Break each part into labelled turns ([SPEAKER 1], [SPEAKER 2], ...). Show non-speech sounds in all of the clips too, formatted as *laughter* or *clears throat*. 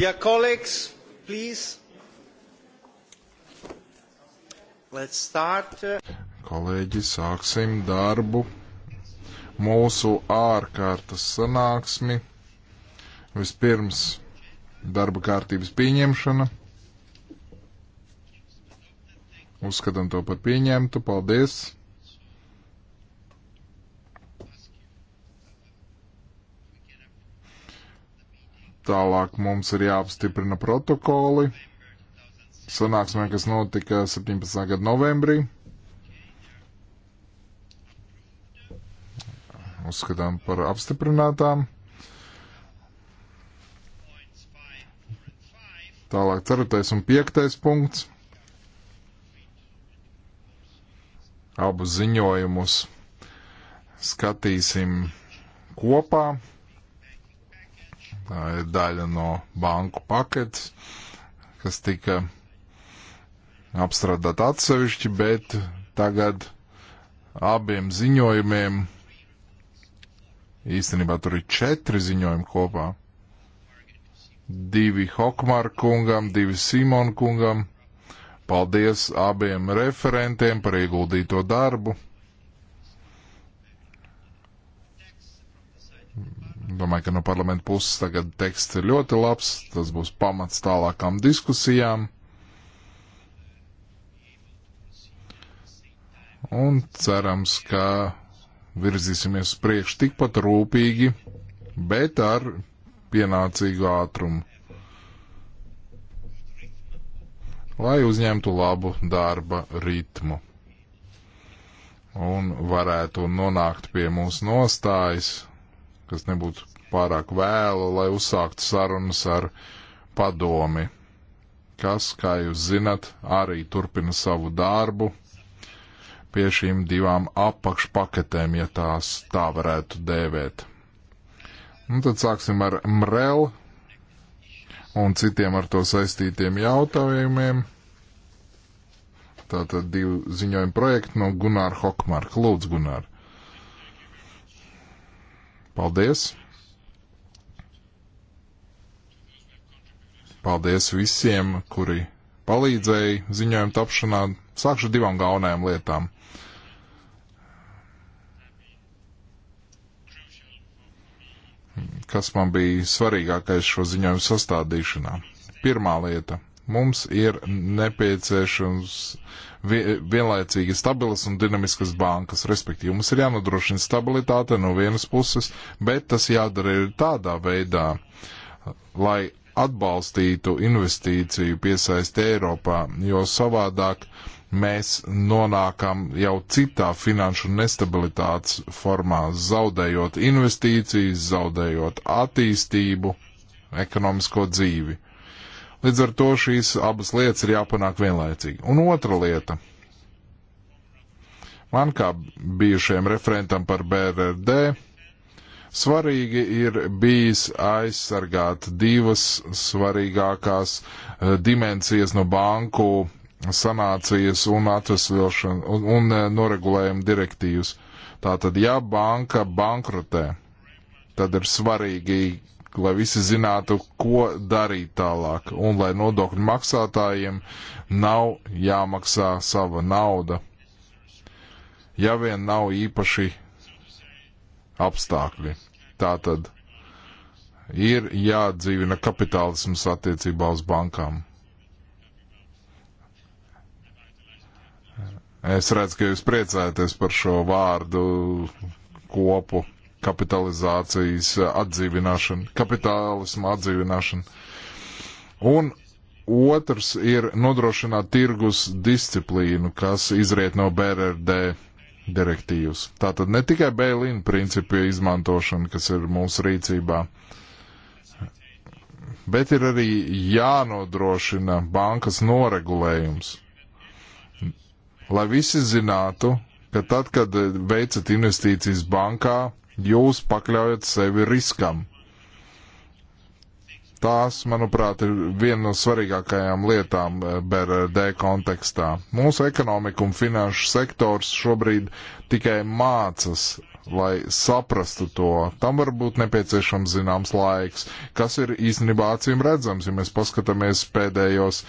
[SPEAKER 1] Dear colleagues, please, let's start.
[SPEAKER 2] Kolēģi, sāksim darbu. Mūsu ārkārtas sanāksmi. Vispirms darba kārtības pieņemšana. Uzskatām to par pieņemtu. Paldies! Tālāk mums ir jāapstiprina protokoli sanāksmē, kas notika 17. gada novembrī. Uzskatām par apstiprinātām. Tālāk, ceturtais un piektais punkts. Abus ziņojumus skatīsim kopā. Tā ir daļa no banku paketes, kas tika apstrādāt atsevišķi, bet tagad abiem ziņojumiem īstenībā tur ir četri ziņojumi kopā. Divi Hokmar kungam, divi Simon kungam. Paldies abiem referentiem par ieguldīto darbu. Domāju, ka no parlamenta puses tagad teksts ir ļoti labs, tas būs pamats tālākām diskusijām. Un cerams, ka virzīsimies priekš tikpat rūpīgi, bet ar pienācīgu ātrumu, lai uzņemtu labu darba ritmu un varētu nonākt pie mūsu nostājas kas nebūtu pārāk vēlu, lai uzsāktu sarunas ar padomi, kas, kā jūs zinat, arī turpina savu darbu pie šīm divām apakšpaketēm, ja tās tā varētu dēvēt. Un nu, tad sāksim ar MREL un citiem ar to saistītiem jautājumiem. Tātad divi ziņojumi projekti no Gunāra Hokmarka. Lūdzu, Gunār. Paldies! Paldies visiem, kuri palīdzēja ziņojuma tapšanā. Sākšu ar divām galvenajām lietām. Kas man bija svarīgākais šo ziņojumu sastādīšanā? Pirmā lieta. Mums ir nepieciešams uh, vienlaicīgi stabilas un dinamiskas bankas. Respektīvi, mums ir jānodrošina stabilitāte no vienas puses, bet tas jādara ir tādā veidā, lai atbalstītu investīciju piesaisti Eiropā, jo savādāk mēs nonākam jau citā finanšu nestabilitātes formā, zaudējot investīcijas, zaudējot attīstību, ekonomisko dzīvi. Līdz ar to šīs abas lietas ir jāpanāk vienlaicīgi. Un otra lieta. Man kā bijušajam referentam par BRD svarīgi ir bijis aizsargāt divas svarīgākās uh, dimensijas no banku sanācijas un atvesļošana un, un uh, eh, noregulējuma direktīvas. Tātad, ja banka bankrotē, tad ir svarīgi lai visi zinātu, ko darīt tālāk, un lai nodokļu maksātājiem nav jāmaksā sava nauda, ja vien nav īpaši apstākļi. Tātad ir jādzīvina kapitālisms attiecībā uz bankām. Es redzu, ka jūs priecājaties par šo vārdu kopu kapitalizācijas atdzīvināšana, kapitālisma atdzīvināšana. Un otrs ir nodrošināt tirgus disciplīnu, kas izriet no BRD direktīvas. Tātad ne tikai Bēlīna principu izmantošana, kas ir mūsu rīcībā, bet ir arī jānodrošina bankas noregulējums. Lai visi zinātu, ka tad, kad veicat investīcijas bankā, jūs pakļaujat sevi riskam. Tās, manuprāt, ir viena no svarīgākajām lietām eh, BRD kontekstā. Mūsu ekonomika un finanšu sektors šobrīd tikai mācas, lai saprastu to. Tam var būt nepieciešams zināms laiks, kas ir īstenībā acīm redzams, ja mēs paskatāmies pēdējos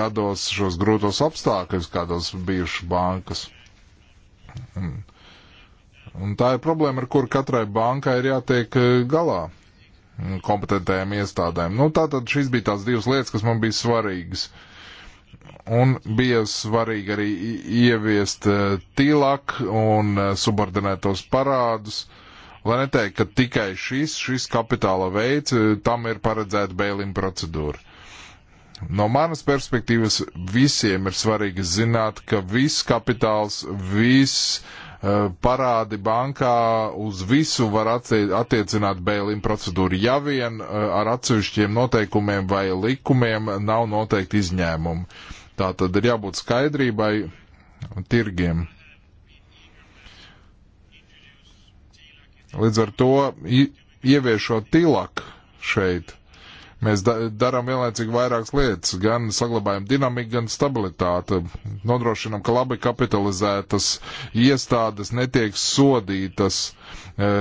[SPEAKER 2] gados šos grūtos apstākļus, kādos bijuši bankas. Hmm Un tā ir problēma, ar kuru katrai bankai ir jātiek eh, galā kompetentējām iestādēm. Nu, tātad šīs bija tās divas lietas, kas man bija svarīgas. Un bija svarīgi arī ieviest eh, tīlāk un eh, subordinētos parādus. Lai neteikt, ka tikai šis, šis kapitāla veids, tam ir paredzēta bēlīna procedūra. No manas perspektīvas visiem ir svarīgi zināt, ka viss kapitāls, viss uh, Eh, parādi bankā uz visu var attiecināt bēlim procedūru, ja vien eh, ar atsevišķiem noteikumiem vai likumiem nav noteikti izņēmumi. Tā tad ir jābūt skaidrībai tirgiem. Līdz ar to ieviešot tilak šeit, Mēs da darām vienlaicīgi vairākas lietas, gan saglabājam dinamiku, gan stabilitāti, nodrošinam, ka labi kapitalizētas iestādes netiek sodītas, e,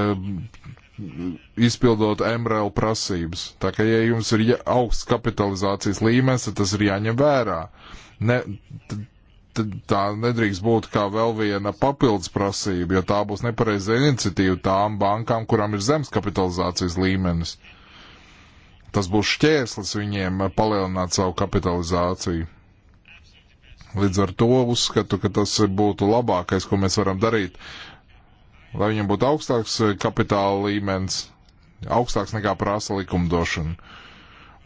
[SPEAKER 2] izpildot MRL prasības. Tā kā, ja jums ir augsts kapitalizācijas līmenis, tad tas ir jāņem vērā. Ne, tā nedrīkst būt kā vēl viena papildus prasība, jo tā būs nepareiza iniciatīva tām bankām, kurām ir zems kapitalizācijas līmenis. Uh, tas būs šķērslis viņiem palielināt savu kapitalizāciju. Līdz ar to uzskatu, ka tas būtu labākais, ko mēs varam darīt, lai viņiem būtu augstāks kapitāla līmenis, augstāks nekā prasa likumdošana.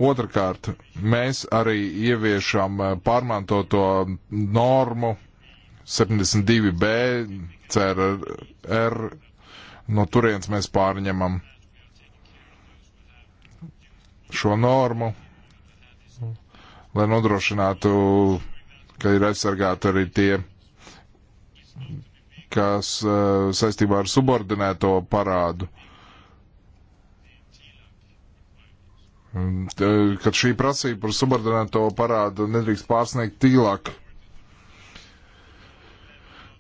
[SPEAKER 2] Otrakārt, mēs arī ieviešam pārmantoto normu 72B CRR, no turienes mēs pārņemam šo normu, lai nodrošinātu, ka ir aizsargāti arī tie, kas eh, saistībā ar subordinēto parādu. Kad šī prasība par subordinēto parādu nedrīkst pārsniegt tīlāk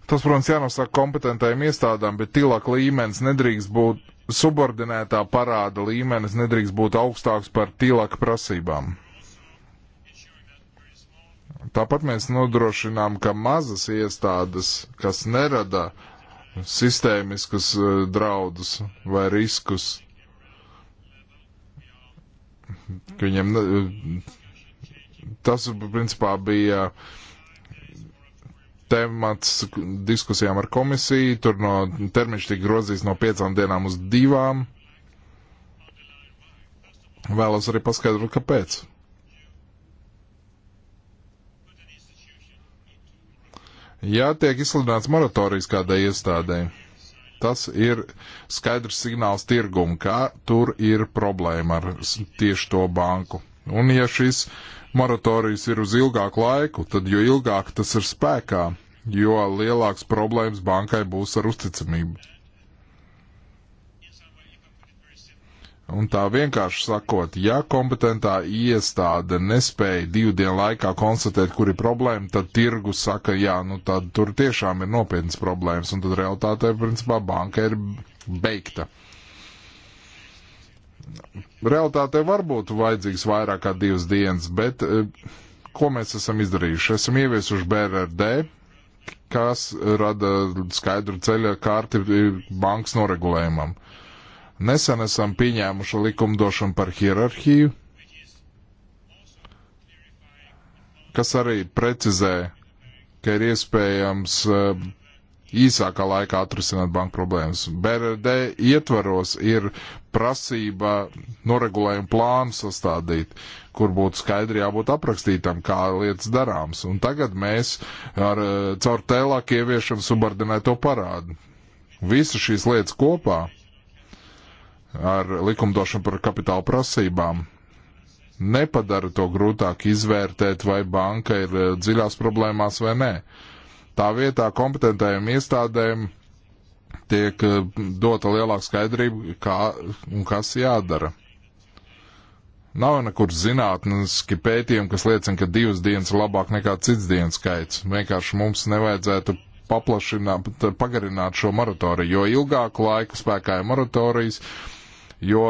[SPEAKER 2] Tas, protams, jānosaka kompetentajiem iestādām, bet tīlāk līmenis nedrīkst būt subordinētā parāda līmenis nedrīkst būt augstāks par tīlāku prasībām. Tāpat mēs nodrošinām, ka mazas iestādes, kas nerada sistēmiskus e, draudus vai riskus, ka viņiem e, tas, principā, bija uh, temats diskusijām ar komisiju. Tur no termiņš tika grozīts no piecām dienām uz divām. Vēlos arī paskaidrot, kāpēc. Ja tiek izsludināts moratorijas kādai iestādēji, tas ir skaidrs signāls tirgumu, ka tur ir problēma ar tieši to banku. Un ja šis moratorijas ir uz ilgāku laiku, tad jo ilgāk tas ir spēkā, jo lielāks problēmas bankai būs ar uzticamību. Un tā vienkārši sakot, ja kompetentā iestāde nespēja divu dienu laikā konstatēt, kur ir problēma, tad tirgus saka, jā, nu tad tur tiešām ir nopietnas problēmas, un tad realitātē, principā, banka ir beigta. Uh, Realtātē var būt vajadzīgs vairāk kā divas dienas, bet e, ko mēs esam izdarījuši? Esam ieviesuši BRRD, kas rada skaidru ceļa kārti bankas noregulējumam. Nesen esam pieņēmuši likumdošanu par hierarhiju, kas arī precizē, ka ir iespējams e, īsākā laikā atrisināt banku problēmas. BRD ietvaros ir prasība noregulējumu plānu sastādīt, kur būtu skaidri jābūt aprakstītam, kā lietas darāms. Un tagad mēs ar, caur tēlāk ieviešam subordinēto parādu. Visu šīs lietas kopā ar likumdošanu par kapitāla prasībām nepadara to grūtāk izvērtēt, vai banka ir eh, dziļās problēmās vai nē. Uh, Tā vietā kompetentajiem iestādēm tiek eh, dota lielāka skaidrība, kā un kas jādara. Nav nekur zinātniski pētījumi, kas liecina, ka divas dienas ir labāk nekā cits dienas skaits. Vienkārši mums nevajadzētu paplašināt, pagarināt šo moratoriju, jo ilgāku laiku spēkā ir moratorijas, jo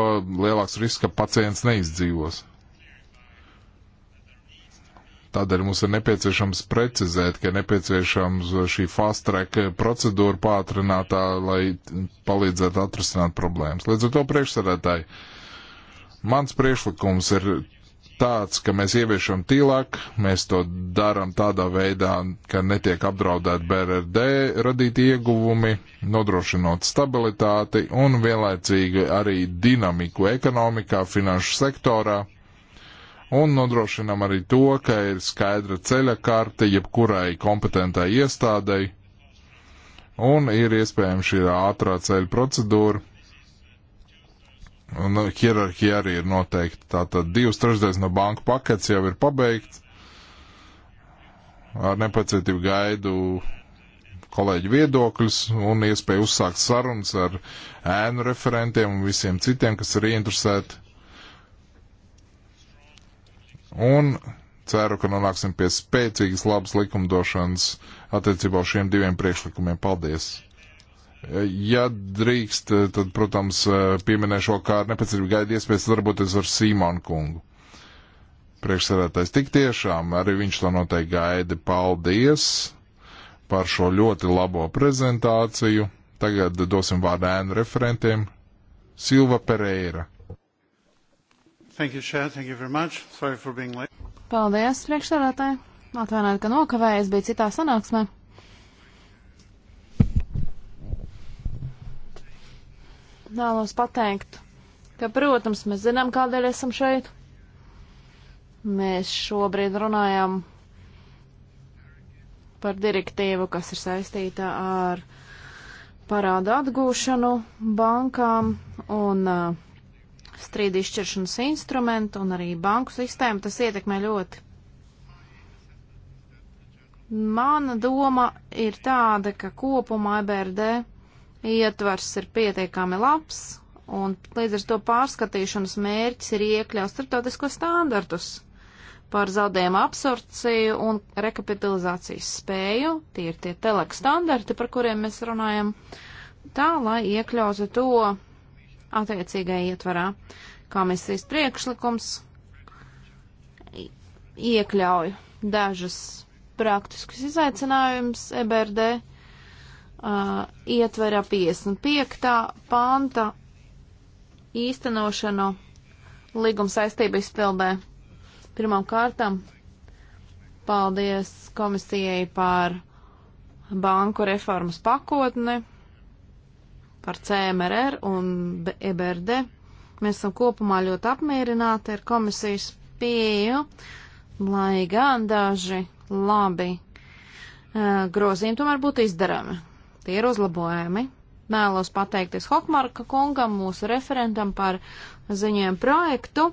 [SPEAKER 2] lielāks risks, ka pacients neizdzīvos. Tādēļ mums ir nepieciešams precizēt, ka nepieciešams šī fast track procedūra pātrinātā, lai palīdzētu atrisināt problēmas. Līdz ar to priekšsēdētāji, mans priekšlikums ir tāds, ka mēs ieviešam tīlāk, mēs to darām tādā veidā, ka netiek apdraudēti BRD radīti ieguvumi, nodrošinot stabilitāti un vienlaicīgi arī dinamiku ekonomikā, finanšu sektorā, un nodrošinam arī to, ka ir skaidra ceļa karte jebkurai kompetentai iestādei, un ir iespējams šī ātrā ceļa procedūra. Un nu, hierarhija arī ir noteikta. Tātad divas trešdaļas no banku paketes jau ir pabeigts. Ar nepacietību gaidu kolēģi viedokļus un iespēju uzsākt sarunas ar ēnu referentiem un visiem citiem, kas ir ieinteresēti un ceru, ka nonāksim pie spēcīgas labas likumdošanas attiecībā uz šiem diviem priekšlikumiem. Paldies! E, ja drīkst, e, tad, protams, e, pieminēšu, kā ar nepacietību gaidu iespējas darboties ar Sīmonu kungu. Priekšsēdētājs tik tiešām, arī viņš to noteikti gaida. Paldies par šo ļoti labo prezentāciju. Tagad dosim vārdu ēnu referentiem. Silva Pereira. Thank you, Chair. Thank you very much. Sorry for being late.
[SPEAKER 1] Paldies, priekšsēdētāji. Atvainojiet, ka nokavējies, bija citā sanāksmē. Vēlos pateikt, ka, protams, mēs zinām, kādēļ esam šeit. Mēs šobrīd runājam par direktīvu, kas ir saistīta ar parādu atgūšanu bankām un uh, strīdu izšķiršanas instrumentu un arī banku sistēmu, tas ietekmē ļoti. Mana doma ir tāda, ka kopumā EBRD ietvars ir pietiekami labs, un līdz ar to pārskatīšanas mērķis ir iekļaut starptautisko standartus par zaudējumu absorpciju un rekapitalizācijas spēju. Tie ir tie telek standarti, par kuriem mēs runājam, tā lai iekļautu to attiecīgai ietvarā. Komisijas priekšlikums iekļauj dažas praktiskas izaicinājumus EBRD uh, ietverā 55. panta īstenošanu līguma saistību izpildē. Pirmām kārtām paldies komisijai par banku reformas pakotni, par CMRR un EBRD. Mēs esam kopumā ļoti apmierināti ar komisijas pieeju, lai gan daži labi uh, grozījumi tomēr būtu izdarami. Tie ir uzlabojami. Mēlos pateikties Hokmarka kungam, mūsu referentam par ziņiem projektu,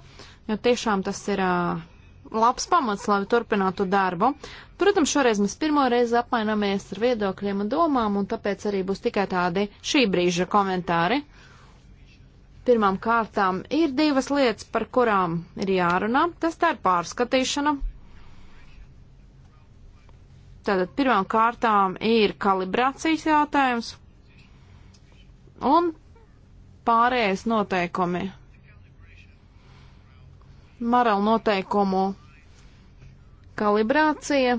[SPEAKER 1] jo tiešām tas ir uh, labs pamats, lai turpinātu darbu. Protams, šoreiz mēs pirmo reizi apmaināmies ar viedokļiem un domām, un tāpēc arī būs tikai tādi šī brīža komentāri. Pirmām kārtām ir divas lietas, par kurām ir jārunā. Tas tā ir pārskatīšana. Tātad pirmām kārtām ir kalibrācijas jautājums un pārējais noteikumi Marela noteikumu kalibrācija.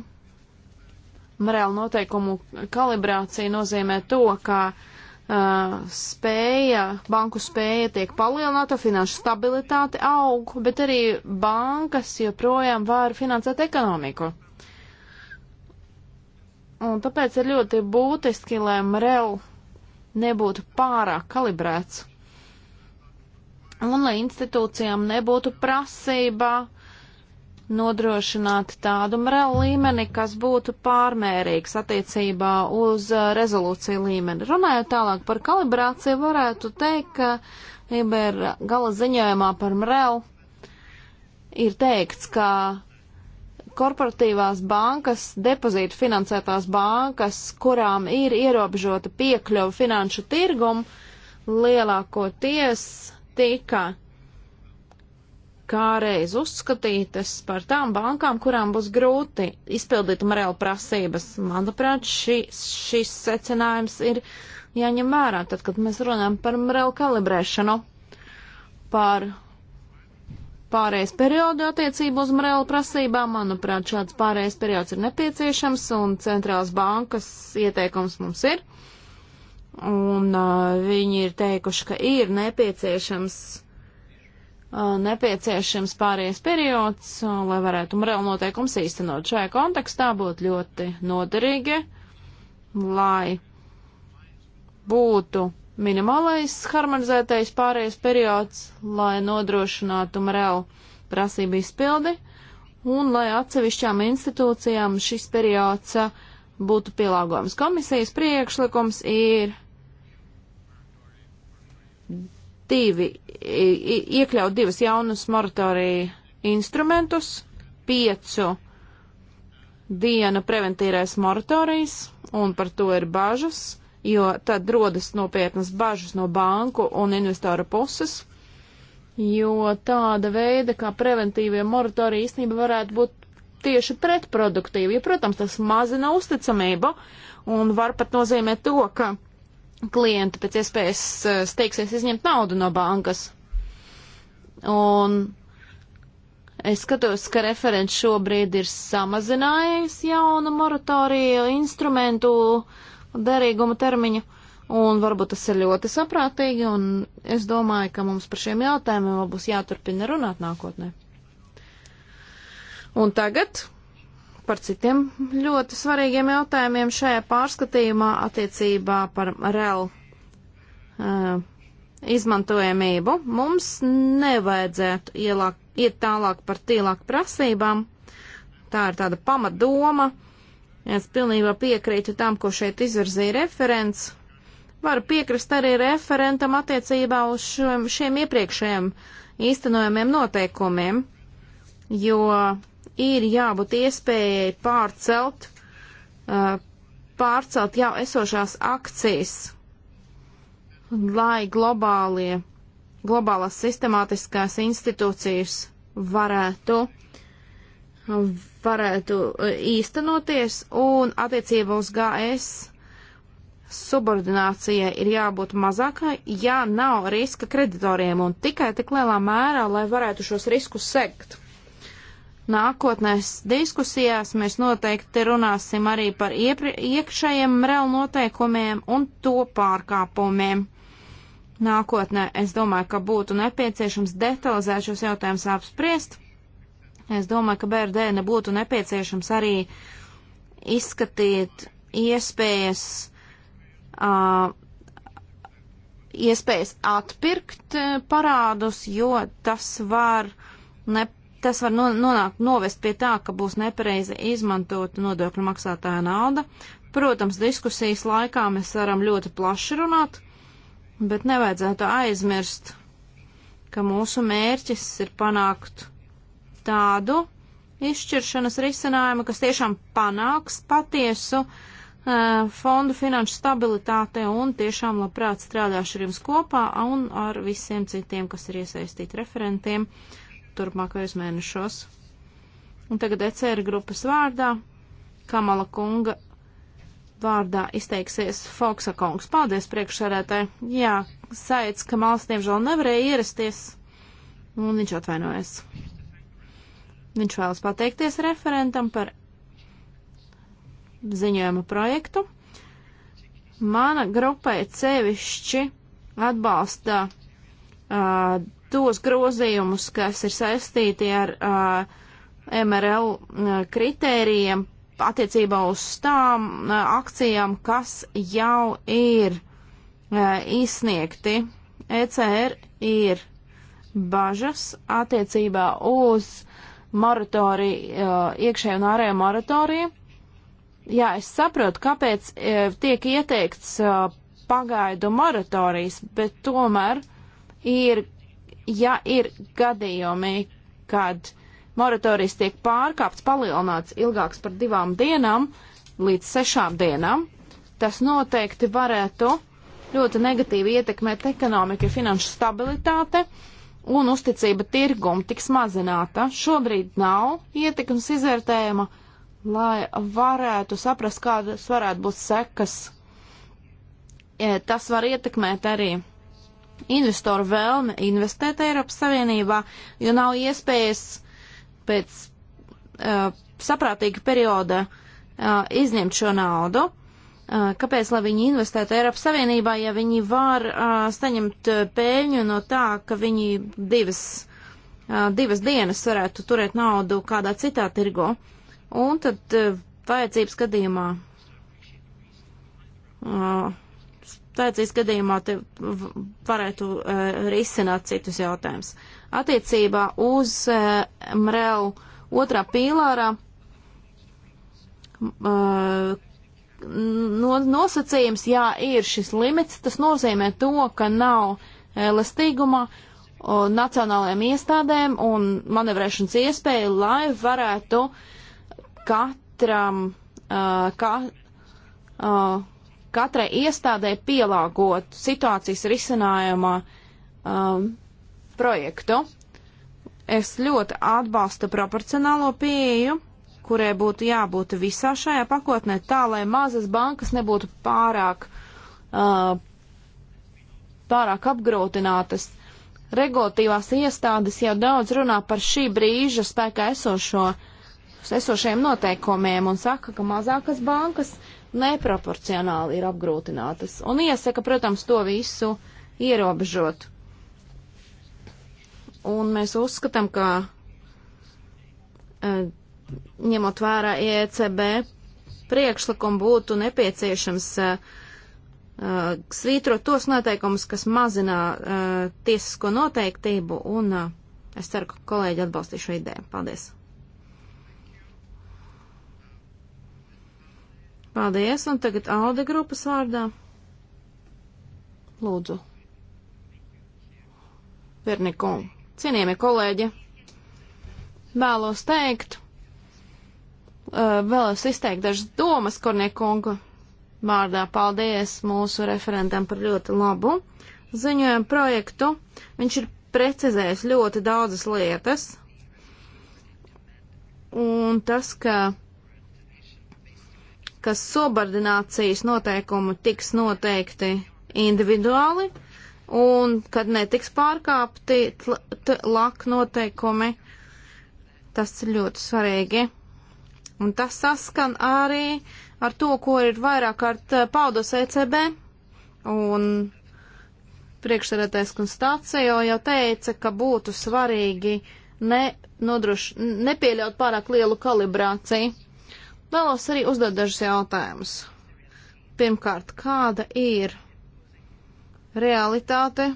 [SPEAKER 1] Marela noteikumu kalibrācija nozīmē to, ka uh, spēja, banku spēja tiek palielināta, finanšu stabilitāte aug, bet arī bankas joprojām var finansēt ekonomiku. Un tāpēc ir ļoti būtiski, lai MREL nebūtu pārāk kalibrēts un lai institūcijām nebūtu prasība nodrošināt tādu mrelu līmeni, kas būtu pārmērīgs attiecībā uz uh, rezolūciju līmeni. Runājot tālāk par kalibrāciju, varētu teikt, ka Iber gala ziņojumā par mrelu ir teikts, ka korporatīvās bankas, depozītu finansētās bankas, kurām ir ierobežota piekļuva finanšu tirgumu, lielākoties tika kāreiz uzskatītas par tām bankām, kurām būs grūti izpildīt morēlu prasības. Manuprāt, ši, šis secinājums ir jāņem vērā, tad, kad mēs runājam par morēlu kalibrēšanu, par pārējais periodu attiecību uz morēlu prasībām. Manuprāt, šāds pārējais periods ir nepieciešams un centrālās bankas ieteikums mums ir. Un uh, viņi ir teikuši, ka ir nepieciešams, uh, nepieciešams pārējais periods, uh, lai varētu MREL noteikums īstenot. Šajā kontekstā būtu ļoti noderīgi, lai būtu minimālais harmonizētais pārējais periods, lai nodrošinātu MREL prasību izpildi un lai atsevišķām institūcijām šis periods uh, būtu pielāgojams. Komisijas priekšlikums ir divi, iekļaut divas jaunas moratoriju instrumentus, piecu dienu preventīrais moratorijas, un par to ir bažas, jo tad rodas nopietnas bažas no banku un investoru puses, jo tāda veida kā preventīvie moratorija īstenībā varētu būt tieši pretproduktīvi, jo, protams, tas mazina uzticamību un var pat nozīmēt to, ka klienti pēc iespējas eh, steigsies izņemt naudu no bankas. Un es skatos, ka referents šobrīd ir samazinājis jaunu moratoriju instrumentu derīguma termiņu, un varbūt tas ir ļoti saprātīgi, un es domāju, ka mums par šiem jautājumiem vēl būs jāturpina runāt nākotnē. Un tagad par citiem ļoti svarīgiem jautājumiem šajā pārskatījumā attiecībā par REL uh, izmantojamību. Mums nevajadzētu ielāk, iet tālāk par tīlāk prasībām. Tā ir tāda pamatdoma. Es pilnībā piekrītu tam, ko šeit izvirzīja referents. Varu piekrist arī referentam attiecībā uz šiem, šiem iepriekšējiem īstenojumiem noteikumiem, jo ir jābūt iespējai pārcelt, uh, pārcelt jau esošās akcijas, lai globālie, globālās sistemātiskās institūcijas varētu varētu uh, īstenoties, un attiecībā uz GS subordinācijai ir jābūt mazākai, ja nav riska kreditoriem, un tikai tik lielā mērā, lai varētu šos riskus sekt nākotnēs diskusijās mēs noteikti runāsim arī par iepri, iekšējiem reāli noteikumiem un to pārkāpumiem. Nākotnē es domāju, ka būtu nepieciešams detalizēt šos jautājumus apspriest. Es domāju, ka BRD nebūtu nepieciešams arī izskatīt iespējas, uh, iespējas atpirkt parādus, jo tas var ne, tas var nonākt, novest pie tā, ka būs nepareizi izmantota nodokļu maksātāja nauda. Protams, diskusijas laikā mēs varam ļoti plaši runāt, bet nevajadzētu aizmirst, ka mūsu mērķis ir panākt tādu izšķiršanas risinājumu, kas tiešām panāks patiesu uh, fondu finanšu stabilitāte un tiešām labprāt strādāšu ar jums kopā un ar visiem citiem, kas ir iesaistīti referentiem. Uh, turpmākajos mēnešos. Un tagad ECR grupas vārdā Kamala kunga vārdā izteiksies Foksa kungs. Paldies priekšsarētai. Jā, saic, ka Mals diemžēl nevarēja ierasties, un viņš atvainojas. Viņš vēlas pateikties referentam par ziņojuma projektu. Mana grupai cevišķi atbalsta uh, tos grozījumus, kas ir saistīti ar uh, MRL uh, kritērijiem attiecībā uz tām uh, akcijām, kas jau ir uh, izsniegti. ECR ir bažas attiecībā uz moratoriju, uh, iekšējo un ārējo moratoriju. Jā, es saprotu, kāpēc uh, tiek ieteikts uh, pagaidu moratorijas, bet tomēr ir ja ir gadījumi, kad moratorijas tiek pārkāpts, palielināts ilgāks par divām dienām līdz sešām dienām, tas noteikti varētu ļoti negatīvi ietekmēt ekonomiku, finanšu stabilitāte un uzticība tirgumu tiks mazināta. Šobrīd nav ietekmes izvērtējuma, lai varētu saprast, kādas varētu būt sekas. E, tas var ietekmēt arī investoru vēlme investēt Eiropas Savienībā, jo nav iespējas pēc uh, saprātīga perioda uh, izņemt šo naudu. Uh, kāpēc, lai viņi investētu Eiropas Savienībā, ja viņi var uh, saņemt uh, pēļņu no tā, ka viņi divas, uh, divas dienas varētu turēt naudu kādā citā tirgo? Un tad uh, vajadzības gadījumā. Uh, Tādzīs gadījumā te varētu uh, risināt citus jautājumus. Attiecībā uz uh, e, MREL otrā pīlārā uh, no, nosacījums, jā, ir šis limits, tas nozīmē to, ka nav elastīguma nacionālajām iestādēm un manevrēšanas iespēju, lai varētu katram, kā, katrai iestādē pielāgot situācijas risinājumā um, projektu. Es ļoti atbalstu proporcionālo pieeju, kurai būtu jābūt visā šajā pakotnē, tā lai mazas bankas nebūtu pārāk, uh, pārāk apgrūtinātas. Regulatīvās iestādes jau daudz runā par šī brīža spēkā esošo, esošiem noteikumiem un saka, ka mazākas bankas uh, neproporcionāli ir apgrūtinātas. Un iesaka, protams, to visu ierobežot. Un mēs uzskatām, ka eh, ņemot vērā ECB priekšlikumu būtu nepieciešams uh, svītrot tos noteikumus, kas mazinā uh, eh, tiesisko noteiktību, un uh, es ceru, ka kolēģi atbalstīs šo ideju. Paldies! Paldies, un tagad Alde grupas vārdā. Lūdzu. Perniku, cienījamie kolēģi, vēlos teikt, uh, vēlos izteikt dažas domas Korniekunga vārdā. Paldies mūsu referentam par ļoti labu ziņojumu projektu. Viņš ir precizējis ļoti daudzas lietas. Un tas, ka ka subordinācijas noteikumi tiks noteikti individuāli, un kad netiks pārkāpti lak noteikumi, tas ir ļoti svarīgi. Un tas saskan arī ar to, ko ir vairāk kārt eh, paudos ECB, un priekšsēdētājs Konstācijo jau teica, ka būtu svarīgi ne, nodruš, nepieļaut pārāk lielu kalibrāciju Vēlos arī uzdot dažus jautājumus. Pirmkārt, kāda ir realitāte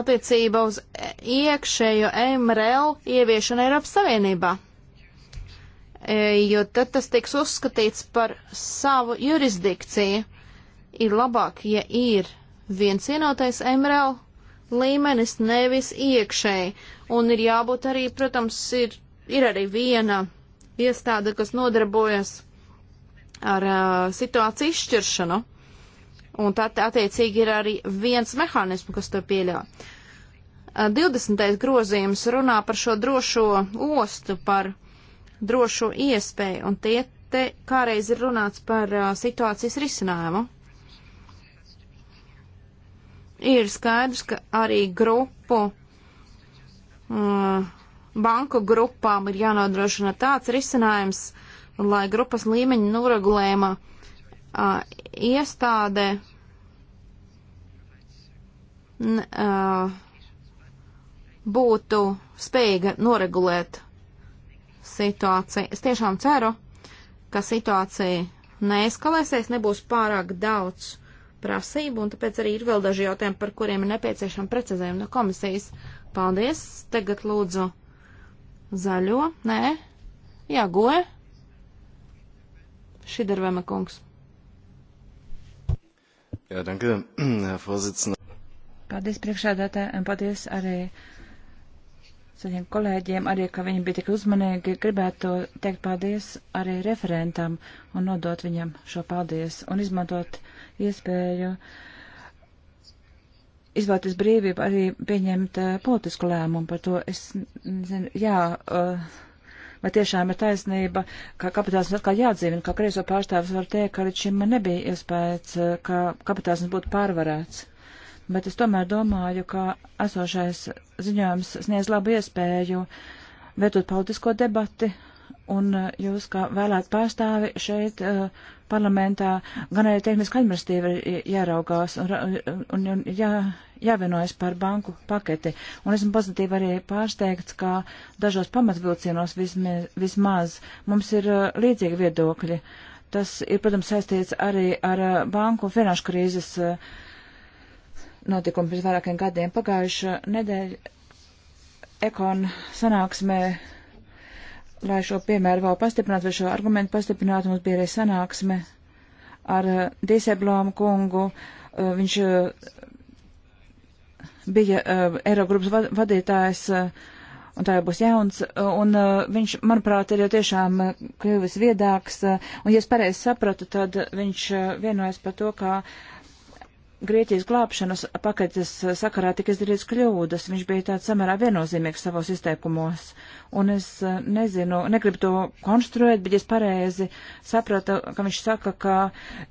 [SPEAKER 1] attiecībā uz iekšējo MRL ieviešanu Eiropas Savienībā? E, jo tad tas tiks uzskatīts par savu jurisdikciju. Ir labāk, ja ir viens vienotais MRL līmenis, nevis iekšēji. Un ir jābūt arī, protams, ir ir arī viena iestāde, kas nodarbojas ar uh, situāciju izšķiršanu, un tad attiecīgi ir arī viens mehānismu, kas to pieļauj. Uh, 20. grozījums runā par šo drošo ostu, par drošo iespēju, un tie te kāreiz ir runāts par uh, situācijas risinājumu. Ir skaidrs, ka arī grupu uh, banku grupām ir jānodrošina tāds risinājums, lai grupas līmeņa noregulējuma uh, iestāde uh, būtu spējīga noregulēt situāciju. Es tiešām ceru, ka situācija neeskalēsies, nebūs pārāk daudz prasību, un tāpēc arī ir vēl daži jautājumi, par kuriem ir nepieciešama precizējuma no komisijas. Paldies! Tagad lūdzu Zaļo? Nē. Jā, goe. Šidervema kungs.
[SPEAKER 2] Jā, danke, *clears throat* Herr Vorsitzender.
[SPEAKER 3] Paldies priekšādātē un paldies arī saviem kolēģiem, arī, ka viņi bija tik uzmanīgi. Gribētu teikt paldies arī referentam un nodot viņam šo paldies un izmantot iespēju. Uh, izvēlēties brīvību arī pieņemt uh, politisku lēmumu par to. Es nezinu, jā, uh, vai tiešām ir taisnība, ka kapitālisms atkal jādzīvina, ka kreiso pārstāvis var teikt, ka līdz šim man nebija iespējas, uh, ka kapitālisms būtu pārvarēts. Bet es tomēr domāju, ka esošais ziņojums sniedz labu iespēju vietot politisko debati Un eh, jūs, kā vēlēt pārstāvi šeit eh, parlamentā, gan arī tehniski administratīvi jāraugās un, un, un jā, jāvienojas par banku paketi. Un esmu pozitīvi arī pārsteigts, ka dažos pamatvilcienos vismaz, vismaz mums ir eh, līdzīgi viedokļi. Tas ir, protams, saistīts arī ar banku finanšu krīzes notikumu pirms vairākiem gadiem. Pagājušā nedēļa ekon sanāksmē lai šo piemēru vēl pastiprinātu, vai šo argumentu pastiprinātu, mums bija arī sanāksme ar uh, eh, Dīseblomu kungu. Uh, viņš uh, bija uh, Eirogrupas vad vadītājs, uh, un tā jau būs jauns, uh, un uh, viņš, manuprāt, ir jau tiešām uh, kļuvis viedāks, uh, un, ja es pareizi sapratu, tad viņš uh, vienojas par to, ka uh, Grieķijas glābšanas paketes sakarā tika izdarīts kļūdas. Viņš bija tāds samērā viennozīmīgs savos izteikumos. Un es eh, nezinu, negribu to konstruēt, bet es pareizi sapratu, ka viņš saka, ka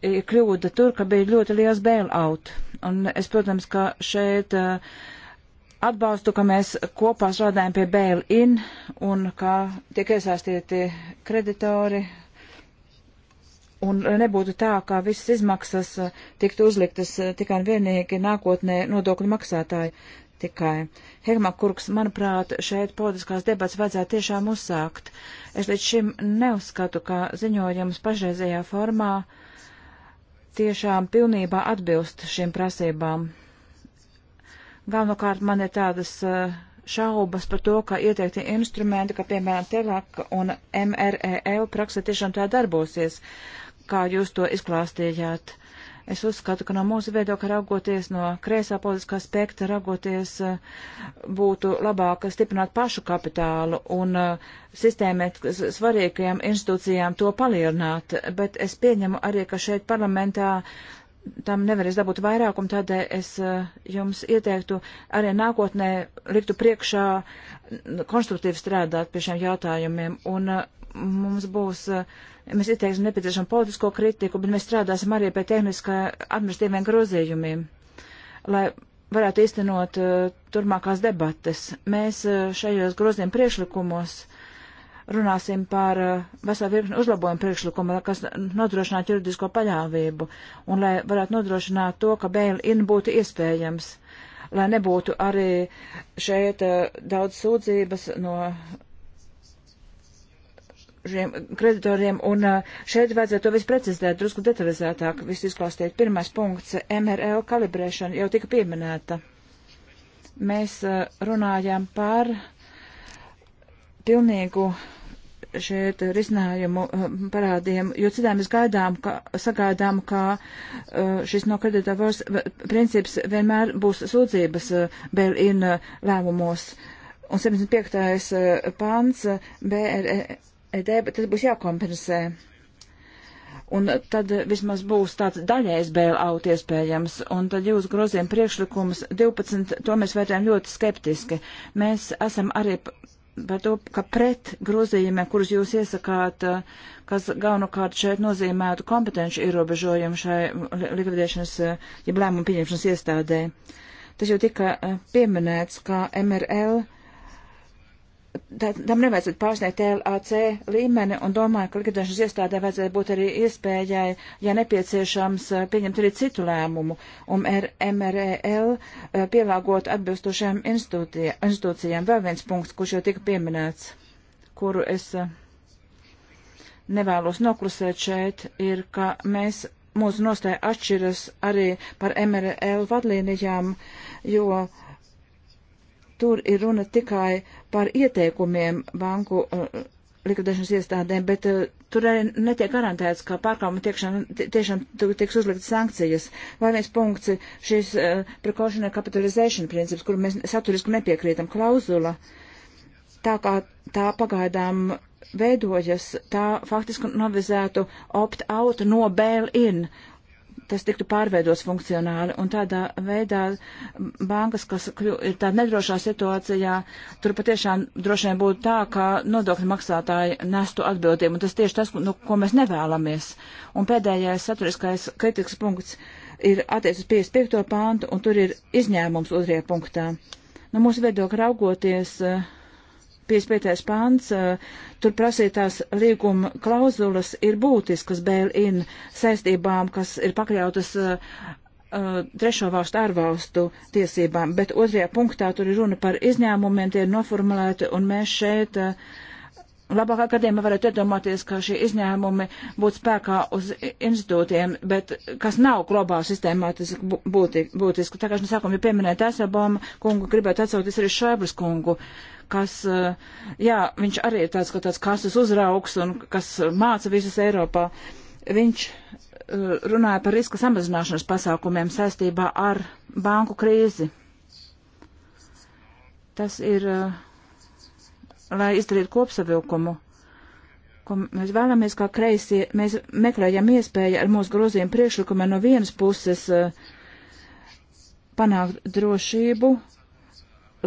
[SPEAKER 3] ir e, kļūda tur, ka bija ļoti liels bailout. Un es, protams, ka šeit eh, atbalstu, ka mēs kopā strādājam pie bail-in un ka tiek iesaistīti kreditori, Un nebūtu tā, ka visas izmaksas eh, tiktu uzliktas eh, tikai un vienīgi nākotnē nodokļu maksātāju tikai. Hegma Kurks, manuprāt, šeit politiskās debats vajadzētu tiešām uzsākt. Es līdz šim neuzskatu, ka ziņojums pašreizējā formā tiešām pilnībā atbilst šīm prasībām. Galvenokārt man ir tādas eh, šaubas par to, ka ieteikti instrumenti, ka piemēram TELAK un MREL praksē tiešām tā darbosies. Uh, kā jūs to izklāstījāt. Es uzskatu, ka no mūsu viedokļa raugoties, no kreisā politiskā spektra raugoties, eh, būtu labāk stiprināt pašu kapitālu un eh, sistēmēt svarīgajām institūcijām to palielināt, bet es pieņemu arī, ka šeit parlamentā tam nevarēs dabūt vairākumu, tādēļ es eh, jums ieteiktu arī nākotnē liktu priekšā konstruktīvi strādāt pie šiem jautājumiem. Un mums būs, eh, mēs ieteiksim nepieciešam politisko kritiku, bet mēs strādāsim arī pie tehniskā administratīviem grozījumiem, lai varētu īstenot uh, turmākās debates. Mēs uh, šajos grozījuma priekšlikumos runāsim par uh, veselu virkni uzlabojumu priekšlikumu, kas nodrošinātu juridisko paļāvību un lai varētu nodrošināt to, ka bail-in būtu iespējams, lai nebūtu arī šeit daudz sūdzības no šiem kreditoriem, un šeit vajadzētu to visu precizēt, drusku detalizētāk visu izklāstīt. Pirmais punkts - MRL kalibrēšana jau tika pieminēta. Mēs runājām par pilnīgu šeit risinājumu parādiem, jo citām mēs gaidām, ka, sagaidām, ka šis no kreditā vairs princips vienmēr būs sūdzības bail-in lēmumos. Un 75. pāns BRE E bet tas būs jākompensē. Un tad vismaz būs tāds daļais bailout iespējams, un tad jūs grozījuma priekšlikums 12, to mēs vērtējam ļoti skeptiski. Mēs esam arī par to, ka pret grozījumiem, kurus jūs iesakāt, kas galvenokārt šeit nozīmētu kompetenci ierobežojumu šai likvidēšanas, ja lēmumu pieņemšanas iestādē. Tas jau tika eh, pieminēts, ka MRL tam nevajadzētu pārsniegt LAC līmeni un domāju, ka likvidēšanas iestādē vajadzētu būt arī iespējai, ja nepieciešams, eh, pieņemt arī citu lēmumu un um, MREL eh, pielāgot atbilstošajām institūcijām. Vēl viens punkts, kurš jau tika pieminēts, kuru es eh, nevēlos noklusēt šeit, ir, ka mēs mūsu nostāja atšķiras arī par MRL vadlīnijām, jo uh, Tur ir runa tikai par ieteikumiem banku uh, likvidēšanas iestādēm, bet uh, tur arī netiek garantēts, ka pārkāpuma tiešām tiks uzliktas sankcijas. Vai viens punkts šis uh, precautionary capitalization princips, kur mēs saturiski nepiekrītam klauzula, tā kā tā pagaidām veidojas, tā faktiski novizētu opt-out no bail-in. Uh, tas tiktu pārveidos funkcionāli un tādā veidā bankas, kas ir tādā nedrošā situācijā, tur patiešām droši vien būtu tā, ka nodokļu maksātāji nestu atbildību, un tas tieši tas, nu, ko mēs nevēlamies. Un pēdējais saturiskais kritikas punkts ir attiecis 55. pāntu, un tur ir izņēmums otrajā punktā. No nu, mūsu viedokļa raugoties, uh, 55. pāns, tur prasītās līguma klauzulas ir būtiskas bail-in saistībām, kas ir pakļautas trešo valstu ārvalstu tiesībām, bet otrajā punktā tur ir runa par izņēmumiem, tie ir noformulēti, un mēs šeit labākā gadījumā varētu iedomāties, ka šie izņēmumi būtu spēkā uz institūtiem, bet kas nav globāli sistēmā, tas ir būtiski. Tā kā es no sākuma jau pieminēju Tēsaboma kungu, gribētu atsauties arī Šaibras kungu. Uh, kas, eh, jā, viņš arī ir tāds, ka tāds kases uzraugs un kas māca visas Eiropā. Viņš eh, runāja par riska samazināšanas pasākumiem saistībā ar banku krīzi. Tas ir, eh, lai izdarītu kopsavilkumu ko mēs vēlamies kā kreisie, mēs meklējam iespēju ar mūsu grozījumu priekšlikumiem no vienas puses panākt drošību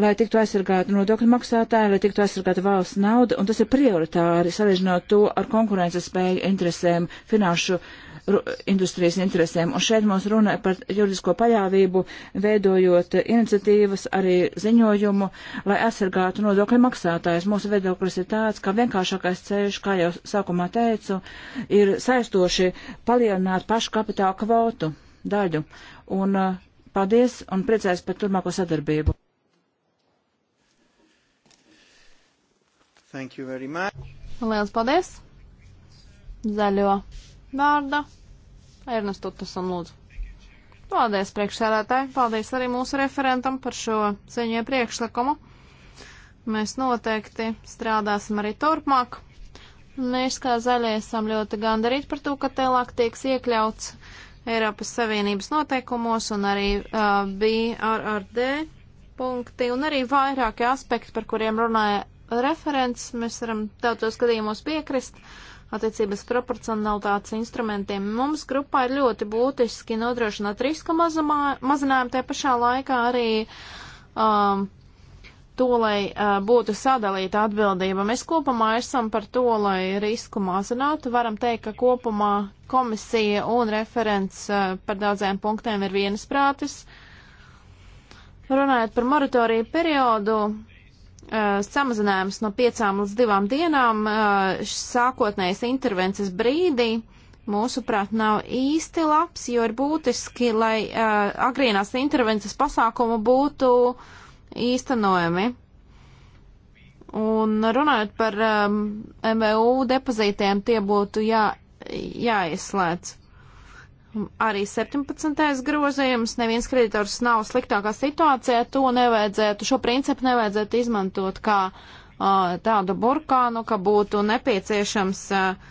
[SPEAKER 3] lai tiktu aizsargāti nodokļu maksātāji, lai tiktu aizsargāta valsts nauda, un tas ir prioritāri salīdzinot to ar konkurences spēju interesēm, finanšu industrijas interesēm. Un šeit mums runa par juridisko paļāvību, veidojot iniciatīvas, arī ziņojumu, lai aizsargātu nodokļu maksātājus. Mūsu viedoklis ir tāds, ka vienkāršākais ceļš, kā jau sākumā teicu, ir saistoši palielināt pašu kapitāla kvotu daļu. Un, uh, Paldies un priecājos par turpmāko sadarbību.
[SPEAKER 1] Thank you very much. Liels paldies. Zaļo vārda. Ernest Utasam lūdzu. Paldies priekšsēdētāji, paldies arī mūsu referentam par šo ziņu priekšlikumu. Mēs noteikti strādāsim arī turpmāk. Mēs kā zaļie esam ļoti gandarīti par to, ka telāk tieks iekļauts Eiropas Savienības noteikumos un arī uh, BRRD punkti un arī vairāki aspekti, par kuriem runāja referents, mēs varam daudzos gadījumos piekrist attiecības proporcionalitātes instrumentiem. Mums grupā ir ļoti būtiski nodrošināt riska mazamā, mazinājumu, te pašā laikā arī um, to, lai uh, būtu sadalīta atbildība. Mēs kopumā esam par to, lai risku mazinātu. Varam teikt, ka kopumā komisija un referents uh, par daudziem punktiem ir vienas prātis. Runājot par moratoriju periodu, Eh, samazinājums no piecām līdz divām dienām eh, sākotnējas intervences brīdī, mūsuprāt, nav īsti labs, jo ir būtiski, lai eh, agrīnās intervences pasākumu būtu īstenojami. Un runājot par um, MVU depozītiem, tie būtu jā, jāieslēdz. Arī 17. grozījums, neviens kreditors nav sliktākā situācijā, to nevajadzētu, šo principu nevajadzētu izmantot kā uh, tādu burkānu, ka būtu nepieciešams uh,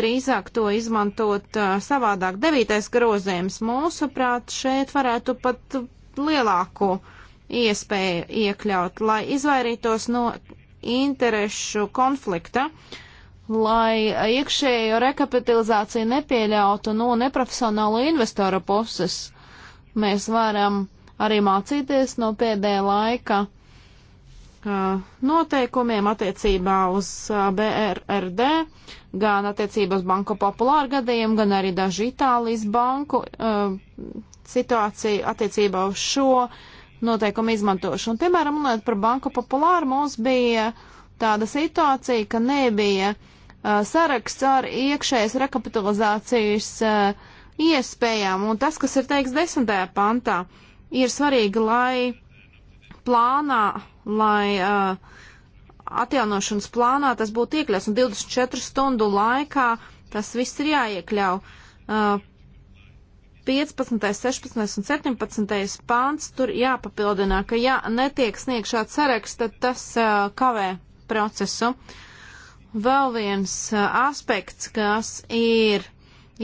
[SPEAKER 1] drīzāk to izmantot uh, savādāk. 9. grozījums, mūsuprāt, šeit varētu pat lielāku iespēju iekļaut, lai izvairītos no interešu konflikta. Uh, lai iekšējo rekapitalizāciju nepieļautu no nu, neprofesionālo investoru puses. Mēs varam arī mācīties no pēdējā laika uh, noteikumiem attiecībā uz uh, BRRD, gan attiecībā uz Banko Populāru gadījumu, gan arī dažu Itālijas banku uh, situāciju attiecībā uz šo noteikumu izmantošanu. Piemēram, runājot par Banko Populāru, mums bija tāda situācija, ka nebija uh, Uh, saraksts ar iekšējas rekapitalizācijas uh, iespējām, un tas, kas ir teiks desmitajā pantā, ir svarīgi, lai plānā, lai uh, atjaunošanas plānā tas būtu iekļauts, un 24 stundu laikā tas viss ir jāiekļau. Uh, 15, 16 un 17 pāns tur jāpapildinā, ka ja netiek sniegts šāds saraksts, tad tas uh, kavē procesu. Uh, Vēl viens aspekts, kas ir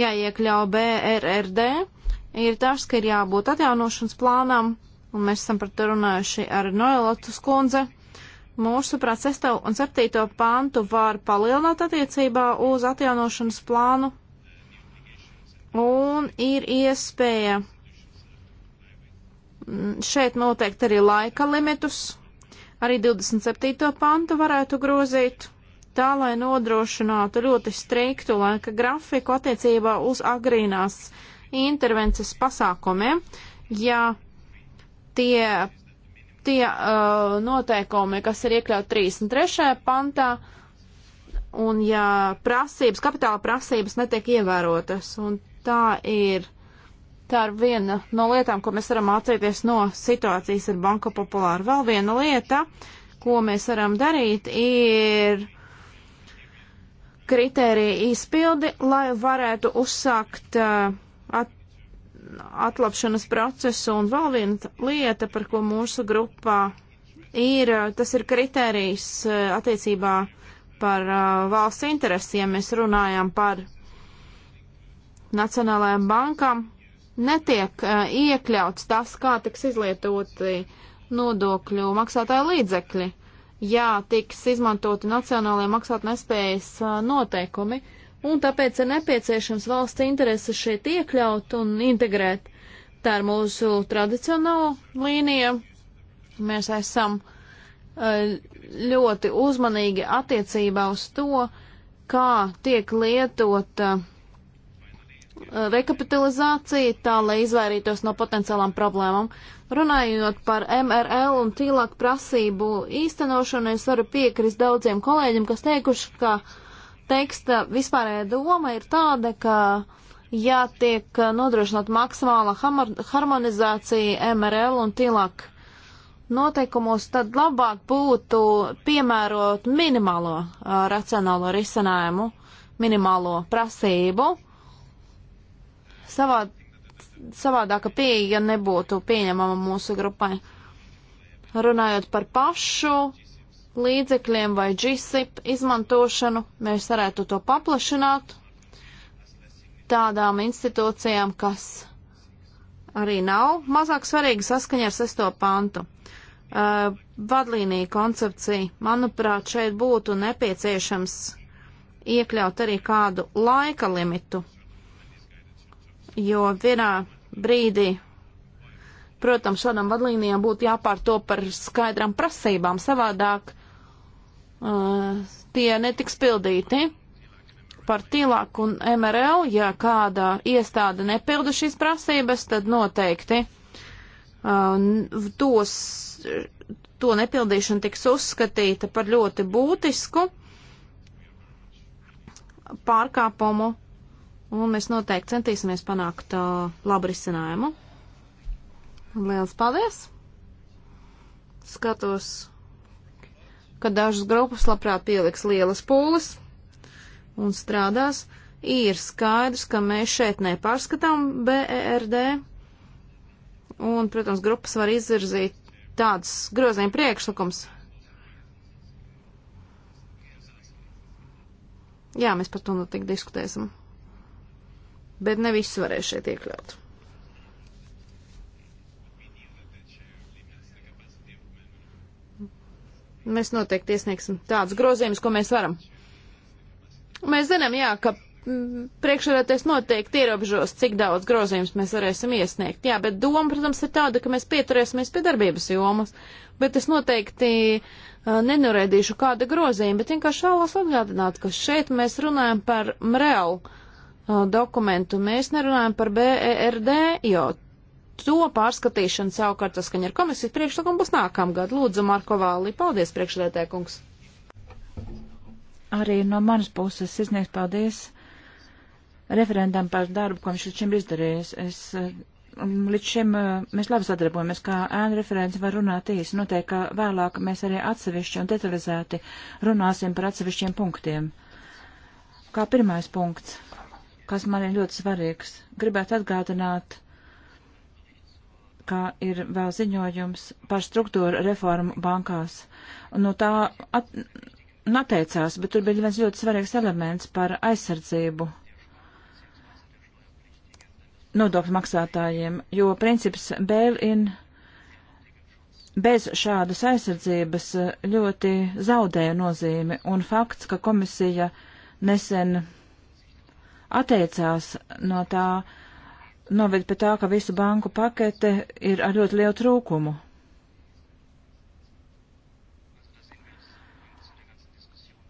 [SPEAKER 1] jāiekļau BRRD, ir tas, ka ir jābūt atjaunošanas plānam, un mēs esam par to runājuši ar Noilotus kundze. Mūsuprāt, 6. un 7. pantu var palielināt attiecībā uz atjaunošanas plānu, un ir iespēja šeit noteikti arī laika limitus. Arī 27. pantu varētu grozīt tā, lai nodrošinātu ļoti striktu laika grafiku attiecībā uz agrīnās intervences pasākumiem, ja tie, tie uh, noteikumi, kas ir iekļauti 33. pantā, un ja prasības, kapitāla prasības netiek ievērotas, un tā ir, tā ir viena no lietām, ko mēs varam mācīties no situācijas ar Banko Populāru. Vēl viena lieta, ko mēs varam darīt, ir kritēriju izpildi, lai varētu uzsākt uh, at, atlapšanas procesu. Un vēl viena lieta, par ko mūsu grupā ir, uh, tas ir kritērijs uh, attiecībā par valsts interesiem. Mēs runājam par nacionālajām bankām. Netiek iekļauts tas, kā tiks izlietoti nodokļu maksātāju līdzekļi jā, tiks izmantoti nacionālajie maksātnespējas noteikumi, un tāpēc ir nepieciešams valsts intereses šeit iekļaut un integrēt. Tā ir mūsu tradicionāla līnija. Mēs esam ļoti uzmanīgi attiecībā uz to, kā tiek lietota rekapitalizācija, tā lai izvairītos no potenciālām problēmām. Runājot par MRL un tīlāk prasību īstenošanu, es varu piekrist daudziem kolēģiem, kas teikuši, ka teksta vispārējā doma ir tāda, ka jātiek nodrošināt maksimāla harmonizācija MRL un tīlāk noteikumos, tad labāk būtu piemērot minimālo uh, racionālo risinājumu, minimālo prasību. Savā savādāka pieeja nebūtu pieņemama mūsu grupai. Runājot par pašu līdzekļiem vai GSIP izmantošanu, mēs varētu to paplašināt tādām institūcijām, kas arī nav mazāk svarīgi saskaņā ar sesto pantu. Uh, vadlīnija koncepcija, manuprāt, šeit būtu nepieciešams iekļaut arī kādu laika limitu jo vienā brīdī, protams, šādām vadlīnijām būtu jāpārto par skaidrām prasībām, savādāk uh, tie netiks pildīti. Par tīlāku un MRL, ja kāda iestāde nepilda šīs prasības, tad noteikti uh, tos, to nepildīšana tiks uzskatīta par ļoti būtisku pārkāpumu un mēs noteikti centīsimies panākt uh, labu risinājumu. Liels paldies! Skatos, ka dažas grupas labprāt pieliks lielas pūles un strādās. Ir skaidrs, ka mēs šeit nepārskatām BERD, un, protams, grupas var izvirzīt tāds grozījuma priekšlikums. Jā, mēs par to noteikti nu diskutēsim bet ne visu varēju šeit iekļaut. Mēs noteikti iesniegsim tādus grozījumus, ko mēs varam. Mēs zinām, jā, ka mm, priekšredēties noteikti ierobežos, cik daudz grozījums mēs varēsim iesniegt. Jā, bet doma, protams, ir tāda, ka mēs pieturēsimies pie darbības jomas, bet es noteikti uh, nenorēdīšu kāda grozījuma, bet vienkārši vēlos atgādināt, ka šeit mēs runājam par mrelu Uh, dokumentu. Mēs nerunājam par BERD, jo to pārskatīšana savukārt saskaņa ar komisijas priekšlikumu būs nākamgad. Lūdzu, Marko Vāli, paldies priekšlietēkungs. Arī no manas puses
[SPEAKER 3] izniegs paldies
[SPEAKER 1] referendam par
[SPEAKER 3] darbu, ko viņš līdz šim izdarījis. Es, uh, līdz šim uh, mēs labi sadarbojamies, kā ēna referents var runāt īsi. Noteikti, ka vēlāk mēs arī atsevišķi un detalizēti runāsim par atsevišķiem punktiem. Kā pirmais punkts kas man ir ļoti svarīgs. Gribētu atgādināt, kā ir vēl ziņojums par struktūru reformu bankās. Un no tā at, atteicās, bet tur bija viens ļoti svarīgs elements par aizsardzību nodokļu maksātājiem, jo princips bail-in bez šādas aizsardzības ļoti zaudēja nozīmi, un fakts, ka komisija nesen atteicās no tā, noved pie tā, ka visu banku pakete ir ar ļoti lielu trūkumu.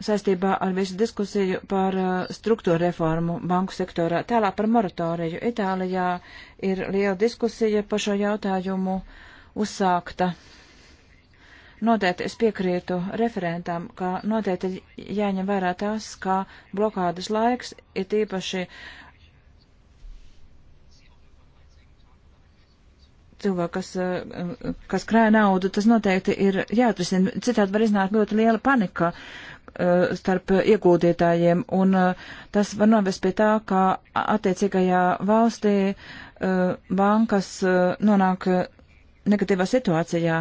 [SPEAKER 3] saistībā ar visu diskusiju par uh, struktūra reformu banku sektorā. Tālāk par moratoriju. Itālijā ir liela diskusija par šo jautājumu uzsākta. Uh, Noteikti es piekrītu referentam, ka noteikti jāņem vērā tas, ka blokādas laiks ir tīpaši cilvēki, kas, eh, kas krāja naudu, tas noteikti ir jāatrisina. Citādi var iznākt ļoti liela panika eh, starp iegūdītājiem, un eh, tas var novest pie tā, ka attiecīgajā valstī bankas nonāk negatīvā situācijā,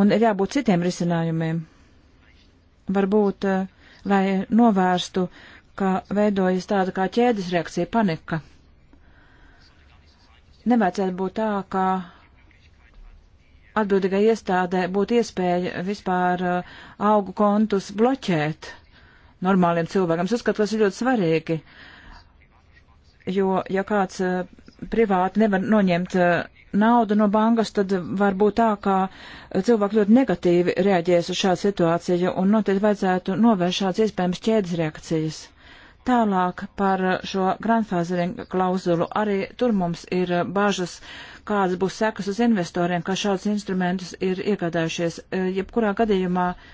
[SPEAKER 3] un ir jābūt citiem risinājumiem. Varbūt, eh, lai novērstu, ka veidojas tāda kā ķēdes reakcija, panika. Nevajadzētu būt tā, ka atbildīgai iestādē būtu iespēja vispār eh, augu kontus bloķēt normāliem cilvēkiem. Es uzskatu, tas ir ļoti svarīgi, jo, ja kāds eh, privāti nevar noņemt uh, naudu no bankas, tad var būt tā, ka cilvēki ļoti negatīvi reaģēs uz šādu situāciju un noteikti vajadzētu novērst šādas iespējams ķēdes reakcijas. Tālāk par šo grandfāzeringa klauzulu. Arī tur mums ir bažas, kādas būs sekas uz investoriem, kas šādus instrumentus ir iegādājušies. Jebkurā gadījumā uh,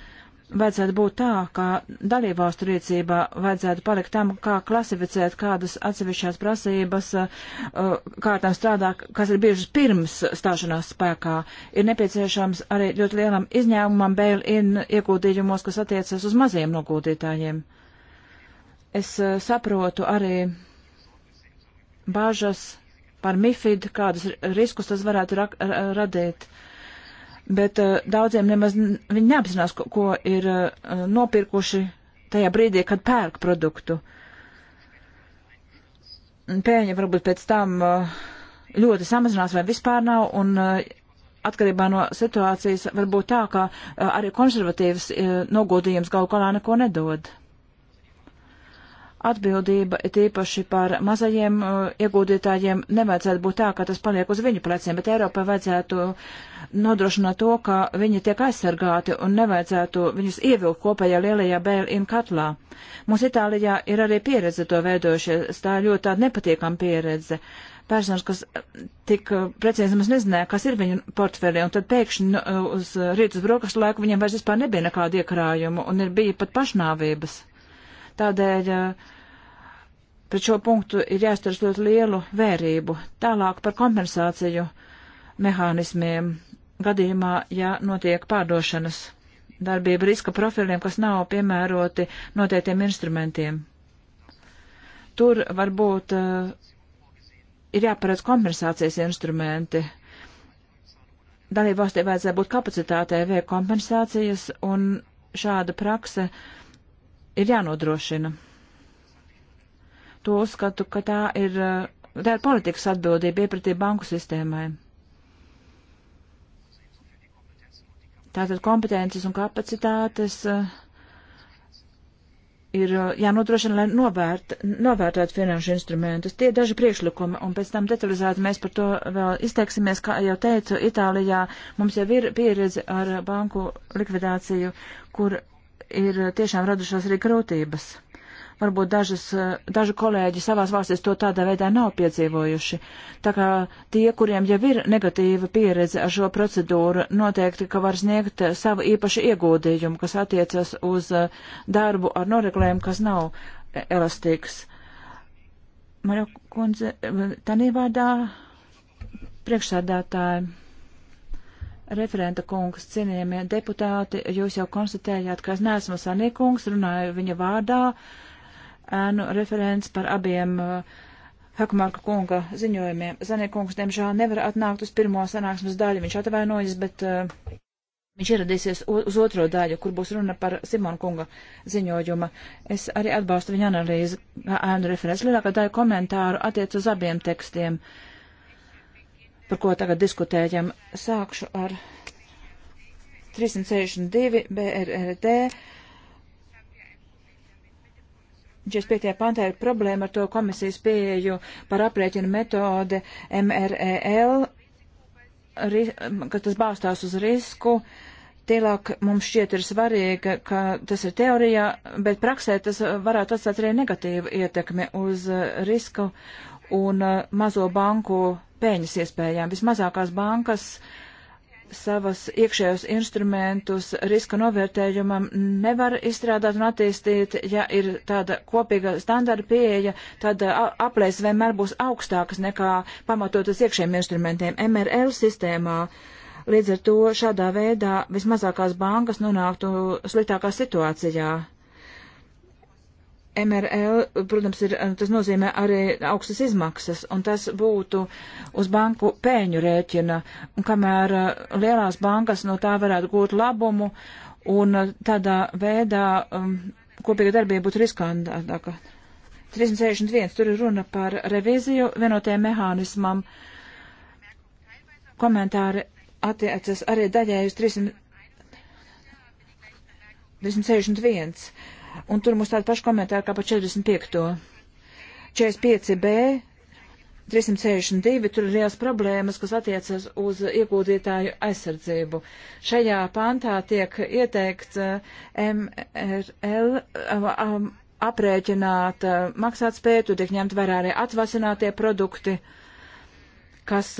[SPEAKER 3] vajadzētu būt tā, ka dalībvalstu rīcībā vajadzētu palikt tam, kā klasificēt kādas atsevišķās prasības, uh, kā tam strādā, kas ir bieži pirms stāšanās spēkā. Ir nepieciešams arī ļoti lielam izņēmumam bail-in iegūtījumos, kas attiecas uz maziem nogūtītājiem. Es uh, saprotu arī bāžas par MIFID, kādas riskus tas varētu ra ra radīt. Ra bet uh, daudziem nemaz viņi neapzinās, ko, ko ir uh, nopirkuši tajā brīdī, kad pērk produktu. Pēļņa varbūt pēc tam uh, ļoti samazinās vai vispār nav, un uh, atkarībā no situācijas varbūt tā, ka uh, arī konservatīvas uh, nogodījums galu galā neko nedod atbildība, it īpaši par mazajiem uh, iegūdītājiem, nevajadzētu būt tā, ka tas paliek uz viņu pleciem, bet Eiropai vajadzētu nodrošināt to, ka viņi tiek aizsargāti un nevajadzētu viņus ievilkt kopējā lielajā bail-in katlā. Mums Itālijā ir arī pieredze to veidojušies, tā ir ļoti tāda nepatīkama pieredze. Personas, kas uh, tik uh, precīzi mums nezināja, kas ir viņu portfelī, un tad pēkšņi nu, uh, uz rītus brokastu laiku viņiem vairs vispār nebija nekāda iekrājuma, un ir bija pat pašnāvības. Tādēļ eh, pret šo punktu ir jāizturas ļoti lielu vērību. Tālāk par kompensāciju mehānismiem gadījumā, ja notiek pārdošanas darbība riska profiliem, kas nav piemēroti noteiktiem instrumentiem. Tur varbūt uh, ir jāparedz kompensācijas instrumenti. Dalībvalstī vajadzēja būt kapacitātei veikt kompensācijas, un šāda prakse uh, ir jānodrošina. To uzskatu, ka tā ir, tā ir politikas atbildība iepratī banku sistēmai. Tātad kompetences un kapacitātes eh, ir eh, jānodrošina, lai novērt, novērtētu finanšu instrumentus. Tie daži priekšlikumi, un pēc tam detalizēti mēs par to vēl izteiksimies. Kā jau teicu, Itālijā mums jau ir pieredze ar banku likvidāciju, kur ir eh, tiešām radušās arī grūtības. Varbūt dažas, eh, daži kolēģi savās valstīs to tādā veidā nav piedzīvojuši. Tā kā tie, kuriem jau ir negatīva pieredze ar šo procedūru, noteikti, ka var sniegt eh, savu īpašu ieguldījumu, kas attiecas uz darbu ar noreglējumu, kas nav elastīgs. Marija kundze, tanī vārdā priekšsādātāji referenta kungs, cienījamie deputāti, jūs jau konstatējāt, ka es neesmu sanīkungs, runāju viņa vārdā, ēnu referents par abiem uh, Hakumārka kunga ziņojumiem. Zanīkungs, diemžēl, nevar atnākt uz pirmo sanāksmes daļu, viņš atvainojas, bet uh, viņš ieradīsies uz otro daļu, kur būs runa par Simona kunga ziņojuma. Es arī atbalstu viņa analīzi, ēnu referents. Lielākā daļa komentāru attiec uz abiem tekstiem. Uh, par ko tagad diskutējam. Sākšu ar 362 BRRD. 45. pantā ir problēma ar to komisijas pieeju par aprēķinu metode MREL, ka tas bāstās uz risku. Tielāk mums šķiet ir svarīgi, ka tas ir teorijā, bet praksē tas varētu atstāt arī negatīvu ietekmi uz risku un uh, mazo banku peļņas iespējām. Vismazākās bankas savas iekšējos instrumentus riska novērtējumam nevar izstrādāt un attīstīt, ja ir tāda kopīga standarta pieeja, tad aplēs vienmēr būs augstākas nekā pamatotas iekšējiem instrumentiem. MRL sistēmā līdz ar to šādā veidā vismazākās bankas nonāktu sliktākā situācijā MRL, protams, ir, eh, tas nozīmē arī augstas izmaksas, un tas būtu uz banku pēņu rēķina, un kamēr eh, lielās bankas no tā varētu gūt labumu, un eh, tādā veidā um, kopīga darbība būtu riskantāka. 361, tur ir runa par revīziju vienotajam mehānismam. Komentāri attiecas arī daļēji uz 300, 361 Un tur mums tāda paša komentāra kā par 45. 45b, 362, tur ir liels problēmas, kas attiecas uz iegūtītāju aizsardzību. Šajā pantā tiek ieteikts eh, MRL eh, aprēķināt eh, maksātspēju, tur tiek ņemt vērā arī atvasinātie produkti, kas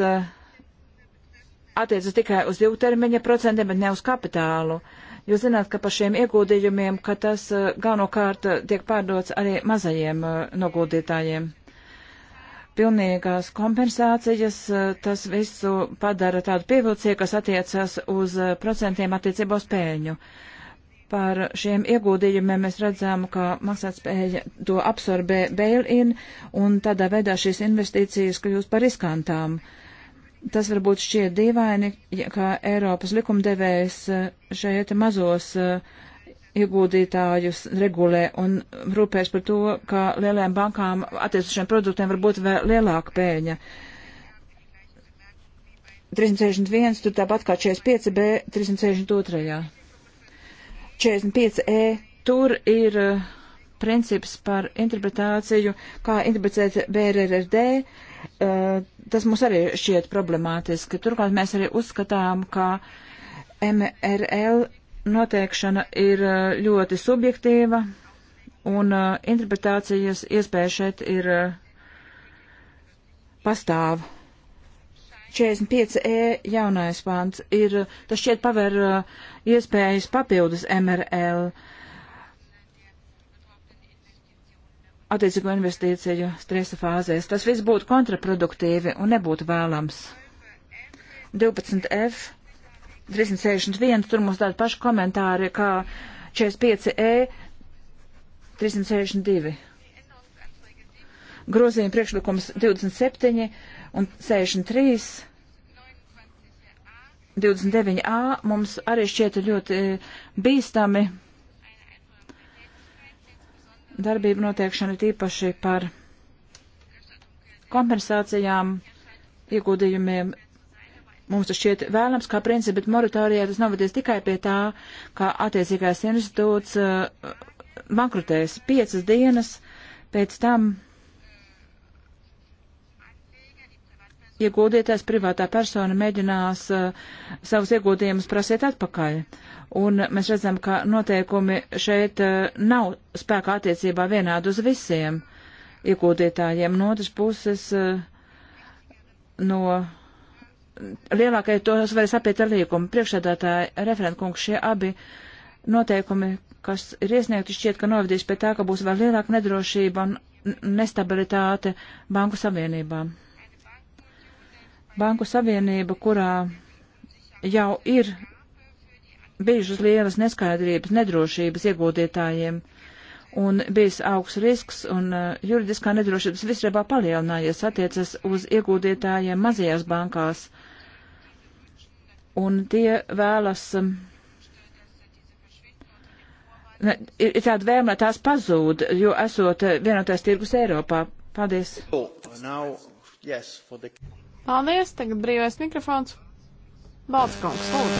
[SPEAKER 3] attiecas tikai uz ilgtermiņa procentiem, bet ne uz kapitālu. Uh, Jūs zināt, ka par šiem ieguldījumiem, ka tas eh, galvenokārt eh, tiek pārdots arī mazajiem eh, noguldītājiem. Pilnīgās kompensācijas, tas visu padara tādu pievilcīgu, kas attiecas uz procentiem attiecībā uz pēļņu. Par šiem ieguldījumiem mēs redzam, ka maksātspēja to absorbē bail-in, un tādā veidā šīs investīcijas kļūst par riskantām. Uh, Tas varbūt šķiet dīvaini, kā Eiropas likumdevējs eh, šeit mazos eh, ieguldītājus regulē un rūpēs par to, ka lielajām bankām attiecīšiem produktiem var būt vēl lielāka pēļņa. 361, tur tāpat kā 45B, 362. 45E, tur ir uh, princips par interpretāciju, kā interpretēt BRRD, uh, tas mums arī šķiet problemātiski. Turklāt mēs arī uzskatām, ka MRL noteikšana ir uh, ļoti subjektīva un uh, interpretācijas iespēja šeit ir pastāv. 45e jaunais pants ir, tas šķiet paver iespējas papildus MRL. Uh, attiecīgo investīciju stresa fāzēs. Tas viss būtu kontraproduktīvi un nebūtu vēlams. 12F 361, tur mums tādi paši komentāri kā 45E 362. Grozījuma priekšlikums 27 un 63. 29a mums arī šķiet ļoti eh, bīstami darbību notiekšana ir īpaši par kompensācijām, ieguldījumiem. Mums tas šķiet vēlams kā princips, bet Mauritārijā tas novadies tikai pie tā, ka attiecīgais institūts uh, bankrutēs piecas dienas pēc tam, ieguldītājs privātā persona mēģinās uh, savus ieguldījumus prasīt atpakaļ. Un mēs redzam, ka noteikumi šeit uh, nav spēkā attiecībā vienādi uz visiem ieguldītājiem. No otras puses, uh, no lielākai tos var apiet ar līgumu. Priekšsēdētāji, referentkungs, šie abi noteikumi, kas ir iesniegti, šķiet, ka novadīs pie tā, ka būs vēl lielāka nedrošība un nestabilitāte banku savienībām. Banku savienība, kurā jau ir bijušas lielas neskaidrības, nedrošības iegūtētājiem un bijis augsts risks un uh, juridiskā nedrošības visrībā palielinājies attiecas uz iegūtētājiem mazajās bankās. Un tie vēlas um, Ne, ir, ir tāda vēlme, lai tās pazūd, jo esot uh, vienotais tirgus Eiropā. Paldies. Oh,
[SPEAKER 2] now, yes, the...
[SPEAKER 1] Paldies, tagad brīvais mikrofons. Baltskungs, lūdzu.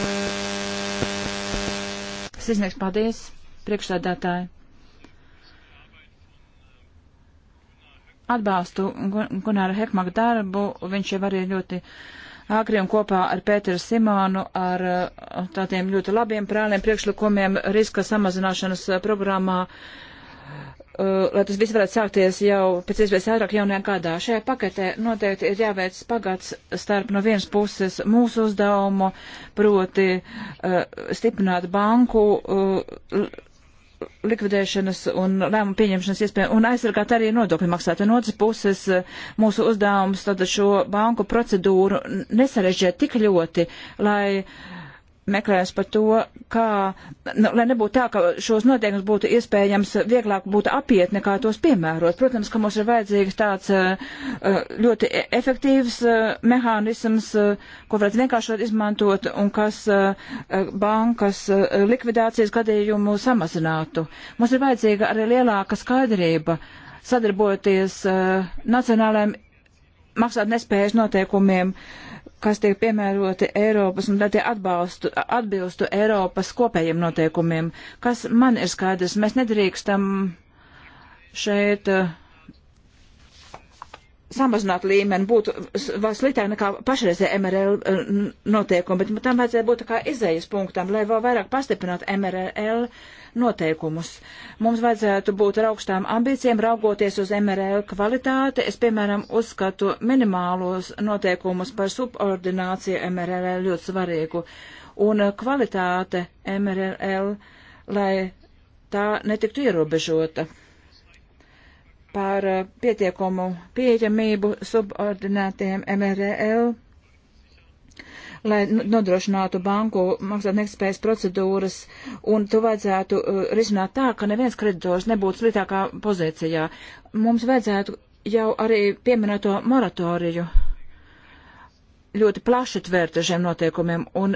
[SPEAKER 1] Sisnieks, paldies, priekšsēdētāji.
[SPEAKER 3] Atbalstu Gunāra Hekmaga darbu, viņš jau arī ļoti agri un kopā ar Pēteru Simonu ar uh, tādiem ļoti labiem prāliem priekšlikumiem riska samazināšanas uh, programmā Uh, lai tas viss varētu sākties jau pēc iespējas ātrāk jaunajā gadā. Šajā paketē noteikti ir jāveic pagats starp no vienas puses mūsu uzdevumu, proti uh, stiprināt banku uh, likvidēšanas un lēmumu pieņemšanas iespēju un aizsargāt arī nodokļu maksātāju. No otras puses, uh, mūsu uzdevums tad šo banku procedūru nesarežģēt tik ļoti, lai uh, meklējas par to, kā, nu, lai nebūtu tā, ka šos noteikumus būtu iespējams vieglāk būtu apiet nekā tos piemērot. Protams, ka mums ir vajadzīgs tāds eh, eh, ļoti e, efektīvs eh, mehānisms, ko varētu vienkāršot izmantot un kas bankas likvidācijas gadījumu samazinātu. Mums ir vajadzīga arī lielāka skaidrība sadarbojoties nacionālajiem maksāt nespējas noteikumiem. Uh, kas tiek piemēroti Eiropas un lai tie atbalstu, atbilstu Eiropas kopējiem noteikumiem. Kas man ir skaidrs, mēs nedrīkstam šeit uh, samazināt līmeni būtu vēl sliktāk nekā pašreizē MRL eh, noteikumi, bet tam vajadzēja būt tā kā izējas punktam, lai vēl vairāk pastiprinātu MRL noteikumus. Mums vajadzētu būt ar augstām ambīcijām, raugoties uz MRL kvalitāti. Es, piemēram, uzskatu minimālos noteikumus par subordināciju MRL ļoti svarīgu un eh, kvalitāte MRL, lai tā netiktu ierobežota par eh, pietiekumu pieejamību subordinētiem MRL, lai nu, nodrošinātu banku maksātnespējas procedūras, un to vajadzētu eh, risināt tā, ka neviens kreditors nebūtu sliktākā pozīcijā. Mums vajadzētu jau arī pieminēto moratoriju ļoti plaši tvērt ar šiem noteikumiem, un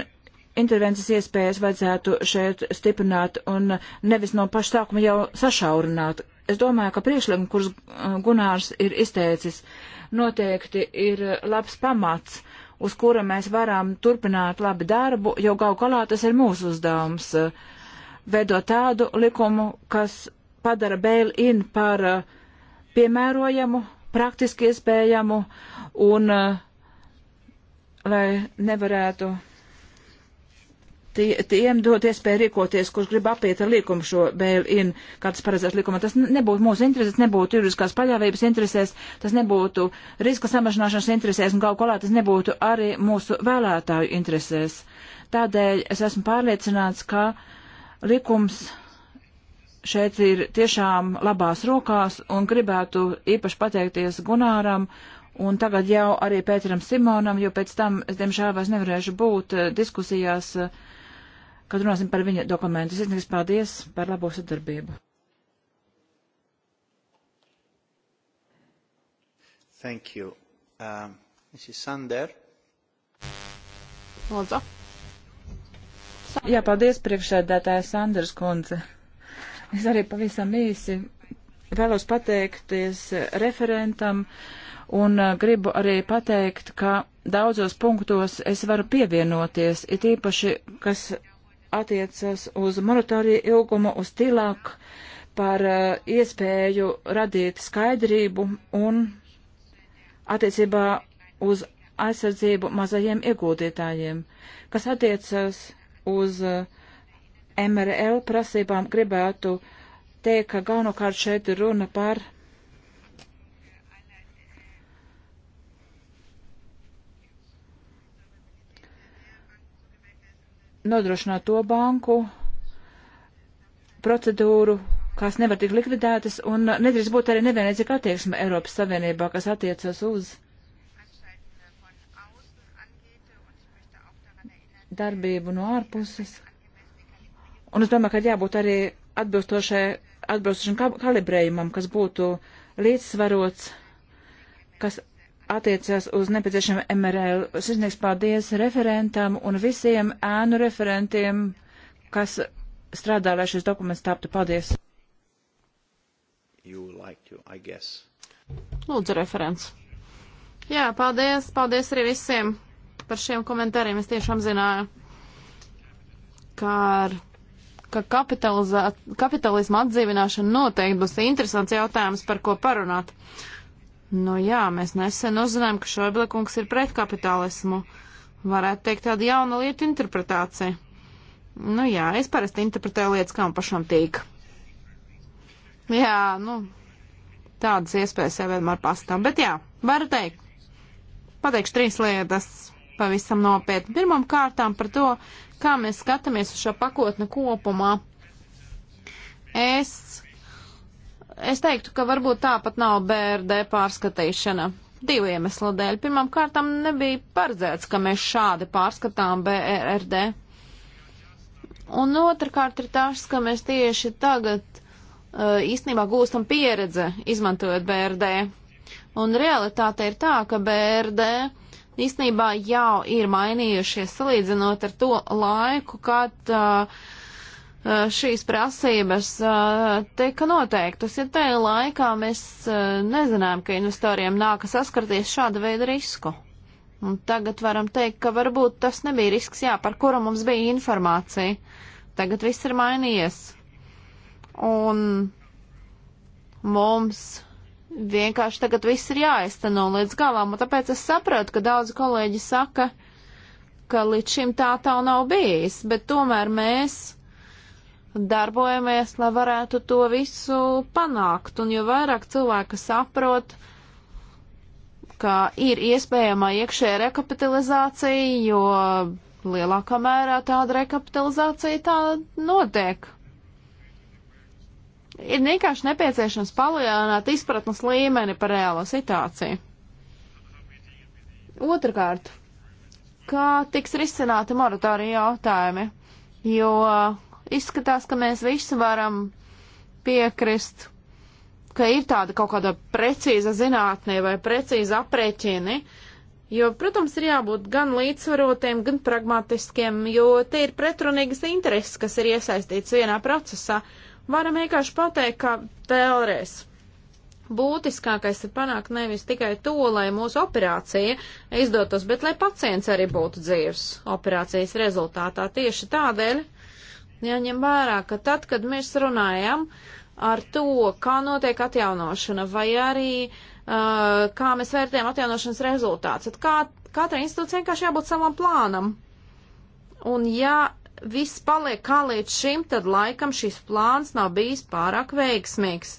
[SPEAKER 3] intervences iespējas vajadzētu šeit stiprināt un nevis no paša sākuma jau sašaurināt, Es domāju, ka priekšlikumi, kurus uh, Gunārs ir izteicis, noteikti ir labs pamats, uz kura mēs varam turpināt labi darbu, jo gau galā tas ir mūsu uzdevums uh, veidot tādu likumu, kas padara bail-in par uh, piemērojamu, praktiski iespējamu un lai nevarētu tie, tiem dot iespēju rīkoties, kurš grib apiet ar līkumu šo bail-in, kā tas paredzēts likumā. Tas nebūtu mūsu intereses, nebūtu juridiskās paļāvības interesēs, tas nebūtu riska samazināšanas interesēs un kaut kolā tas nebūtu arī mūsu vēlētāju interesēs. Tādēļ es esmu pārliecināts, ka likums šeit ir tiešām labās rokās un gribētu īpaši pateikties Gunāram Un tagad jau arī Pēteram Simonam, jo pēc tam es, diemžēl, vairs nevarēšu būt eh, diskusijās eh, kad runāsim par viņa dokumentu. Sirsnīgs paldies par labo sadarbību.
[SPEAKER 1] Thank you. Um, Mrs. Sander. Lūdzu.
[SPEAKER 3] Jā, paldies priekšsēdētāja Sanders kundze. Es arī pavisam īsi vēlos pateikties referentam un uh, gribu arī pateikt, ka daudzos punktos es varu pievienoties, it īpaši, kas attiecas uz moratoriju ilgumu, uz tilāku par uh, iespēju radīt skaidrību un attiecībā uz aizsardzību mazajiem ieguldītājiem, kas attiecas uz uh, MRL prasībām, gribētu teikt, ka galvenokārt šeit runa par nodrošināt to banku procedūru, kas nevar tikt likvidētas, un nedrīkst būt arī nevienlīdzīga attieksme Eiropas Savienībā, kas attiecas uz darbību no ārpuses. Un es domāju, ka jābūt arī atbilstošam kalibrējumam, kas būtu līdzsvarots, kas attiecas uz nepieciešamu MRL. Sirsnieks paldies referentam un visiem ēnu referentiem, kas strādā, lai šis dokuments taptu. Paldies!
[SPEAKER 1] Like to, Lūdzu, referents. Jā, paldies, paldies arī visiem par šiem komentāriem. Es tiešām zināju, ka ar ka kapitalizma atdzīvināšana noteikti būs interesants jautājums, par ko parunāt. Nu jā, mēs nesen uzzinājām, ka Šoibla kungs ir pret kapitālismu. Varētu teikt tāda jauna lieta interpretācija. Nu jā, es parasti interpretēju lietas, kā man pašam tīk. Jā, nu, tādas iespējas jau vienmēr pastāv. Bet jā, varu teikt, pateikšu trīs lietas pavisam nopietni. Pirmam kārtām par to, kā mēs skatāmies uz šo pakotni kopumā. Es Es teiktu, ka varbūt tāpat nav BRD pārskatīšana. Divu iemeslu dēļ. Pirmām kārtām nebija paredzēts, ka mēs šādi pārskatām BRD. Un otrkārt ir tas, ka mēs tieši tagad uh, īstenībā gūstam pieredze izmantojot BRD. Un realitāte ir tā, ka BRD īstenībā jau ir mainījušies salīdzinot ar to laiku, kad uh, Eh, šīs prasības eh, tika noteiktas. Ja tajā laikā mēs eh, nezinām, ka investoriem nākas saskarties šāda veida risku. Un tagad varam teikt, ka varbūt tas nebija risks, jā, par kuru mums bija informācija. Tagad viss ir mainījies. Un mums vienkārši tagad viss ir jāizteno līdz galam, un tāpēc es saprotu, ka daudz kolēģi saka, ka līdz šim tā tā nav bijis, bet tomēr mēs darbojamies, lai varētu to visu panākt. Un jo vairāk cilvēki saprot, ka ir iespējama iekšējā rekapitalizācija, jo lielākā mērā tāda rekapitalizācija tā notiek. Ir vienkārši nepieciešams palielināt izpratnes līmeni par reālo situāciju. Otrakārt, kā tiks risināti moratorija jautājumi, jo izskatās, ka mēs visi varam piekrist, ka ir tāda kaut kāda precīza zinātnē vai precīza aprēķini, jo, protams, ir jābūt gan līdzsvarotiem, gan pragmatiskiem, jo te ir pretrunīgas intereses, kas ir iesaistīts vienā procesā. Varam vienkārši pateikt, ka vēlreiz. Būtiskākais ir panākt nevis tikai to, lai mūsu operācija izdotos, bet lai pacients arī būtu dzīves operācijas rezultātā. Tieši tādēļ Jāņem vērā, ka tad, kad mēs runājam ar to, kā notiek atjaunošana vai arī uh, kā mēs vērtējam atjaunošanas rezultāts, tad kā, katrai institūcijai vienkārši jābūt savam plānam. Un ja viss paliek kā līdz šim, tad laikam šis plāns nav bijis pārāk veiksmīgs.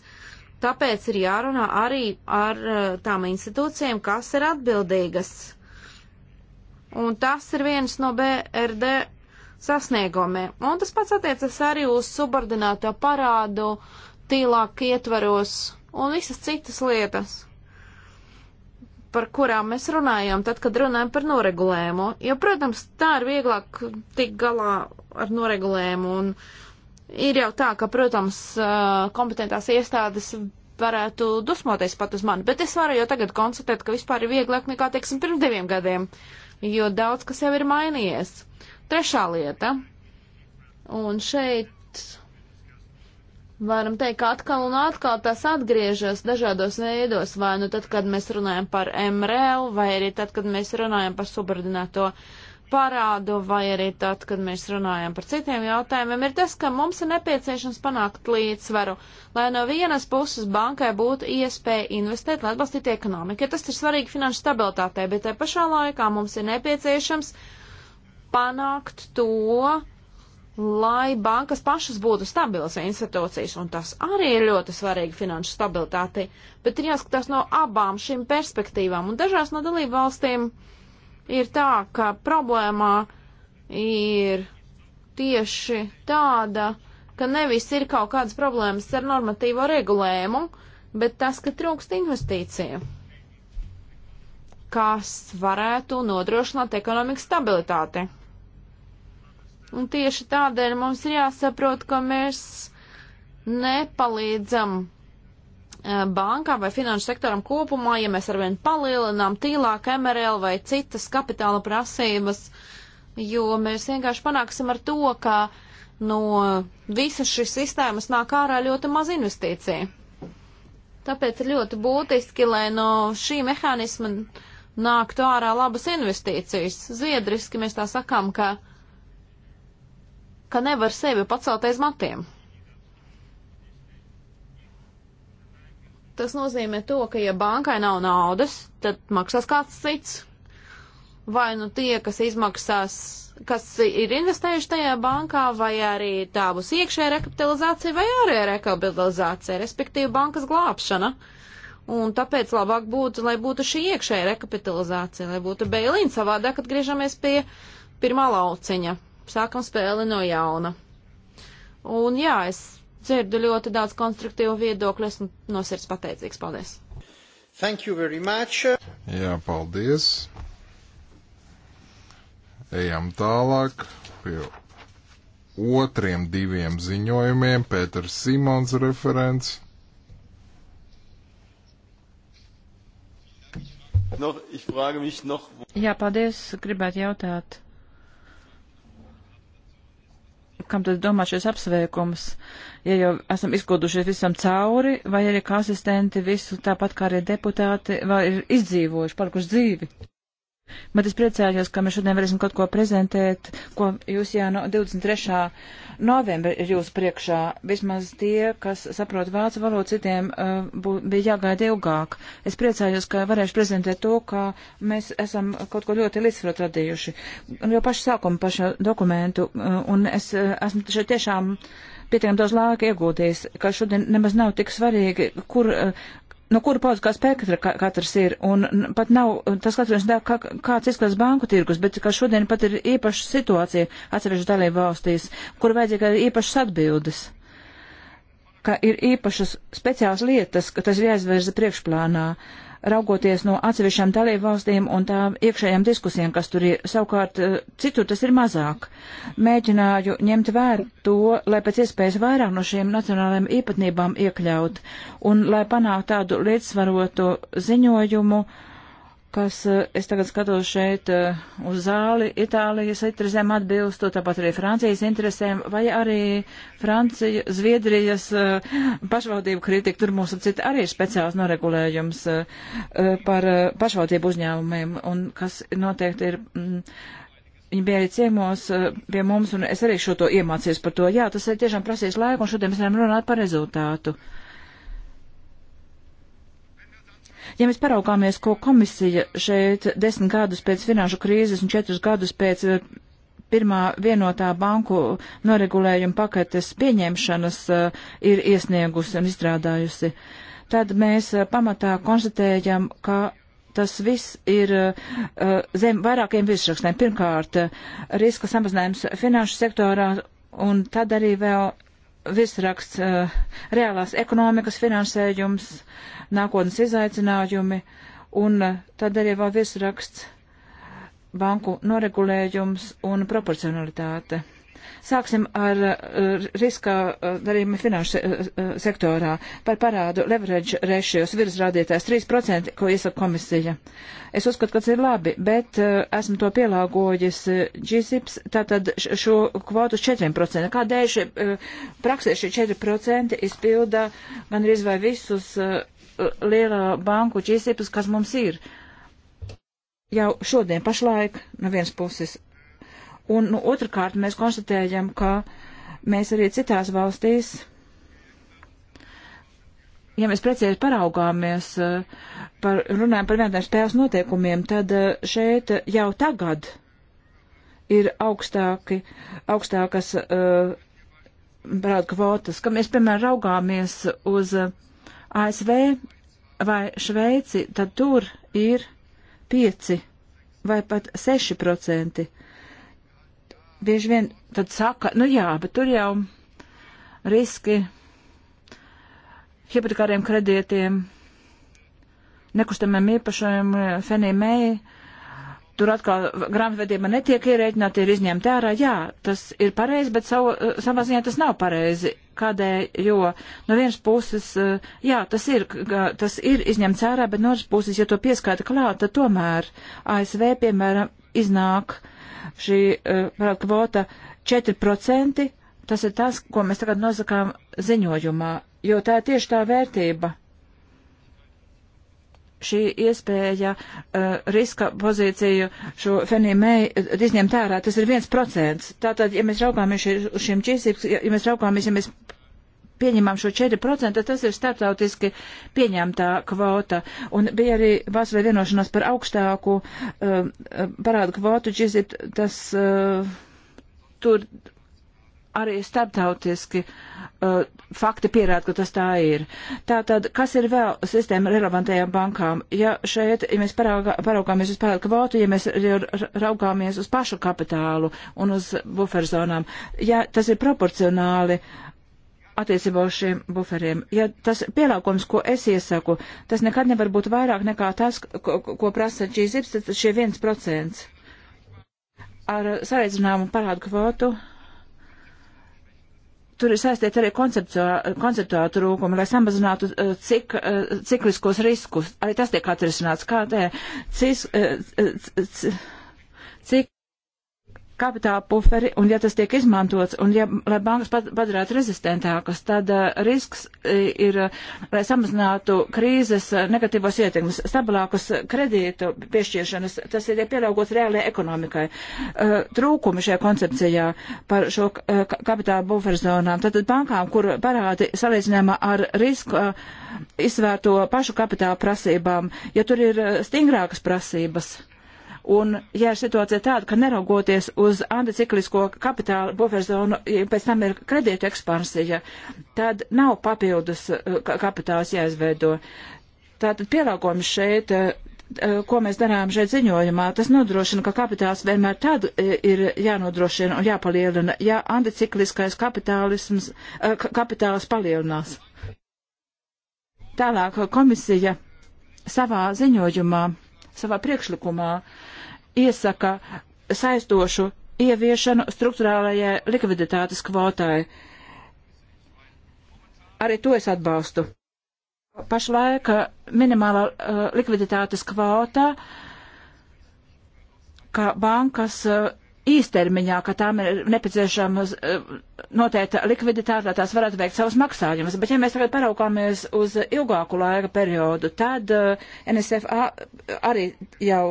[SPEAKER 1] Tāpēc ir jārunā arī ar tām institūcijām, kas ir atbildīgas. Un tas ir viens no BRD sasniegumiem. Un tas pats attiecas arī uz subordināto parādu, tīlāk ietvaros un visas citas lietas, par kurām mēs runājam, tad, kad runājam par noregulējumu. Jo, protams, tā ir vieglāk tikt galā ar noregulējumu. Un ir jau tā, ka, protams, kompetentās iestādes varētu dusmoties pat uz mani, bet es varu jau tagad konstatēt, ka vispār ir vieglāk nekā, teiksim, pirms diviem gadiem, jo daudz kas jau ir mainījies. Uh, Trešā lieta. Un šeit varam teikt, ka atkal un atkal tas atgriežas dažādos veidos, vai nu tad, kad mēs runājam par MRL, vai arī tad, kad mēs runājam par subordinēto parādu, vai arī tad, kad mēs runājam par citiem jautājumiem, ir tas, ka mums ir nepieciešams panākt līdzsvaru, lai no vienas puses bankai būtu iespēja investēt, lai atbalstītu ekonomiku. Ja tas ir svarīgi finanšu stabilitātei, bet te pašā laikā mums ir nepieciešams uh, panākt to, lai bankas pašas būtu stabilas institūcijas, un tas arī ir ļoti svarīgi finanšu stabilitātei, bet ir jāskatās no abām šīm perspektīvām, un dažās no dalību valstīm ir tā, ka problēmā ir tieši tāda, ka nevis ir kaut kādas problēmas ar normatīvo regulējumu, bet tas, ka trūkst investīciju kas varētu nodrošināt ekonomikas stabilitāti. Un tieši tādēļ mums ir jāsaprot, ka mēs nepalīdzam eh, bankām vai finanšu sektoram kopumā, ja mēs arvien palielinām tīlāk MRL vai citas kapitāla prasības, jo mēs vienkārši panāksim ar to, ka no visas šīs sistēmas nāk ārā ļoti maz investīcija. Tāpēc ir ļoti būtiski, lai no šī mehānisma uh, nāktu ārā labas investīcijas. Zviedriski mēs tā sakām, ka, ka nevar sevi pacelt aiz matiem. Tas nozīmē to, ka ja bankai nav naudas, tad maksās kāds cits. Vai nu tie, kas izmaksās, kas ir investējuši tajā bankā, vai arī tā būs iekšējā rekapitalizācija vai ārējā rekapitalizācija, respektīvi bankas glābšana. Uh, Un tāpēc labāk būtu, lai būtu šī iekšēja rekapitalizācija, lai būtu beilīna savādāk, kad griežamies pie pirmā lauciņa. Sākam spēli no jauna. Un jā, es dzirdu ļoti daudz konstruktīvu viedokļu, esmu no sirds pateicīgs. Paldies!
[SPEAKER 2] Thank you very much! Jā, paldies! Ejam tālāk pie otriem diviem ziņojumiem. Pēters Simons referents. Noch,
[SPEAKER 1] noch...
[SPEAKER 3] Jā, paldies. Gribētu jautāt, kam tad domā šis apsveikums? Ja jau esam izkodušies visam cauri, vai arī kā asistenti visu tāpat kā arī deputāti, vai ir izdzīvojuši, palikuši dzīvi? Bet es priecājos, ka mēs šodien varēsim kaut ko prezentēt, ko jūs jau no 23. novembra ir jūsu priekšā. Vismaz tie, kas saprot vācu valodu, citiem uh, bū, bija jāgaida ilgāk. Es priecājos, ka varēšu prezentēt to, ka mēs esam kaut ko ļoti līdzsvarot radījuši. Un jau pašu sākumu, pašu dokumentu, uh, un es uh, esmu šeit tiešām pietiekami daudz laika iegūties, ka šodien nemaz nav tik svarīgi, kur uh, no kura politiskā spektra katrs ir, un pat nav tas katrs, kā, kāds izskatās banku tirgus, bet kā šodien pat ir īpaša situācija atsevišķu dalību valstīs, kur vajadzīga īpašas atbildes, ka ir īpašas speciālas lietas, ka tas ir jāizvērza priekšplānā. Uh, raugoties no atsevišķām dalībvalstīm un tām iekšējām diskusijām, kas tur ir. Savukārt, eh, citur tas ir mazāk. Mēģināju ņemt vērā to, lai pēc iespējas vairāk no šiem nacionālajiem īpatnībām iekļaut un lai panāktu tādu līdzsvarotu ziņojumu, uh, kas, eh, es tagad skatos šeit eh, uz zāli, Itālijas interesēm atbilstu, tāpat arī Francijas interesēm, vai arī Francija, Zviedrijas eh, pašvaldību kritika, tur mūsu cita arī ir speciāls noregulējums par pašvaldību uzņēmumiem, un kas noteikti ir. Mm, Viņa bija arī ciemos pie mums, un es arī šo to iemācījos par to. Jā, tas ir tiešām prasīs laiku, un šodien mēs varam runāt par rezultātu. Uh, Ja mēs paraugāmies, ko komisija šeit desmit gadus pēc finanšu krīzes un četrus gadus pēc eh, pirmā vienotā banku noregulējuma paketes pieņemšanas uh, ir iesniegusi un izstrādājusi, tad mēs uh, pamatā konstatējam, ka tas viss ir uh, zem vairākiem virsrakstiem. Pirmkārt, riska samazinājums finanšu sektorā un tad arī vēl virsraksts uh, reālās ekonomikas finansējums, nākotnes izaicinājumi un uh, tad arī vēl virsraksts banku noregulējums un proporcionalitāte. Sāksim ar uh, riska uh, eh, darījumu finanšu uh, sektorā par parādu leverage rešijos virsrādītājs 3%, ko iesaka komisija. Es uzskatu, ka tas ir labi, bet uh, esmu to pielāgojis uh, GZIPS, tātad šo kvotu 4%. Kādēļ šie, uh, praksē šie 4% izpilda gan arī vai visus uh, lielā banku GZIPS, kas mums ir? Jau šodien pašlaik no vienas puses Un nu, otrkārt mēs konstatējam, ka mēs arī citās valstīs, ja mēs precīzi paraugāmies, eh, par, runājam par vienotnēm spēles noteikumiem, tad eh, šeit jau tagad ir augstāki, augstākas uh, eh, parādu kvotas, ka mēs, piemēram, raugāmies uz ASV vai Šveici, tad tur ir 5 vai pat 6 procenti. Uh, bieži vien tad saka, nu jā, bet tur jau riski hipotekāriem kredītiem, nekustamiem īpašajiem, fenīmēji, tur atkal grāmatvedība netiek ierēķināta, ir izņemta ārā. Jā, tas ir pareizi, bet savu, savā ziņā tas nav pareizi. Kādēļ? Jo no vienas puses, jā, tas ir, tas ir izņemts ārā, bet no otras puses, ja to pieskaita klāt, tad tomēr ASV, piemēram, iznāk uh, šī uh, kvota 4%. Tas ir tas, ko mēs tagad nosakām ziņojumā, jo tā ir tieši tā vērtība. Šī iespēja uh, riska pozīciju šo fenīmēju eh, izņemt ārā, tas ir viens procents. Tātad, ja mēs raugāmies uz šiem čīsīgs, ja mēs raugāmies, ja mēs pieņemam šo 4%, tad tas ir starptautiski pieņemtā kvota. Un bija arī Vācijā vienošanās par augstāku uh, parādu kvotu, džizit, tas uh, tur arī starptautiski uh, fakti pierāda, ka tas tā ir. Tātad, kas ir vēl sistēma relevantajām bankām? Ja šeit, ja mēs paraugā, paraugāmies uz parādu kvotu, ja mēs raugāmies uz pašu kapitālu un uz buferzonām, ja tas ir proporcionāli, uh, attiecībā uz šiem buferiem. Ja tas pielāgums, ko es iesaku, tas nekad nevar būt vairāk nekā tas, ko, ko prasa šī zips, tad šie viens procents. Ar sareizinājumu parādu kvotu. Tur ir saistīta arī konceptuāla trūkuma, lai samazinātu eh, cik, eh, cikliskos riskus. Arī tas tiek atrisināts. Kā tē, cis, cik eh, kapitāla puferi, un ja tas tiek izmantots, un ja, lai bankas padarētu rezistentākas, tad uh, risks eh, ir, eh, lai samazinātu krīzes negatīvos ietekmes, stabilākas kredītu piešķiršanas, tas ir ja pielāgots reālajai ekonomikai. Uh, trūkumi šajā koncepcijā par šo uh, kapitāla buferzonām, tad bankām, kur parādi salīdzinājumā ar risku uh, izsvērto pašu kapitāla prasībām, ja tur ir uh, stingrākas prasības. Uh, Un, ja ir situācija tāda, ka neraugoties uz anticiklisko kapitāla buferzonu, pēc tam ir kredīta ekspansija, tad nav papildus eh, kapitāls jāizveido. Tātad pielāgojums šeit, eh, eh, ko mēs darām šeit ziņojumā, tas nodrošina, ka kapitāls vienmēr tad ir jānodrošina un jāpalielina, ja anticikliskais kapitālisms, kapitāls palielinās. Tālāk komisija savā ziņojumā savā priekšlikumā iesaka saistošu ieviešanu struktūrālajai likviditātes kvotai. Arī to es atbalstu. Pašlaik minimālā uh, likviditātes kvota, kā bankas uh, īstermiņā, ka tām ir nepieciešama eh, noteikta likviditāte, lai tās varētu veikt savus maksājumus. Bet, ja mēs tagad paraukāmies uz ilgāku laika periodu, tad eh, NSFA arī jau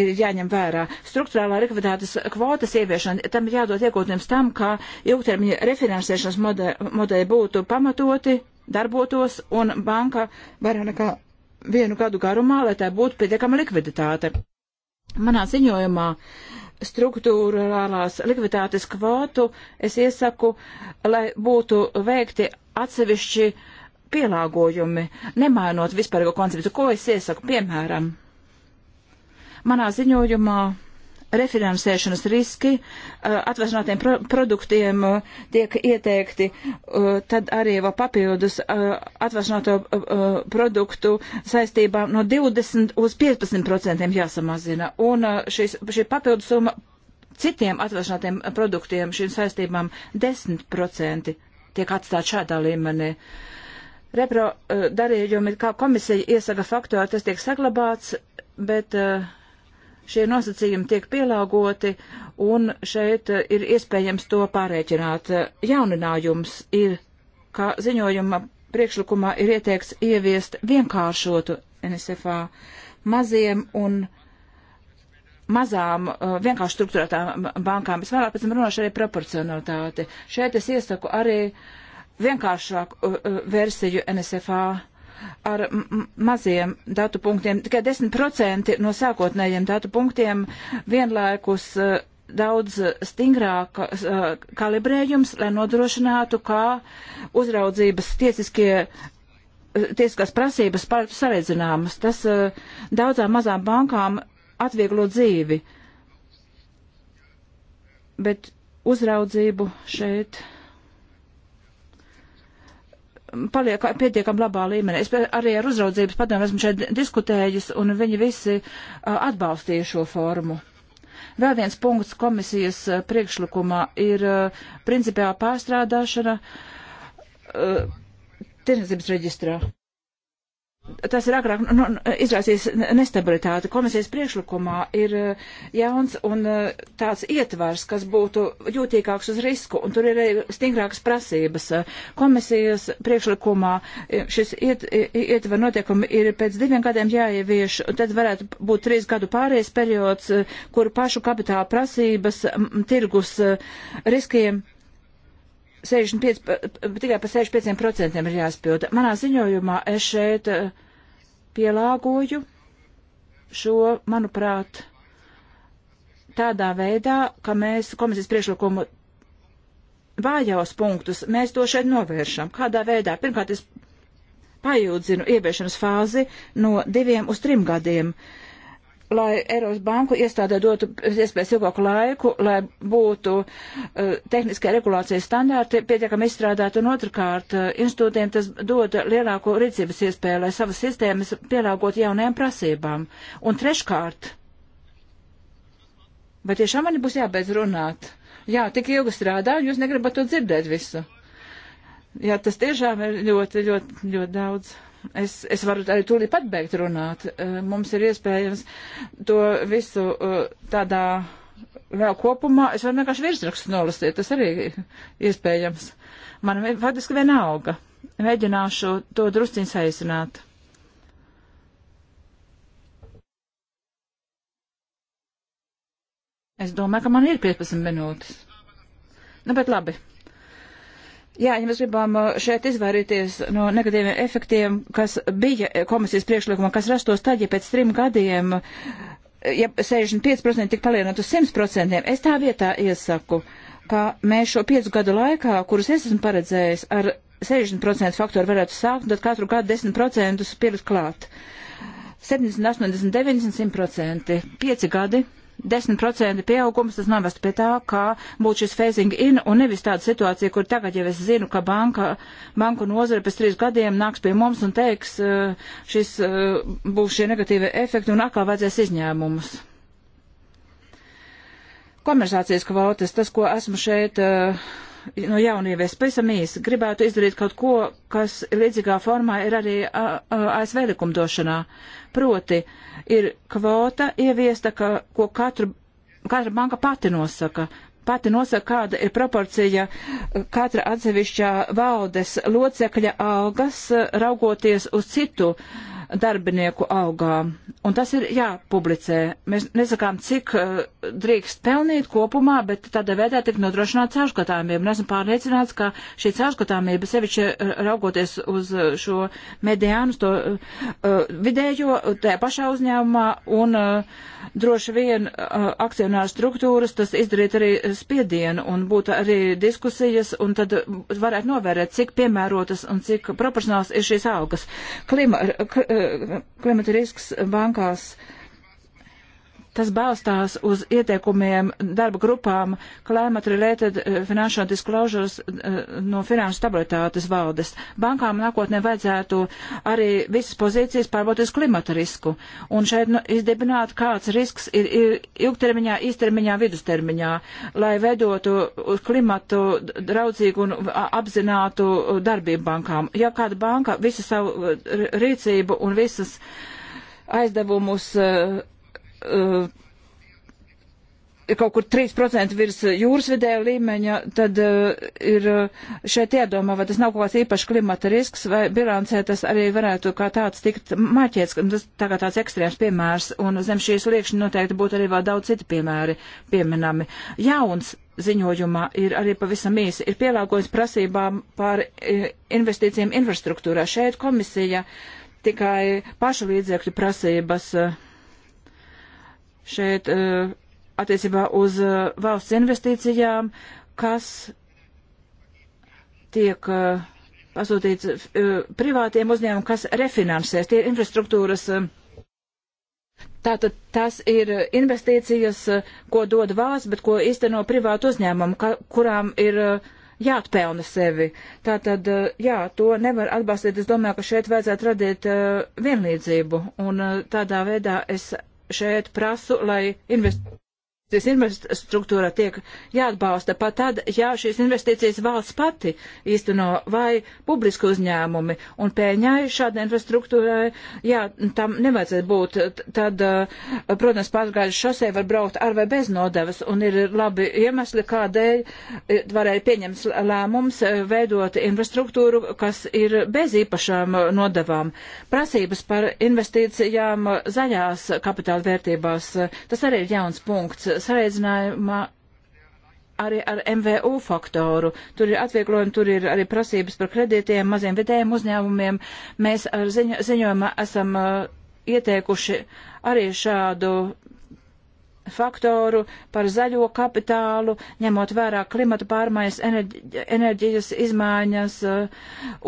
[SPEAKER 3] ir jāņem vērā. Struktūrālā likviditātes kvotas ieviešana, tam ir jādod iegūtnēms tam, ka ilgtermiņa refinansēšanas modeļi mode būtu pamatoti, darbotos un banka vairāk nekā vienu gadu garumā, lai tā būtu pietiekama likviditāte. Manā ziņojumā uh, struktūrālās likviditātes kvotu, es iesaku, lai būtu veikti atsevišķi pielāgojumi, nemainot vispārīgo konceptu. Ko es iesaku? Piemēram, manā ziņojumā refinansēšanas riski eh, atvasinātiem pro produktiem eh, tiek ieteikti, eh, tad arī vēl papildus atvasināto produktu saistībām no 20 uz 15% jāsamazina. Un šis, šī papildus summa citiem atvasinātiem produktiem šīm saistībām 10% tiek atstāt šādā līmenī. Repro darījumi, kā komisija iesaka faktuāli, tas tiek saglabāts, bet uh, šie nosacījumi tiek pielāgoti, un šeit ir iespējams to pārēķināt. Jauninājums ir, ka ziņojuma priekšlikumā ir ieteikts ieviest vienkāršotu NSFA maziem un mazām uh, vienkārši struktūrētām bankām. Es vēlāk pēc tam runāšu arī proporcionalitāti. Šeit es iesaku arī vienkāršāku uh, uh, versiju NSFA ar maziem datu punktiem. Tikai 10% no sākotnējiem datu punktiem vienlaikus uh, daudz stingrāk uh, eh, kalibrējums, lai nodrošinātu, kā uzraudzības tiesiskie. Uh, tiesiskās prasības pārāk sarežģināmas. Tas daudzām mazām bankām atvieglo dzīvi. Bet uzraudzību šeit paliek pietiekam labā līmenī. Es arī ar uzraudzības padomu esmu šeit diskutējis, un viņi visi atbalstīja šo formu. Vēl viens punkts komisijas priekšlikumā ir principiāla pārstrādāšana tirdzniecības reģistrā. Tas ir agrāk nu, nu izraisījis nestabilitāti. Komisijas priekšlikumā ir eh, jauns un eh, tāds ietvars, kas būtu jūtīgāks uz risku, un tur ir arī stingrākas prasības. Komisijas priekšlikumā eh, šis iet, ietver notiekumi ir pēc diviem gadiem jāievieš, un tad varētu būt trīs gadu pārējais periods, kur pašu kapitāla prasības tirgus riskiem 65, tikai par 65% ir jāspilda. Manā ziņojumā es šeit eh, pielāgoju šo, manuprāt, tādā veidā, ka mēs komisijas priekšlikumu vājos punktus, mēs to šeit novēršam. Kādā veidā? Pirmkārt, es pajūdzinu ieviešanas fāzi no diviem uz trim gadiem. Uh, lai Eiropas banku iestādē dotu iespējas ilgāku laiku, lai būtu uh, tehniskie regulācijas standārti pietiekami izstrādāti, un otrkārt uh, institūtiem tas dod lielāko rīcības iespēju, lai savas sistēmas pielāgot jaunajām prasībām. Un treškārt, vai tiešām man būs jābeidz runāt? Jā, tik ilgi strādāju, jūs negribat to dzirdēt visu. Jā, tas tiešām ir ļoti, ļoti, ļoti daudz es, es varu arī tūlīt pat beigt runāt. Eh, mums ir iespējams to visu eh, tādā vēl kopumā. Es varu vienkārši virsrakstu nolasīt, tas arī iespējams. Man faktiski vienalga. Mēģināšu to drusciņu saīsināt. Es domāju, ka man ir 15 minūtes. Nu, bet labi. Jā, ja mēs gribam uh, šeit izvairīties no negatīviem efektiem, kas bija eh, komisijas priekšlikumā, kas rastos tad, ja pēc trim gadiem, eh, ja 65% tik palielināt uz 100%, es tā vietā iesaku, ka mēs šo piecu gadu laikā, kurus es esmu paredzējis, ar 60% faktoru varētu sākt, un tad katru gadu 10% pielikt klāt. 70, 80, 90, 100%. Pieci gadi 10% pieaugums, tas novestu pie tā, kā būtu šis phasing in un nevis tāda situācija, kur tagad jau es zinu, ka banka, banku nozare pēc trīs gadiem nāks pie mums un teiks, eh, šis eh, būs šie negatīvie efekti un atkal vajadzēs izņēmumus. Komersācijas kvotas, tas, ko esmu šeit eh, no jaunieviešu, pavisam īsi, gribētu izdarīt kaut ko, kas līdzīgā formā ir arī ASV likumdošanā. Proti, ir kvota ieviesta, ka, ko katru, katra banka pati nosaka. Pati nosaka, kāda ir proporcija e, katra atsevišķā valdes locekļa algas, e, raugoties uz citu uh, darbinieku augām. Un tas ir jāpublicē. Mēs nesakām, cik uh, drīkst pelnīt kopumā, bet tādā veidā tik nodrošināt caurskatāmību. Un esmu pārliecināts, ka šī caurskatāmība sevišķi eh, raugoties uz eh, šo mediānu, to uh, vidējo, tajā pašā uzņēmumā un uh, droši vien uh, akcionāru struktūras, tas izdarīt arī spiedienu un būtu arī diskusijas un tad varētu novērēt, cik piemērotas un cik proporcionāls ir šīs augas. Klima, k, klimata risks bankās. Uh, Tas balstās uz ieteikumiem darba grupām Climate Related eh, Financial Disclosures eh, no Finanšu stabilitātes valdes. Bankām nākotnē vajadzētu arī visas pozīcijas pārbaudīt klimata risku un šeit nu, izdibināt, kāds risks ir, ir ilgtermiņā, īstermiņā, vidustermiņā, lai veidotu klimatu draudzīgu un apzinātu darbību bankām. Ja kāda banka visu savu eh, rīcību un visas aizdevumus uh, uh, eh, ir kaut kur 3% virs jūras vidēja līmeņa, tad uh, ir eh, šeit jādomā, vai tas nav kaut kāds īpašs klimata risks, vai bilancē tas arī varētu kā tāds tikt maķēts, ka tas tā kā tāds ekstrēms piemērs, un zem šīs liekšņa noteikti būtu arī vēl daudz citi piemēri pieminami. Jauns ziņojumā ir arī pavisam īsi, ir pielāgojums prasībām par investīcijiem infrastruktūrā. Šeit komisija tikai pašu līdzekļu prasības. Uh, šeit eh, attiecībā uz eh, valsts investīcijām, kas tiek eh, pasūtīts privātiem uzņēmumiem, kas refinansēs. Tie ir infrastruktūras. Tātad tas ir investīcijas, ko dod valsts, bet ko izteno privātu uzņēmumu, kurām ir jāatpelna sevi. Tātad, jā, to nevar atbalstīt. Es domāju, ka šeit vajadzētu radīt vienlīdzību, un tādā veidā es šeit prasu, lai invest šīs infrastruktūra tiek jāatbalsta pat tad, ja šīs investīcijas valsts pati īsteno vai publiski uzņēmumi. Un pēņai šāda infrastruktūrai, jā, tam nevajadzētu būt. Tad, eh, protams, pārgājuši šosē var braukt ar vai bez nodevas. Un ir labi iemesli, kādēļ eh, varēja pieņemt lēmums eh, veidot infrastruktūru, kas ir bez īpašām nodevām. Prasības par investīcijām zaļās kapitāla vērtībās. Tas arī ir jauns punkts sareizinājumā arī ar MVU faktoru. Tur ir atvieglojumi, tur ir arī prasības par kredītiem, maziem vidējiem uzņēmumiem. Mēs ar ziņo, ziņojumā esam uh, ieteikuši arī šādu faktoru, par zaļo kapitālu, ņemot vērā klimata pārmaiņas, enerģi, enerģijas izmaiņas uh,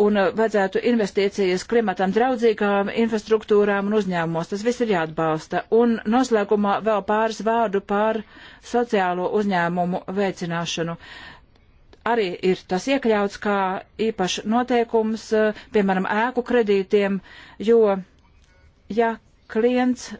[SPEAKER 3] un uh, vajadzētu investīcijas klimatam draudzīgām infrastruktūrām un uzņēmumos. Tas viss ir jāatbalsta. Un noslēgumā vēl pāris vārdu par sociālo uzņēmumu veicināšanu. Arī ir tas iekļauts kā īpašs noteikums, uh, piemēram, ēku kredītiem, jo, ja klients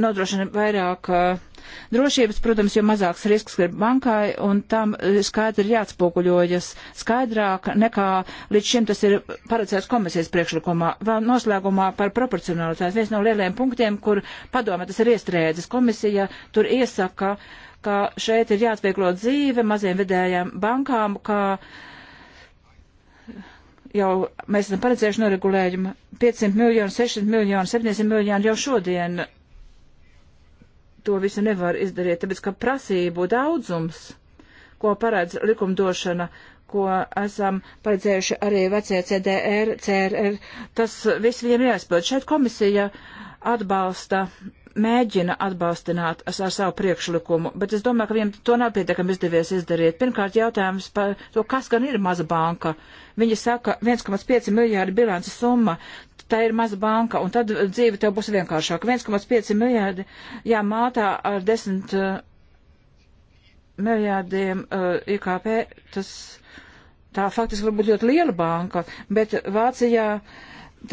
[SPEAKER 3] nodrošina vairāk uh, drošības, protams, jo mazāks risks ir bankai, un tam skaidri jāatspoguļojas skaidrāk nekā līdz šim tas ir paredzēts komisijas priekšlikumā. Vēl noslēgumā par proporcionalitāti. Viens no lielajiem punktiem, kur padome tas ir iestrēdzis, komisija tur iesaka, ka šeit ir jāatvieglo dzīve maziem vidējiem bankām, kā jau mēs esam paredzējuši noregulējumu 500 miljonu, 600 miljonu, 700 miljonu jau šodien to visu nevar izdarīt, tāpēc ka prasību daudzums, ko paredz likumdošana, ko esam paredzējuši arī vecie CDR, CRR, tas viss viņiem jāizpild. Šeit komisija atbalsta, mēģina atbalstināt ar savu priekšlikumu, bet es domāju, ka viņiem to nav pietiekami izdevies izdarīt. Pirmkārt, jautājums par to, kas gan ir maza banka. Viņi saka, 1,5 miljārdi bilances summa, tā ir maza banka, un tad dzīve tev būs vienkāršāka. 1,5 miljārdi jāmātā ar 10 eh, miljārdiem uh, eh, IKP, tas tā faktiski var būt ļoti liela banka, bet Vācijā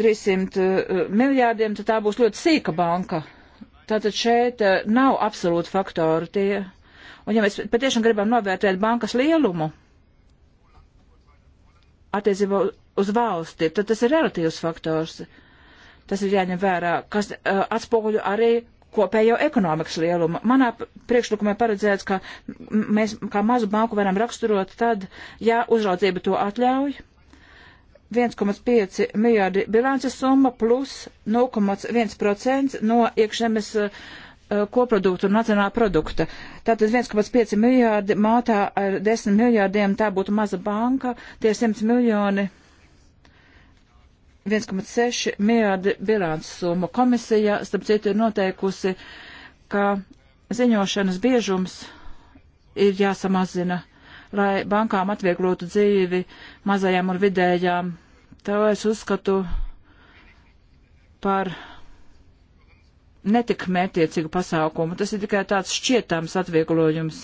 [SPEAKER 3] 300 uh, eh, miljārdiem, tad tā būs ļoti sīka banka. Tātad šeit uh, nav absolūti faktori tie. Un ja mēs patiešām gribam novērtēt bankas lielumu, attiecībā uz valsti, tad tas ir relatīvs faktors. Tas ir jāņem vērā, kas uh, atspoguļo arī kopējo ekonomikas lielumu. Manā priekšlikumā paredzēts, ka mēs kā mazu banku varam raksturot tad, ja uzraudzība to atļauj. 1,5 miljārdi bilances summa plus 0,1% no iekšzemes uh, koproduktu un nacionālā produkta. Tātad 1,5 miljārdi mātā ar 10 miljārdiem tā būtu maza banka, tie 100 miljoni 1,6 miljārdi bilāns summa. Komisija, starp citu, ir noteikusi, ka ziņošanas biežums ir jāsamazina, lai bankām atvieglotu dzīvi mazajām un vidējām. Tā es uzskatu par netik mērtiecīgu pasākumu. Tas ir tikai tāds šķietams atvieglojums.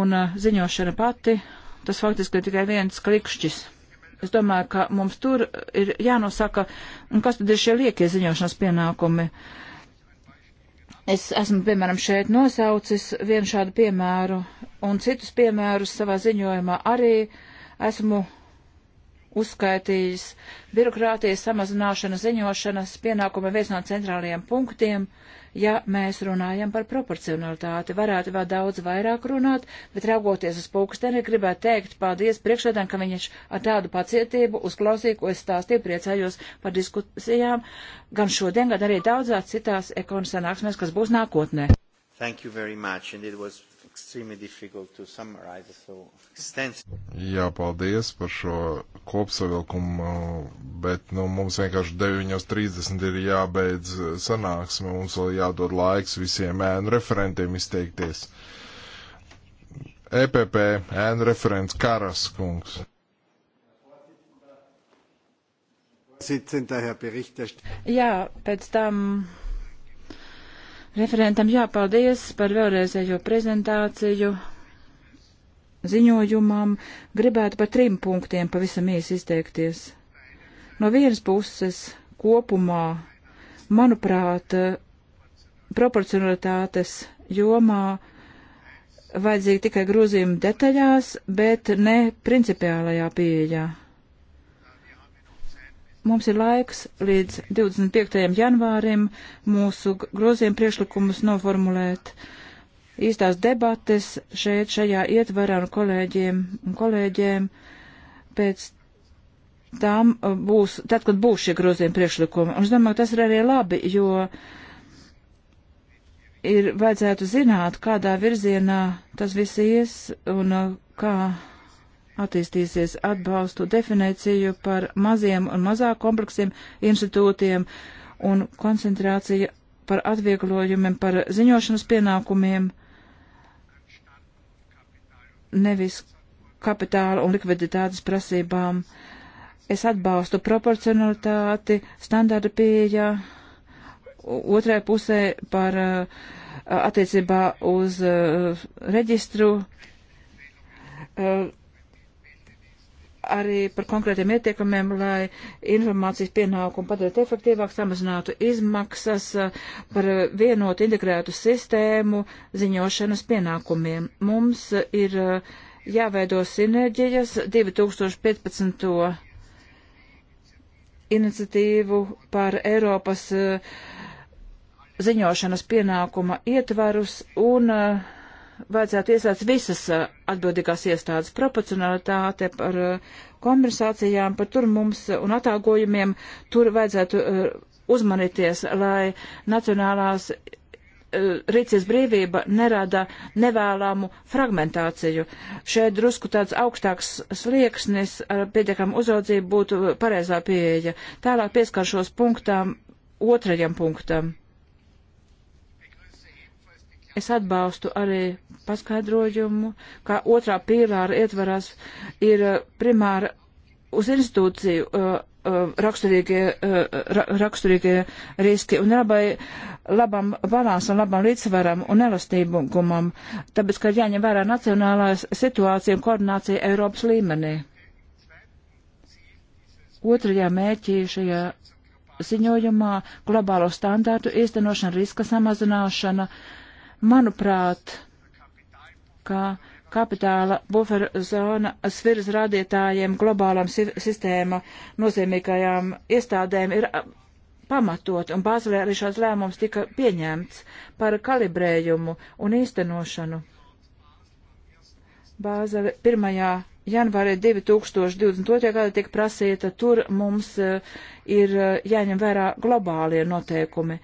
[SPEAKER 3] Un uh, ziņošana pati, tas faktiski ir tikai viens klikšķis. Es domāju, ka mums tur ir jānosaka, kas tad ir šie liekie ziņošanas pienākumi. Es esmu, piemēram, šeit nosaucis vienu šādu piemēru un citus piemērus savā ziņojumā arī esmu uzskaitījis birokrātijas samazināšana ziņošanas pienākuma viens no centrālajiem punktiem, ja mēs runājam par proporcionalitāti. Varētu vēl daudz vairāk runāt, bet raugoties uz pulksteni, gribētu teikt paldies priekšēdām, ka viņš ar tādu pacietību uzklausīja, ko es stāstīju, priecājos par diskusijām gan šodien, gan arī daudzās citās ekonomiskās sanāksmēs, kas būs nākotnē.
[SPEAKER 1] Thank you very much, and it was extremely difficult to summarize so extensive.
[SPEAKER 2] Jā, paldies par šo kopsavilkumu, bet nu, mums vienkārši 9.30 ir jābeidz sanāksme, mums vēl jādod laiks visiem ēnu referentiem izteikties. EPP ēnu referents Karas kungs.
[SPEAKER 3] Jā, pēc tam Referentam jāpaldies par vēlreizējo prezentāciju ziņojumam. Gribētu par trim punktiem pavisam īsi izteikties. No vienas puses kopumā, manuprāt, proporcionalitātes jomā vajadzīgi tikai grozījumi detaļās, bet ne principiālajā pieejā. Mums ir laiks līdz 25. janvārim mūsu groziem priekšlikumus noformulēt. Īstās debates šeit šajā ietvarā ar kolēģiem un kolēģiem pēc tām uh, būs, tad, kad būs šie grozījumi priekšlikumi. Un es domāju, tas ir arī labi, jo ir vajadzētu zināt, kādā virzienā tas viss ies un uh, kā attīstīsies atbalstu definīciju par maziem un mazāk kompleksiem institūtiem un koncentrācija par atvieglojumiem, par ziņošanas pienākumiem, nevis kapitāla un likviditātes prasībām. Es atbalstu proporcionalitāti, standarta pieejā, otrai pusē par uh, attiecībā uz uh, reģistru uh, arī par konkrētiem ieteikumiem, lai informācijas pienākumu padarītu efektīvāk, samazinātu izmaksas eh, par vienotu integrētu sistēmu ziņošanas pienākumiem. Mums eh, ir eh, jāveido sinerģijas 2015. iniciatīvu par Eiropas ziņošanas pienākuma ietvarus un uh, vajadzētu iesaistīt visas atbildīgās iestādes proporcionalitāte par kompensācijām, par tur mums un atāgojumiem, tur vajadzētu uzmanīties, lai nacionālās rīcības brīvība nerada nevēlamu fragmentāciju. Šeit drusku tāds augstāks slieksnis ar pietiekamu uzraudzību būtu pareizā pieeja. Tālāk pieskaršos punktām, otrajam punktam. Es atbalstu arī paskaidrojumu, ka otrā pīlāra ietvarās ir uh, primāra uz institūciju uh, uh, raksturīgie, uh, ra, raksturīgie riski un labai labam balansam, labam līdzsvaram un elastīgumam, tāpēc, ka jāņem vērā nacionālā situācija un koordinācija Eiropas līmenī. Otrajā mērķī šajā ziņojumā globālo standārtu īstenošana, riska samazināšana, uh, Manuprāt, ka kapitāla buferu zona sviras rādītājiem globālam sistēma nozīmīgajām iestādēm ir pamatot, un Bāzelē arī šāds lēmums tika pieņemts par kalibrējumu un īstenošanu. Bāzele pirmajā janvārī 2022. gada tika prasīta, tur mums eh, ir eh, jāņem vērā globālie noteikumi.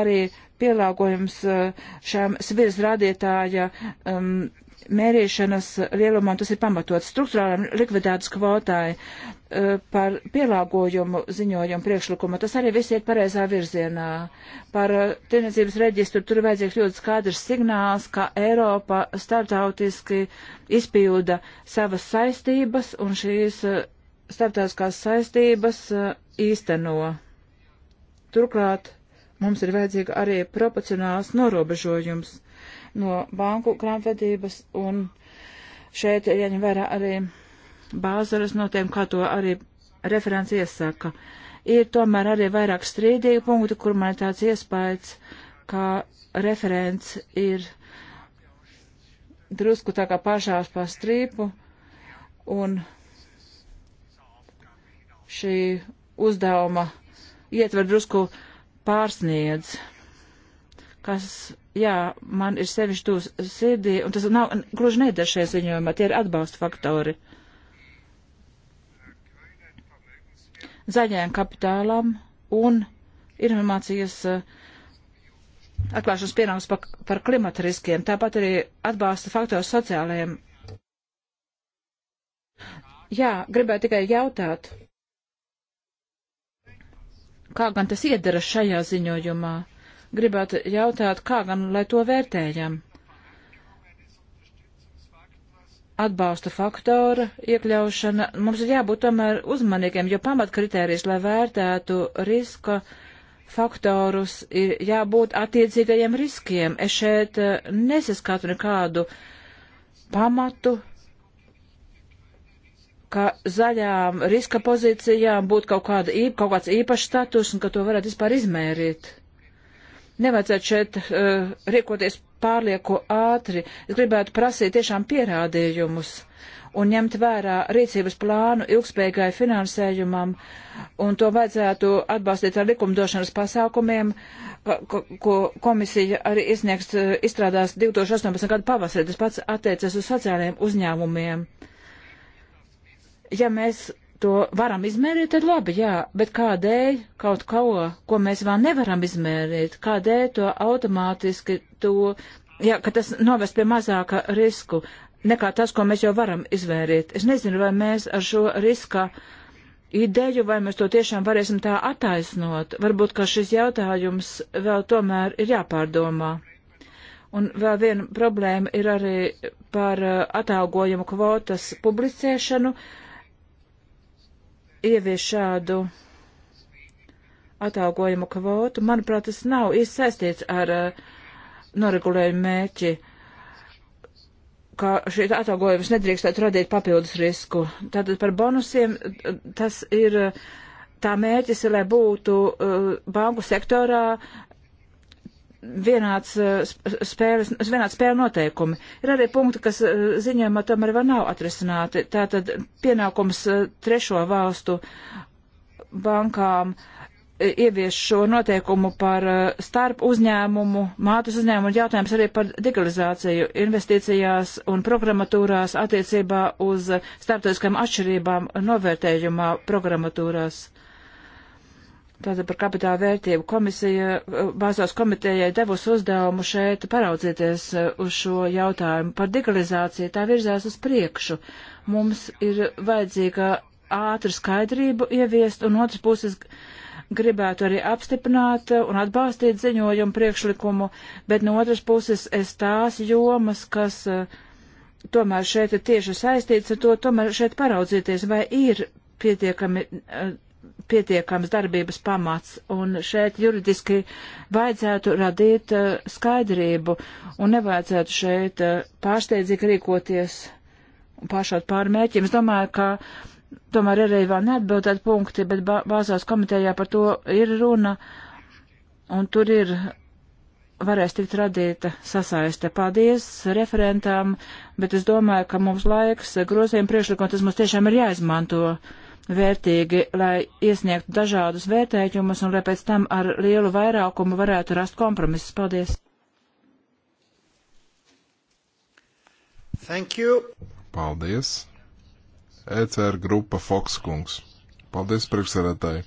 [SPEAKER 3] Arī pielāgojums eh, šām svirs rādītāja um, mērīšanas lielumam tas ir pamatots struktūrālam likvidētas kvotāji e, par pielāgojumu ziņojumu priekšlikumu. Tas arī viss iet pareizā virzienā. Par e, tirniecības reģistru tur vajadzīgs ļoti skaidrs signāls, ka Eiropa starptautiski izpilda savas saistības un šīs e, starptautiskās saistības īsteno. Turklāt mums ir vajadzīga arī proporcionāls norobežojums no banku grāmatvedības, un šeit ir jāņem vērā arī bāzaras noteikumi, kā to arī referents iesaka. Ir tomēr arī vairāk strīdīgi punkti, kur man ir tāds iespējas, ka referents ir drusku tā kā pašās pa strīpu, un šī uzdevuma ietver drusku pārsniedz, kas jā, man ir sevišķi tūs sirdī, un tas nav gluži nedara šajā ziņojumā, tie ir atbalsta faktori. Zaļajām kapitālām un informācijas eh, atklāšanas pienākums par, par klimata riskiem, tāpat arī atbalsta faktors sociālajiem. Jā, gribēju tikai jautāt, kā gan tas iedara šajā ziņojumā? gribētu jautāt, kā gan lai to vērtējam. Atbalsta faktora iekļaušana mums ir jābūt tomēr uzmanīgiem, jo pamatkritērijs, lai vērtētu riska faktorus, ir jābūt attiecīgajiem riskiem. Es šeit eh, nesaskatu nekādu pamatu, ka zaļām riska pozīcijām būtu kaut, kāda, kaut kāds īpašs status un ka to varētu vispār izmērīt nevajadzētu šeit uh, rīkoties pārlieku ātri. Es gribētu prasīt tiešām pierādījumus un ņemt vērā rīcības plānu ilgspējīgai finansējumam, un to vajadzētu atbalstīt ar likumdošanas pasākumiem, ko, ko komisija arī izsniegs, eh, izstrādās 2018. gada pavasarī. Tas pats attiecas uz sociālajiem uzņēmumiem. Ja mēs to varam izmērīt, tad labi, jā, bet kādēļ kaut ko, ko mēs vēl nevaram izmērīt, kādēļ to automātiski to, jā, ka tas novest pie mazāka risku nekā tas, ko mēs jau varam izvērīt. Es nezinu, vai mēs ar šo riska ideju, vai mēs to tiešām varēsim tā attaisnot. Varbūt, ka šis jautājums vēl tomēr ir jāpārdomā. Un vēl viena problēma ir arī par uh, atalgojumu kvotas publicēšanu. Uh, ievies šādu atalgojumu kvotu, manuprāt, tas nav īsti saistīts ar uh, noregulējumu mērķi, ka šī atalgojums nedrīkstētu radīt papildus risku. Tātad par bonusiem eh, tas ir. Eh, tā mērķis ir, lai būtu uh, banku sektorā vienāds eh, spēles, vienāds spēle noteikumi. Ir arī punkti, kas eh, ziņojumā tomēr vēl nav atrisināti. Tātad pienākums eh, trešo valstu bankām ievies šo noteikumu par starp uzņēmumu, mātas uzņēmumu un jautājums arī par digitalizāciju investīcijās un programmatūrās attiecībā uz starptautiskām atšķirībām novērtējumā programmatūrās. Uh, tāda par kapitāla vērtību komisija eh, bāzās komitejai devus uzdevumu šeit paraudzīties eh, uz šo jautājumu par digitalizāciju. Tā virzās uz priekšu. Mums ir vajadzīga ātru skaidrību ieviest, un otrs puses gribētu arī apstiprināt eh, un atbalstīt ziņojumu priekšlikumu, bet no otras puses es tās jomas, kas tomēr šeit ir tieši saistīts ar to, tomēr šeit paraudzīties, vai ir pietiekami uh, pietiekams darbības pamats, un šeit juridiski vajadzētu radīt uh, skaidrību, un nevajadzētu šeit uh, pārsteidzīgi rīkoties un pāršaut pāri mērķiem. Es domāju, ka tomēr arī vēl neatbildēt punkti, bet bā bāzās komitejā par to ir runa, un tur ir varēs tikt radīta sasaiste. Paldies referentām, bet es domāju, ka mums laiks eh, grozījuma priekšlikumu, tas mums tiešām ir jāizmanto. Uh, vērtīgi, lai iesniegtu dažādus vērtējumus un lai pēc tam ar lielu vairākumu varētu rast kompromisus. Paldies!
[SPEAKER 1] Thank you!
[SPEAKER 2] Paldies! ECR grupa Fokskungs. Paldies priekšsēdētāji!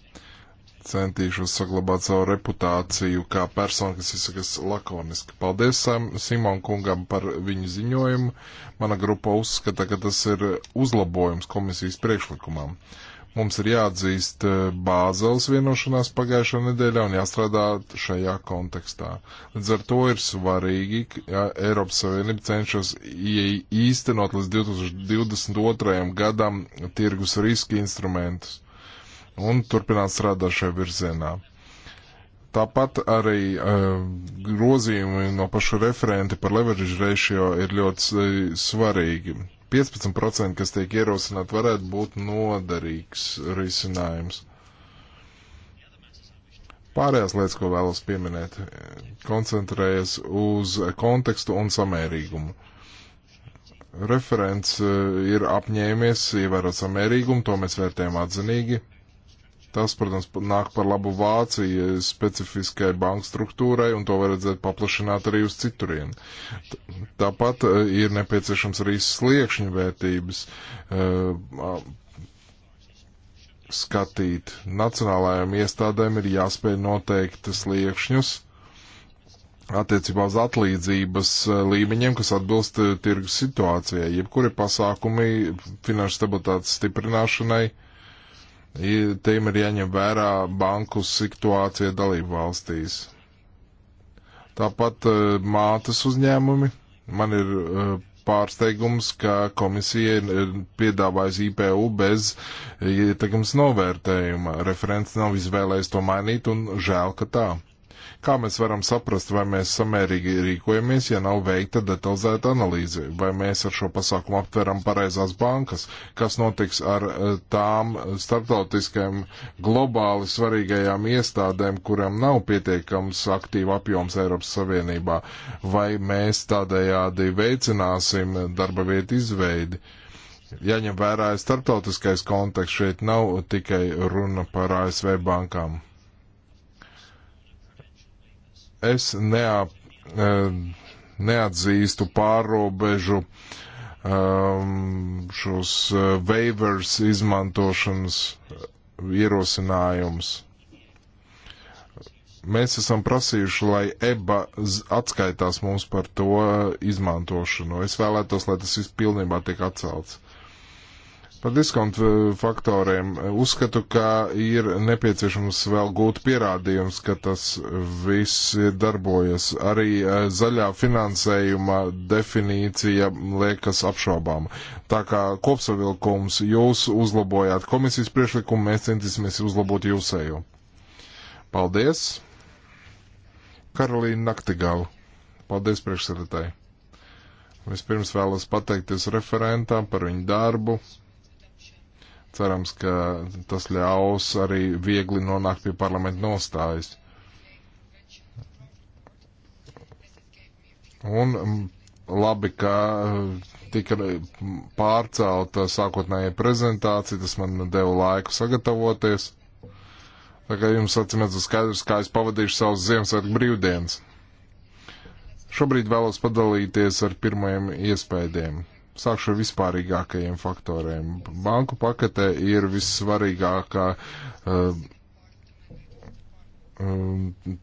[SPEAKER 2] Centīšos saglabāt savu reputāciju kā personu, kas izsakas lakoniski. Paldies Simon kungam par viņu ziņojumu. Mana grupa uzskata, ka tas ir uzlabojums komisijas priekšlikumam. Uh, Mums ir jāatzīst eh, Bāzeles vienošanās pagājušā nedēļā un jāstrādā šajā kontekstā. Līdz ar to ir svarīgi, ja Eiropas Savienība cenšas īstenot līdz 2022. gadam tirgus riski instrumentus un turpināt strādāt šajā virzienā. Tāpat arī uh, grozījumi no pašu referenti par leverage ratio ir ļoti uh, svarīgi. 15%, kas tiek ierosināt, varētu būt noderīgs risinājums. Pārējās lietas, ko vēlos pieminēt, koncentrējas uz kontekstu un samērīgumu. Referents eh, ir apņēmies ievērot samērīgumu, to mēs vērtējam atzinīgi. Tas, protams, nāk par labu Vācijas specifiskai banku struktūrai, un to var redzēt paplašināt arī uz citurien. Tāpat e, ir nepieciešams arī sliekšņu vērtības uh, skatīt. Nacionālajām iestādēm ir jāspēj noteikt sliekšņus attiecībā uz atlīdzības e, līmeņiem, kas atbilst tirgus situācijai. Jebkuri pasākumi finanšu stabilitātes stiprināšanai uh, Tiem ir jāņem vērā banku situācija dalību valstīs. Tāpat eh, mātes uzņēmumi. Man ir eh, pārsteigums, ka komisija ir piedāvājusi IPU bez ietekmes novērtējuma. Referents nav izvēlējis to mainīt un žēl, ka tā. Kā mēs varam saprast, vai mēs samērīgi rīkojamies, ja nav veikta detalizēta analīze, vai mēs ar šo pasākumu aptveram pareizās bankas, kas notiks ar eh, tām starptautiskajām globāli svarīgajām iestādēm, kurām nav pietiekams aktīva apjoms Eiropas Savienībā, vai mēs tādējādi veicināsim darba vietu izveidi jaņem vērā starptautiskais konteksts, šeit nav tikai runa par ASV bankām es neap, e, neatzīstu pārobežu um, šos e, waivers izmantošanas ierosinājums. Mēs esam prasījuši, lai EBA atskaitās mums par to izmantošanu. Es vēlētos, lai tas viss pilnībā tiek atcelts. Par diskontu eh, faktoriem uzskatu, ka ir nepieciešams vēl gūt pierādījums, ka tas viss darbojas. Arī eh, zaļā finansējuma definīcija liekas apšaubām. Tā kā kopsavilkums jūs uzlabojāt komisijas priešlikumu, mēs centīsimies uzlabot jūsējo. Paldies! Karolīna Naktigala. Paldies priekšsēdētāji. Vispirms vēlos pateikties referentām par viņu darbu Cerams, ka tas ļaus arī viegli nonākt pie parlamenta nostājas. Un mm, labi, ka mm, tika pārcelta sākotnējā prezentācija, tas man deva laiku sagatavoties. Tā kā jums atcīmēt skaidrs, kā es pavadīšu savus Ziemassvētku brīvdienas. Šobrīd vēlos padalīties ar pirmajiem iespējām. Sākšu ar vispārīgākajiem faktoriem. Banku paketē ir vissvarīgākā uh,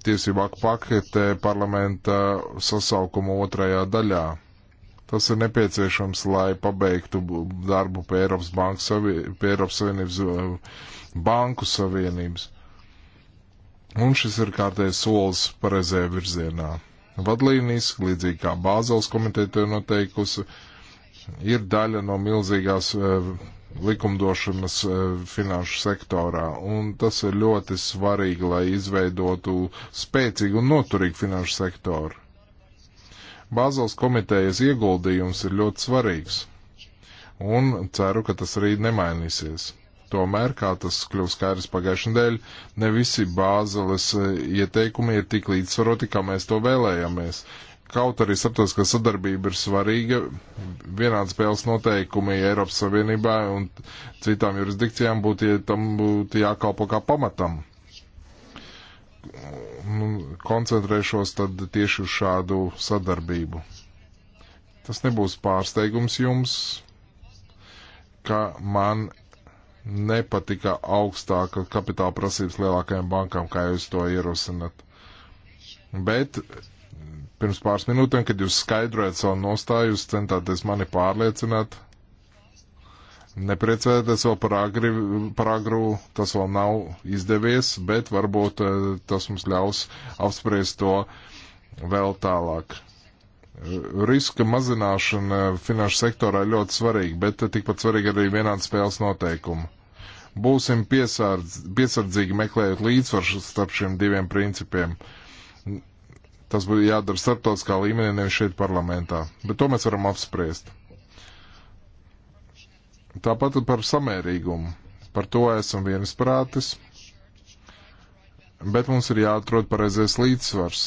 [SPEAKER 2] tiesību aktu paketē parlamenta sasaukuma otrajā daļā. Tas ir nepieciešams, lai pabeigtu darbu pie Eiropas, savi, pie Eiropas Savienības uh, banku savienības. Un šis ir kārtējs solis pareizajā virzienā. Vadlīnijas, līdzīgi kā Bāzels komiteja to noteikusi, uh, ir daļa no milzīgās e, likumdošanas e, finanšu sektorā, un tas ir ļoti svarīgi, lai izveidotu spēcīgu un noturīgu finanšu sektoru. Bāzels komitejas ieguldījums ir ļoti svarīgs, un ceru, ka tas arī nemainīsies. Tomēr, kā tas kļūst skaidrs pagājušajā dēļ, ne visi Bāzeles e, ieteikumi ir tik līdzsvaroti, kā mēs to vēlējāmies kaut arī starptautiskā sadarbība ir svarīga, vienāds spēles noteikumi Eiropas Savienībā un citām jurisdikcijām būtu, ja tam būtu jākalpo kā pamatam. Nu, koncentrēšos tad tieši uz šādu sadarbību. Tas nebūs pārsteigums jums, ka man nepatika augstāka kapitāla prasības lielākajām bankām, kā jūs to ierosinat. Bet Pirms pāris minūtēm, kad jūs skaidrojat savu nostāju, jūs centāties mani pārliecināt. Nepriecājieties vēl par, agri, par agru, tas vēl nav izdevies, bet varbūt eh, tas mums ļaus apspriest to vēl tālāk. Riska mazināšana finanšu sektorā ir ļoti svarīga, bet tikpat svarīga arī vienāda spēles noteikuma būsim piesardz, piesardzīgi meklējot līdzsvaru starp šiem diviem principiem. Tas būtu jādara starptautiskā līmenī, nevis šeit parlamentā. Bet to mēs varam apspriest. Tāpat par samērīgumu. Par to esam viensprātis. Bet mums ir jāatrod pareizais līdzsvars.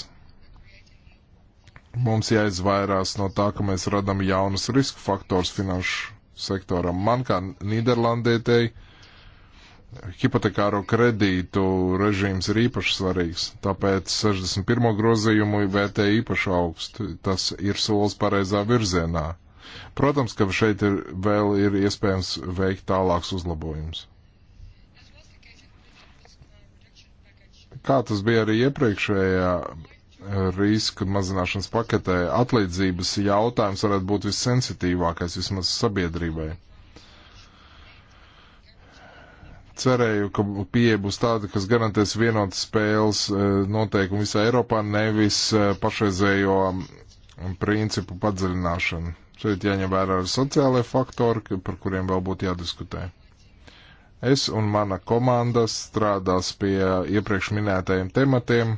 [SPEAKER 2] Mums jāizvairās no tā, ka mēs radam jaunus risku faktors finanšu sektoram. Man kā Nīderlandētēji hipotekāro kredītu režīms ir īpaši svarīgs, tāpēc 61. grozījumu vērtē īpaši augstu. Tas ir solis pareizā virzienā. Protams, ka šeit ir, vēl ir iespējams veikt tālāks uzlabojums. Kā tas bija arī iepriekšējā eh, riska mazināšanas paketē, atlīdzības jautājums varētu būt vissensitīvākais vismaz sabiedrībai cerēju, ka pieeja būs tāda, kas garantēs vienotas spēles e, noteikumu visā Eiropā, nevis e, pašreizējo mm, principu padziļināšanu. Šeit jāņem vērā arī sociālai faktori, par kuriem vēl būtu jādiskutē. Es un mana komanda strādās pie iepriekš minētajiem tematiem,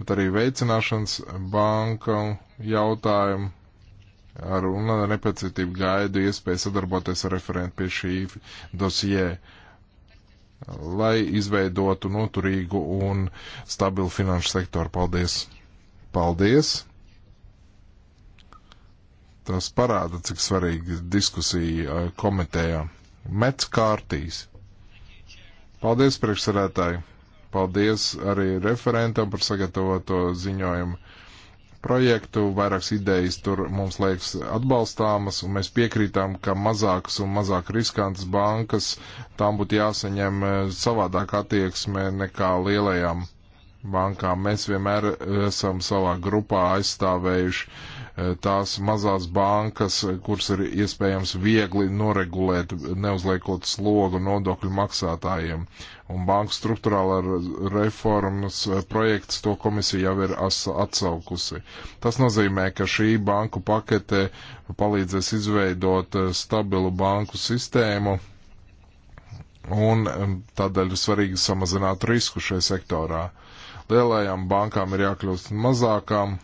[SPEAKER 2] bet arī veicināšanas banka jautājumu ar un ar nepacietību gaidu iespēju sadarboties ar referentu pie šī dosijē, lai izveidotu noturīgu un stabilu finanšu sektoru. Paldies! Paldies! Tas parāda, cik svarīga diskusija eh, komitējā. Mets kārtīs. Paldies, priekšsarētāji! Paldies arī referentam par sagatavoto ziņojumu projektu, vairākas idejas tur mums liekas atbalstāmas, un mēs piekrītām, ka mazākas un mazāk riskantas bankas tām būtu jāsaņem e, savādāk attieksme nekā lielajām bankām. Mēs vienmēr esam savā grupā aizstāvējuši e, tās mazās bankas, kuras ir iespējams viegli noregulēt, neuzliekot slogu nodokļu maksātājiem un banku struktūrālā reformas eh, projekts to komisija jau ir atsaukusi. Tas nozīmē, ka šī banku pakete palīdzēs izveidot eh, stabilu banku sistēmu un eh, tādēļ ir svarīgi samazināt risku šajā sektorā. Lielajām bankām ir jākļūst mazākām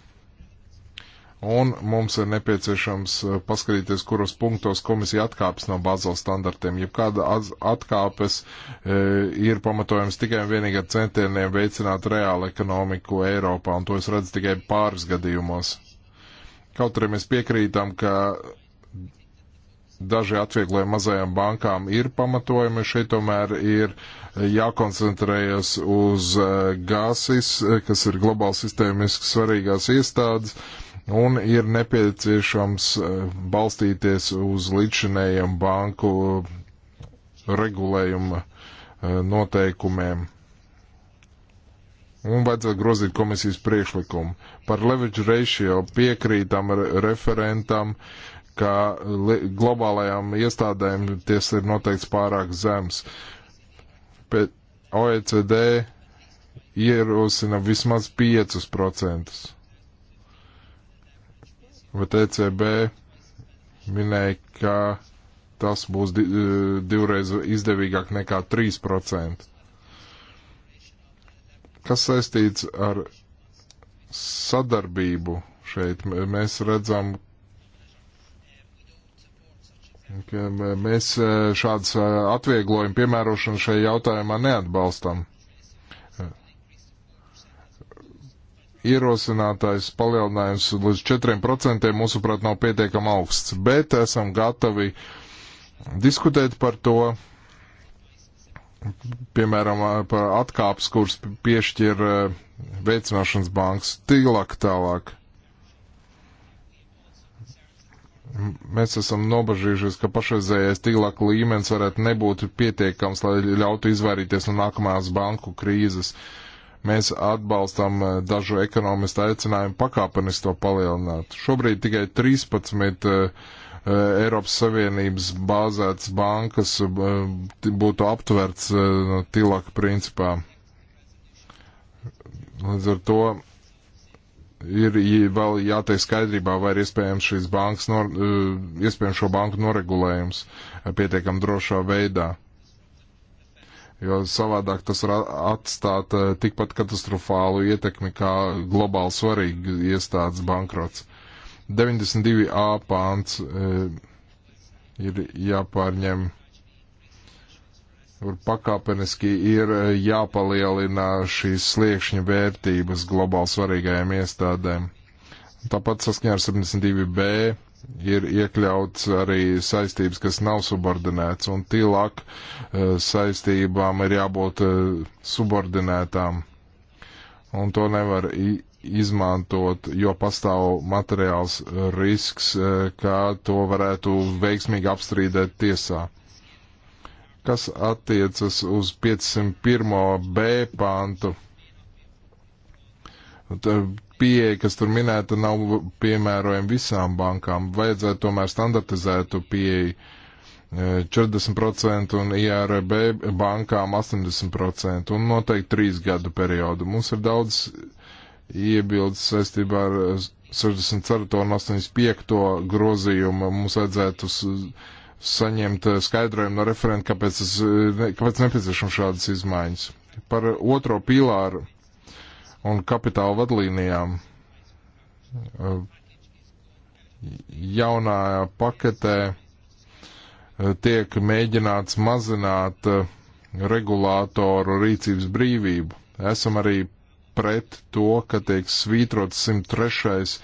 [SPEAKER 2] Un mums ir nepieciešams eh, paskatīties, kuros punktos komisija atkāpjas no bāzes standartiem. Ja kāda atkāpes e, ir pamatojams tikai un vienīgi ar centieniem veicināt reālu ekonomiku Eiropā, un to es redzu tikai pāris gadījumos. Kaut arī mēs piekrītam, ka daži atvieglojumi mazajām bankām ir pamatojumi. Šeit tomēr ir jākoncentrējas uz eh, GASIS, kas ir globāls sistēmiski svarīgās iestādes un ir nepieciešams eh, balstīties uz līdzinējiem banku eh, regulējuma eh, noteikumiem. Un vajadzētu grozīt komisijas priekšlikumu. Par leverage ratio piekrītam referentam, ka globālajām iestādēm ties ir noteikts pārāk zems. Pēc e OECD ierosina vismaz 5%. Bet ECB minēja, ka tas būs di e, divreiz izdevīgāk nekā 3%. Kas saistīts ar sadarbību šeit? Mēs redzam, ka mēs e, šādas e, atvieglojuma piemērošanu šajā jautājumā neatbalstam. ierosinātais palielinājums līdz 4% mūsuprāt nav pietiekam augsts, bet esam gatavi diskutēt par to, piemēram, par atkāps, kuras piešķir eh, veicināšanas bankas tīlāk tālāk. Mēs esam nobažījušies, ka pašreizējais tīlāk līmenis varētu nebūt pietiekams, lai ļautu izvairīties no nākamās banku krīzes. Uh, Mēs atbalstam eh, dažu ekonomistu aicinājumu pakāpeniski to palielināt. Šobrīd tikai 13 eh, Eiropas Savienības bāzētas bankas eh, būtu aptverts no tilaka principā. Līdz ar to ir vēl jātiek skaidrībā, vai ir iespējams šīs bankas, nor, iespējams šo banku noregulējums pietiekam drošā veidā jo savādāk tas var atstāt e, tikpat katastrofālu ietekmi kā globāli svarīgi iestādes bankrots. 92a pāns e, ir jāpārņem. Pakāpeniski ir e, jāpalielina šīs sliekšņa vērtības globāli svarīgajām iestādēm. Tāpat saskaņā ar 72b ir iekļauts arī saistības, kas nav subordinēts, un tīlāk eh, saistībām ir jābūt eh, subordinētām, un to nevar izmantot, jo pastāv materiāls risks, eh, kā to varētu veiksmīgi apstrīdēt tiesā. Kas attiecas uz 501. b pantu? pieeja, kas tur minēta, nav piemērojama visām bankām. Vajadzētu tomēr standartizētu pieeju 40% e, un IRB bankām 80% un noteikti trīs gadu periodu. Mums ir daudz iebildes saistībā ar 64. un 85. grozījumu. Mums vajadzētu saņemt skaidrojumu no referenta, kāpēc, tas, kāpēc nepieciešams šādas izmaiņas. Par otro pīlāru un kapitāla vadlīnijām. Eh, jaunā paketē eh, tiek mēģināts mazināt eh, regulātoru rīcības brīvību. Esam arī pret to, ka tiek svītrots 103.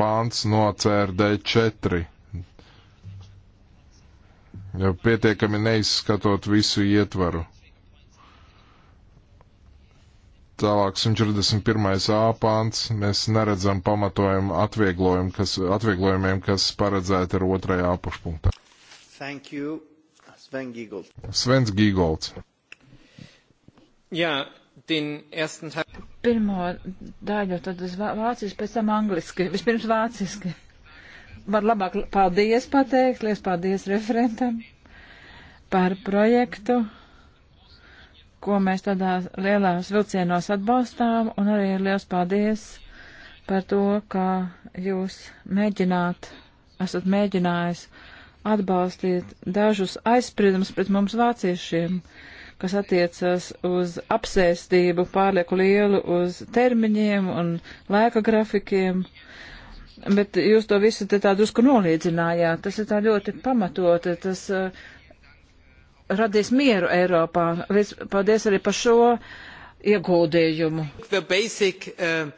[SPEAKER 2] pāns no CRD 4. Pietiekami neizskatot visu ietvaru. Tālāk 141. A pāns mēs neredzam pamatojumu atvieglojumu, kas, atvieglojumiem, kas paredzēti ar otrajā apakšpunktā.
[SPEAKER 1] Thank you, Sven Giegold.
[SPEAKER 2] Svens Gīgolds. Jā, den ersten Teil.
[SPEAKER 1] Pirmo
[SPEAKER 3] daļu tad uz vāciski, pēc tam angliski, vispirms vāciski. Var labāk paldies pateikt, liels paldies referentam par projektu ko mēs tādā lielās vilcienos atbalstām, un arī liels paldies par to, ka jūs mēģināt, esat mēģinājis atbalstīt dažus aizspriedumus pret mums vāciešiem, kas attiecas uz apsēstību pārlieku lielu, uz termiņiem un laika grafikiem. Bet jūs to visu te tā drusku nolīdzinājāt. Tas ir tā ļoti pamatoti. Tas uh, radīs mieru Eiropā. Lies, paldies arī par šo ieguldījumu.
[SPEAKER 2] Basic, uh,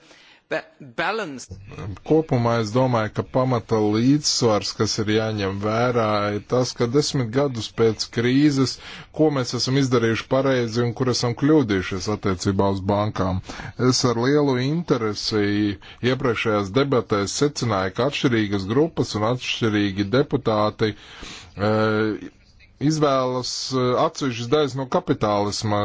[SPEAKER 2] Kopumā es domāju, ka pamata līdzsvars, kas ir jāņem vērā, ir tas, ka desmit gadus pēc krīzes, ko mēs esam izdarījuši pareizi un kur esam kļūdījušies attiecībā uz bankām. Es ar lielu interesi iepriekšējās debatēs secināju, ka atšķirīgas grupas un atšķirīgi deputāti uh, izvēlas eh, atsevišķas daļas no kapitālisma,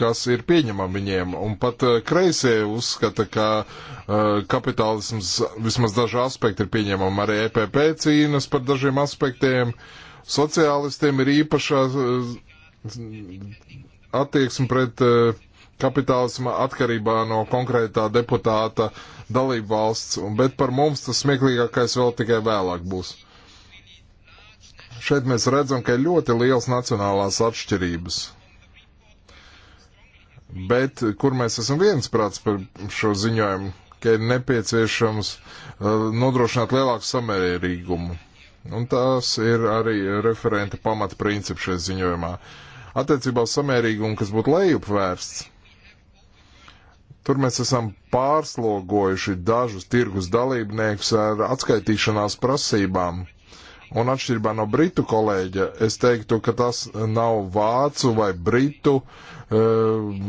[SPEAKER 2] kas ir pieņemama viņiem. Un pat eh, kreisie uzskata, ka uh, kapitālisms vismaz daži aspekti ir pieņemama. Arī EPP cīnas par dažiem aspektiem. Sociālistiem ir īpašā uh, attieksme pret uh, kapitālisma atkarībā no konkrētā deputāta dalību valsts, bet par mums tas smieklīgākais vēl tikai vēlāk būs. Uh, Šeit mēs redzam, ka ir ļoti liels nacionālās atšķirības. Bet kur mēs esam viensprāts par šo ziņojumu, ka ir nepieciešams uh, nodrošināt lielāku samērīgumu. Un tās ir arī referenta pamata princips šajā ziņojumā. Attiecībā uz samērīgumu, kas būtu lejupvērsts, tur mēs esam pārslogojuši dažus tirgus dalībniekus ar atskaitīšanās prasībām Un atšķirībā no britu kolēģa, es teiktu, ka tas nav vācu vai britu uh,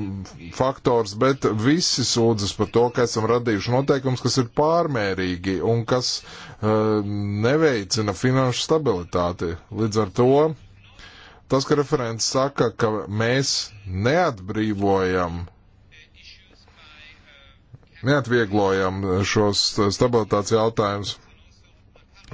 [SPEAKER 2] faktors, bet visi sūdzas par to, ka esam radījuši noteikums, kas ir pārmērīgi un kas uh, neveicina finanšu stabilitāti. Līdz ar to tas, ka referents saka, ka mēs neatbrīvojam neatvieglojam šos stabilitātes jautājumus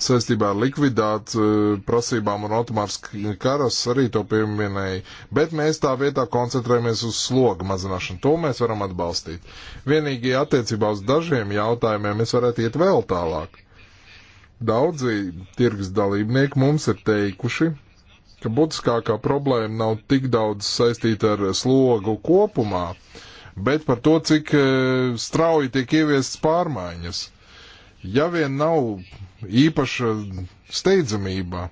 [SPEAKER 2] saistībā ar likvidāt eh, prasībām un Otomārs Karas arī to pieminēja, bet mēs tā vietā koncentrējamies uz slogu mazināšanu. To mēs varam atbalstīt. Vienīgi attiecībā uz dažiem jautājumiem mēs varētu iet vēl tālāk. Daudzi tirgus dalībnieki mums ir teikuši, ka būtiskākā problēma nav tik daudz saistīta ar slogu kopumā, bet par to, cik eh, strauji tiek ieviestas pārmaiņas. Ja vien nav īpaša steidzamība.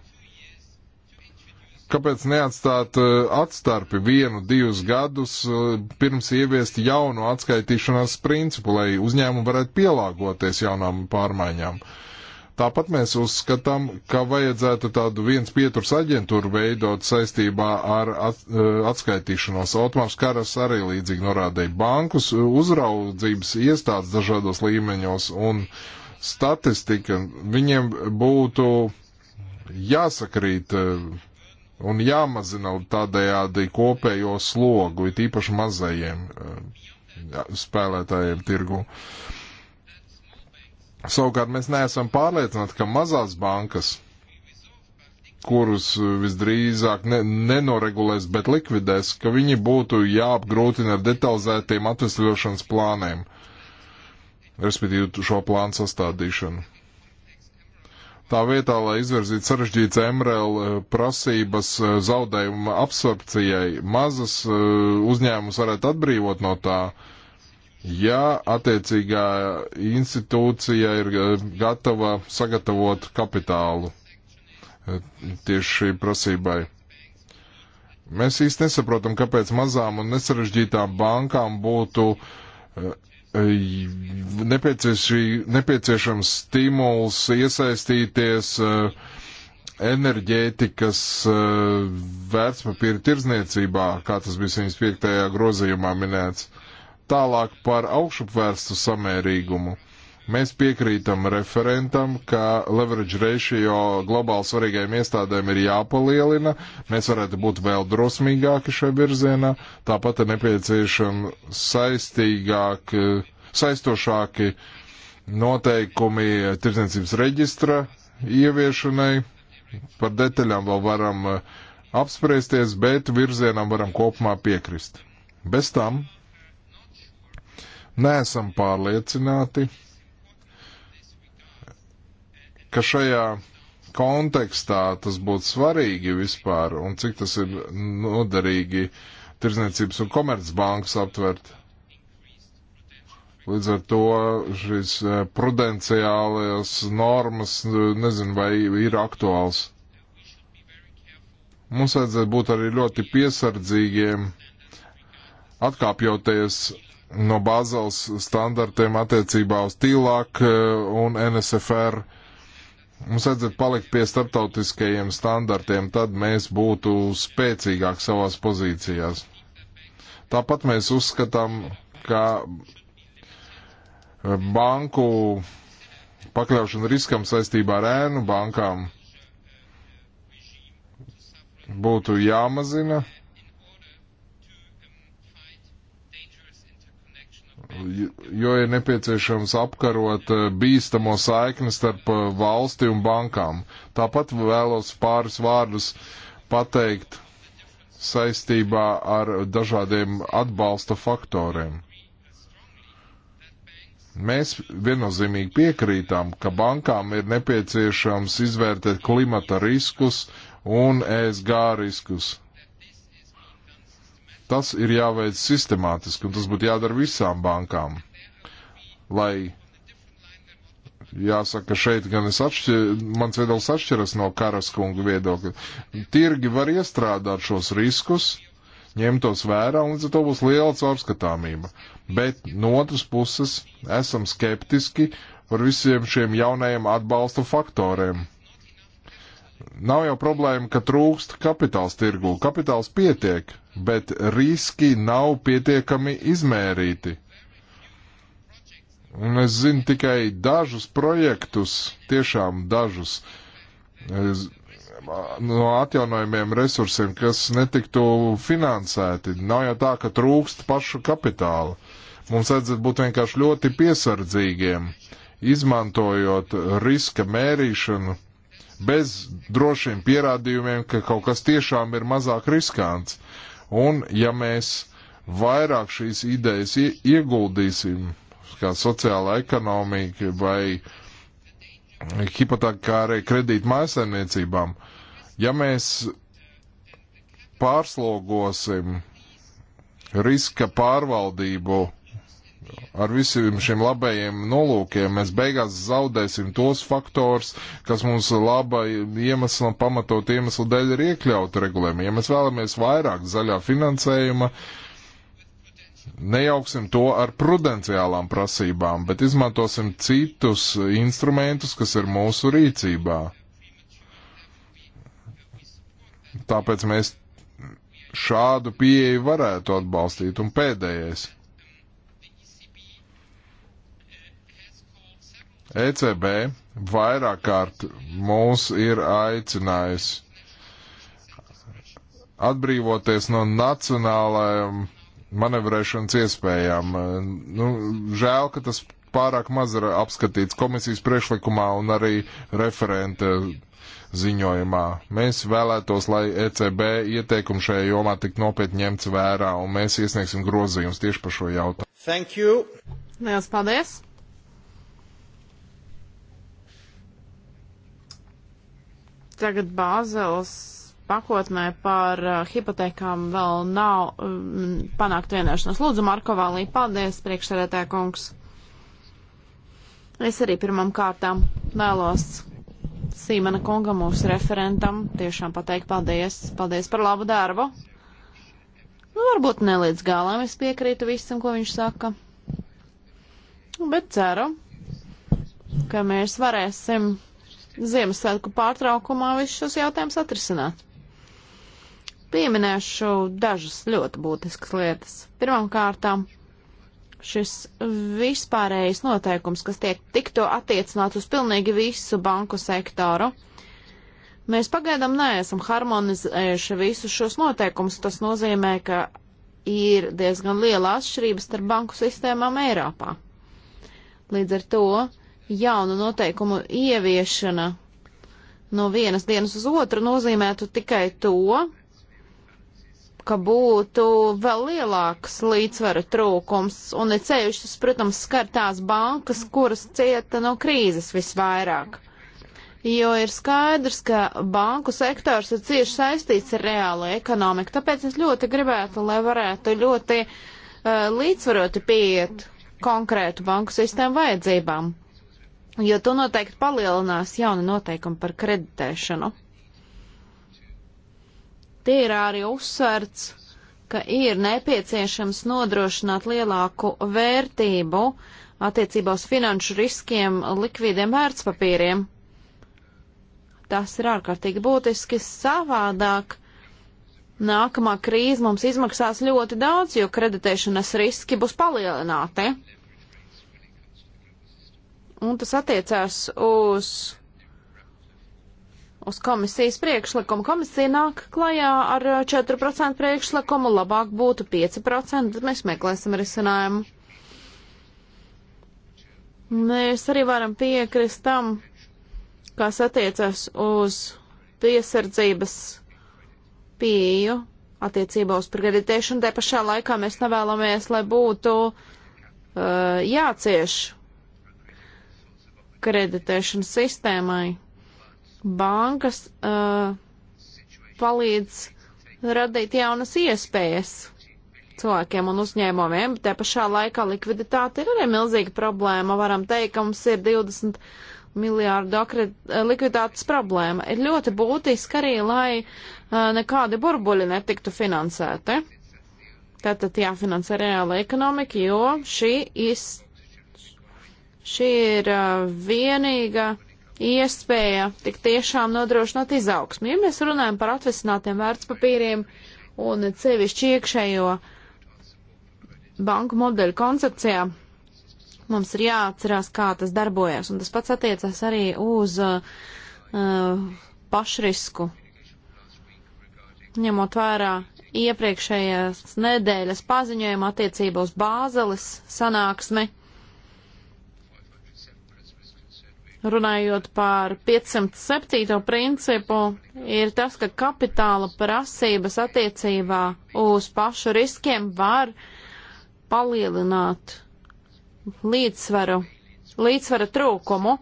[SPEAKER 2] Kāpēc neatstāt eh, atstarpi vienu, divus gadus eh, pirms ieviest jaunu atskaitīšanās principu, lai uzņēmumi varētu pielāgoties jaunām pārmaiņām? Tāpat mēs uzskatām, ka vajadzētu tādu viens pieturs aģentūru veidot saistībā ar eh, atskaitīšanos. Otmārs Karas arī līdzīgi norādīja bankus, uzraudzības iestādes dažādos līmeņos un uh, statistika, viņiem būtu jāsakrīt eh, un jāmazina tādējādi kopējo slogu, it īpaši mazajiem eh, spēlētājiem tirgu. Savukārt mēs neesam pārliecināti, ka mazās bankas, kurus eh, visdrīzāk ne, nenoregulēs, bet likvidēs, ka viņi būtu jāapgrūtina ar detalizētiem atvesļošanas plāniem. Uh, respektīvi šo plānu sastādīšanu. Tā vietā, lai izvirzītu sarežģītas MRL eh, prasības eh, zaudējumu absorpcijai, mazas eh, uzņēmums varētu atbrīvot no tā, ja attiecīgā institūcija ir gatava sagatavot kapitālu tieši šī prasībai. Mēs īsti nesaprotam, kāpēc mazām un nesarežģītām bankām būtu nepieciešams stimuls iesaistīties enerģētikas vērtspapīra tirdzniecībā, kā tas bija 75. grozījumā minēts. Tālāk par augšupvērstu samērīgumu. Mēs piekrītam referentam, ka leverage ratio globāli svarīgajiem iestādēm ir jāpalielina. Mēs varētu būt vēl drosmīgāki šajā virzienā. Tāpat ir nepieciešami saistīgāki, saistošāki noteikumi tirdzniecības reģistra ieviešanai. Par detaļām vēl varam eh, apspriesties, bet virzienam varam kopumā piekrist. Bez tam neesam pārliecināti ka šajā kontekstā tas būtu svarīgi vispār un cik tas ir noderīgi Tirzniecības un Komercbankas aptvert. Līdz ar to šīs e, prudenciālajās normas e, nezinu, vai ir aktuāls. Mums vajadzētu būt arī ļoti piesardzīgiem, atkāpjoties no bāzels standartiem attiecībā uz tīlāk un NSFR uh, Mums vajadzētu palikt pie starptautiskajiem standartiem, tad mēs būtu spēcīgāk savās pozīcijās. Tāpat mēs uzskatām, ka banku pakļaušana riskam saistībā ar ēnu bankām būtu jāmazina jo ir nepieciešams apkarot eh, bīstamo saikni starp eh, valsti un bankām. Tāpat vēlos pāris vārdus pateikt saistībā ar dažādiem atbalsta faktoriem. Mēs viennozīmīgi piekrītām, ka bankām ir nepieciešams izvērtēt klimata riskus un ESG riskus Tas ir jāveic sistemātiski, un tas būtu jādara visām bankām. Lai jāsaka, šeit gan es atšķir, mans viedoklis atšķiras no karaskunga viedokļa. Tirgi var iestrādāt šos riskus, ņemtos vērā, un līdz ar to būs liela caurskatāmība. Bet no otras puses esam skeptiski par visiem šiem jaunajiem atbalsta faktoriem Nav jau problēma, ka trūkst kapitāls tirgu. Kapitāls pietiek, bet riski nav pietiekami izmērīti. Un es zinu tikai dažus projektus, tiešām dažus es, no atjaunojumiem resursiem, kas netiktu finansēti. Nav jau tā, ka trūkst pašu kapitāla. Mums vajadzētu būt vienkārši ļoti piesardzīgiem, izmantojot riska mērīšanu bez drošiem pierādījumiem, ka kaut kas tiešām ir mazāk riskants. Un ja mēs vairāk šīs idejas ieguldīsim, kā sociāla ekonomika vai hipotekārai kredīt mājasainiecībām, ja mēs pārslogosim riska pārvaldību ar visiem šiem labajiem nolūkiem mēs beigās zaudēsim tos faktors, kas mums laba iemesla, pamatot iemeslu dēļ ir iekļauti regulējumi. Ja mēs vēlamies vairāk zaļā finansējuma, nejauksim to ar prudenciālām prasībām, bet izmantosim citus instrumentus, kas ir mūsu rīcībā. Tāpēc mēs šādu pieeju varētu atbalstīt. Un pēdējais. ECB vairāk kārt mūs ir aicinājusi atbrīvoties no nacionālajām manevrēšanas iespējām. Nu, žēl, ka tas pārāk maz ir apskatīts komisijas priekšlikumā un arī referenta ziņojumā. Mēs vēlētos, lai ECB ieteikumu šajā jomā tik nopietni ņemts vērā, un mēs iesniegsim grozījumus tieši par šo jautājumu.
[SPEAKER 1] Thank you! Lielas paldies! tagad Bāzeles pakotnē par uh, hipotekām vēl nav um, panākt vienošanos. Lūdzu, Marko Valī, paldies, priekšsēdētāja kungs. Es arī pirmam kārtām vēlos Sīmana kungam, mūsu referentam, tiešām pateikt paldies. Paldies par labu darbu. Nu, varbūt ne līdz galam es piekrītu visam, ko viņš saka. Nu, bet ceru, ka mēs varēsim Ziemassvētku pārtraukumā visus šos jautājumus atrisināt. Pieminēšu dažas ļoti būtiskas lietas. Pirmkārtām, šis vispārējais noteikums, kas tiek tikto attiecināts uz pilnīgi visu banku sektoru. Mēs pagaidām neesam harmonizējuši visus šos noteikumus. Tas nozīmē, ka ir diezgan liela atšķirības starp banku sistēmām Eiropā. Līdz ar to jaunu noteikumu ieviešana no vienas dienas uz otru nozīmētu tikai to, ka būtu vēl lielāks līdzsvara trūkums, un ir ceļš, tas, protams, skar tās bankas, kuras cieta no krīzes visvairāk. Jo ir skaidrs, ka banku sektors ir cieši saistīts ar reālo ekonomiku, tāpēc es ļoti gribētu, lai varētu ļoti uh, līdzsvaroti pieiet konkrētu banku sistēmu vajadzībām jo to noteikti palielinās jauni noteikumi par kreditēšanu. Tie ir arī uzsverts, ka ir nepieciešams nodrošināt lielāku vērtību attiecībā uz finanšu riskiem likvīdiem vērtspapīriem. Tas ir ārkārtīgi būtiski savādāk. Nākamā krīze mums izmaksās ļoti daudz, jo kreditēšanas riski būs palielināti un tas attiecās uz, uz komisijas priekšlikumu. Komisija nāk klajā ar 4% priekšlikumu, labāk būtu 5%, tad mēs meklēsim risinājumu. Mēs arī varam piekrist tam, kas attiecas uz piesardzības pieju attiecībā uz kreditēšanu. Te pašā laikā mēs nevēlamies, lai būtu uh, jācieš kreditēšanas sistēmai. Bankas uh, palīdz radīt jaunas iespējas cilvēkiem un uzņēmumiem, bet te pašā laikā likviditāte ir arī milzīga problēma. Varam teikt, ka mums ir 20 miljārdu eh, likviditātes problēma. Ir ļoti būtiski arī, lai uh, nekādi burbuļi netiktu finansēti. Tātad jāfinansē reāla ekonomika, jo šī iz, Šī ir uh, vienīga iespēja tik tiešām nodrošināt izaugsmu. Ja mēs runājam par atvesinātiem vērtspapīriem un cevišķi iekšējo banku modeļu koncepcijā, mums ir jāatcerās, kā tas darbojas. Un tas pats attiecas arī uz uh, uh, pašrisku. Ņemot vērā iepriekšējās nedēļas paziņojumu attiecībā uz Bāzeles sanāksmi, uh, runājot par 507. principu, ir tas, ka kapitāla prasības attiecībā uz pašu riskiem var palielināt līdzsvaru, līdzsvara trūkumu,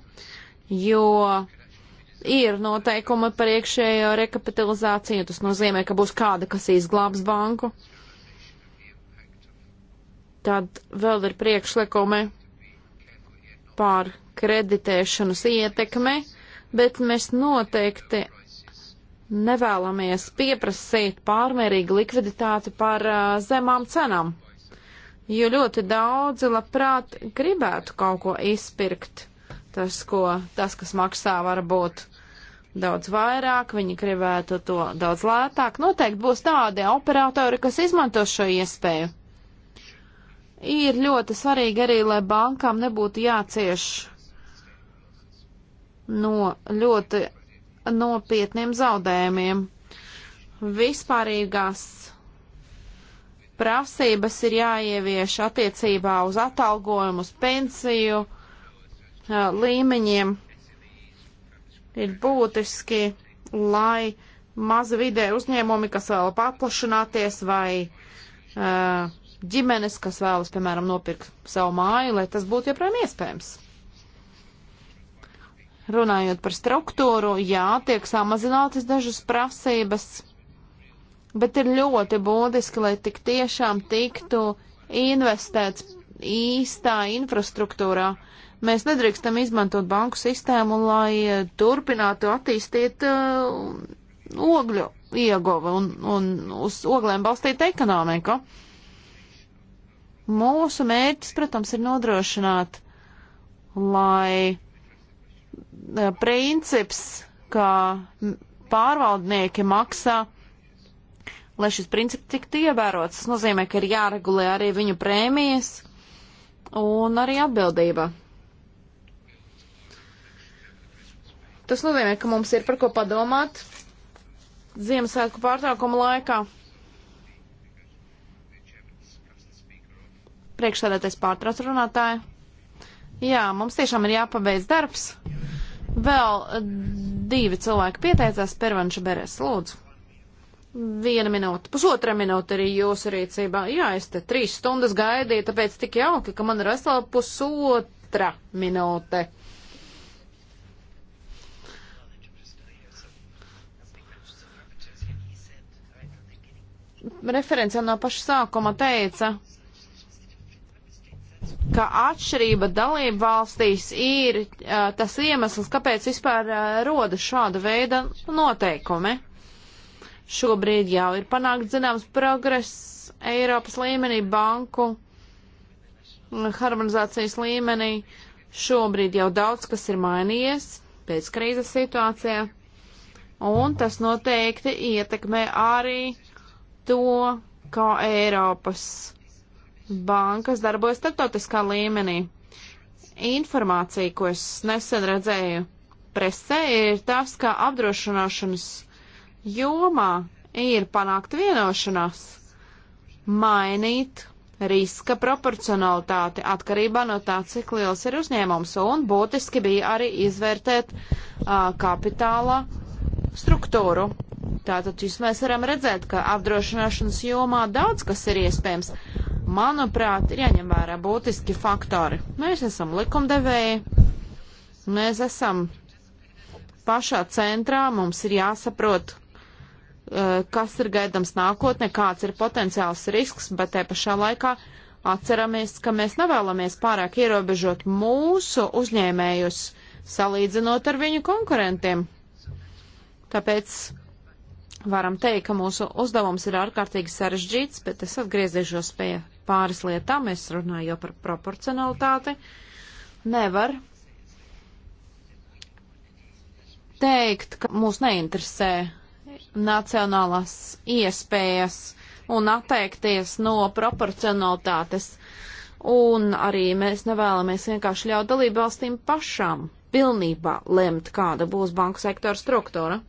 [SPEAKER 1] jo ir noteikumi par iekšējo rekapitalizāciju. Tas nozīmē, ka būs kāda, kas izglābs banku. Tad vēl ir priekšlikumi par kreditēšanas ietekme, bet mēs noteikti nevēlamies pieprasīt pārmērīgu likviditāti par uh, zemām cenām, jo ļoti daudzi labprāt gribētu kaut ko izpirkt. Tas, ko, tas kas maksā, var būt daudz vairāk, viņi gribētu to daudz lētāk. Noteikti būs tādi operatori, kas izmanto šo iespēju. Ir ļoti svarīgi arī, lai bankām nebūtu jācieš no ļoti nopietniem zaudējumiem. Vispārīgās prasības ir jāievieš attiecībā uz atalgojumu, uz pensiju līmeņiem. Ir būtiski, lai mazi vidē uzņēmumi, kas vēl paplašināties vai ģimenes, kas vēlas, piemēram, nopirkt savu māju, lai tas būtu joprojām iespējams. Runājot par struktūru, jā, tiek samazinātas dažas prasības, bet ir ļoti būtiski, lai tik tiešām tiktu investēts īstā infrastruktūrā. Mēs nedrīkstam izmantot banku sistēmu, lai eh, turpinātu attīstīt uh, ogļu ieguva un, un uz oglēm balstīta ekonomika. Mūsu mērķis, protams, ir nodrošināt, lai Eh, princips, ka pārvaldnieki maksā, lai šis princips tiktu ievērots. Tas nozīmē, ka ir jāregulē arī viņu prēmijas un arī atbildība. Tas nozīmē, ka mums ir par ko padomāt Ziemassvētku pārtraukuma laikā. Priekšsēdētais pārtrauc runātāju. Jā, mums tiešām ir jāpabeidz darbs. Vēl eh, divi cilvēki pieteicās, Pervanša Beres, lūdzu. Viena minūte, pusotra minūte arī jūsu rīcībā. Jā, es te trīs stundas gaidīju, tāpēc tik jauki, ka man ir vesela pusotra minūte. Referents jau no paša sākuma teica, ka atšķirība dalību valstīs ir uh, tas iemesls, kāpēc vispār uh, rodas šāda veida noteikumi. Šobrīd jau ir panākts zināms progress Eiropas līmenī, banku harmonizācijas līmenī. Šobrīd jau daudz kas ir mainījies pēc krīzes situācijā, un tas noteikti ietekmē arī to, kā Eiropas bankas darbojas starptautiskā līmenī. Informācija, ko es nesen redzēju presē, ir tas, ka apdrošināšanas jomā ir panākt vienošanās mainīt riska proporcionalitāti atkarībā no tā, cik liels ir uzņēmums, un būtiski bija arī izvērtēt uh, kapitāla struktūru. Tātad jūs mēs varam redzēt, ka apdrošināšanas jomā daudz kas ir iespējams manuprāt, ir jāņem vērā būtiski faktori. Mēs esam likumdevēji, mēs esam pašā centrā, mums ir jāsaprot, eh, kas ir gaidams nākotnē, kāds ir potenciāls risks, bet te pašā laikā atceramies, ka mēs nevēlamies pārāk ierobežot mūsu uzņēmējus, salīdzinot ar viņu konkurentiem. Tāpēc varam teikt, ka mūsu uzdevums ir ārkārtīgi sarežģīts, bet es atgriezīšos pie pāris lietām. Es runāju jau par proporcionalitāti. Nevar teikt, ka mūs neinteresē nacionālās iespējas un atteikties no proporcionalitātes. Un arī mēs nevēlamies vienkārši ļaut dalību valstīm pašām pilnībā lemt, kāda būs banku sektora struktūra.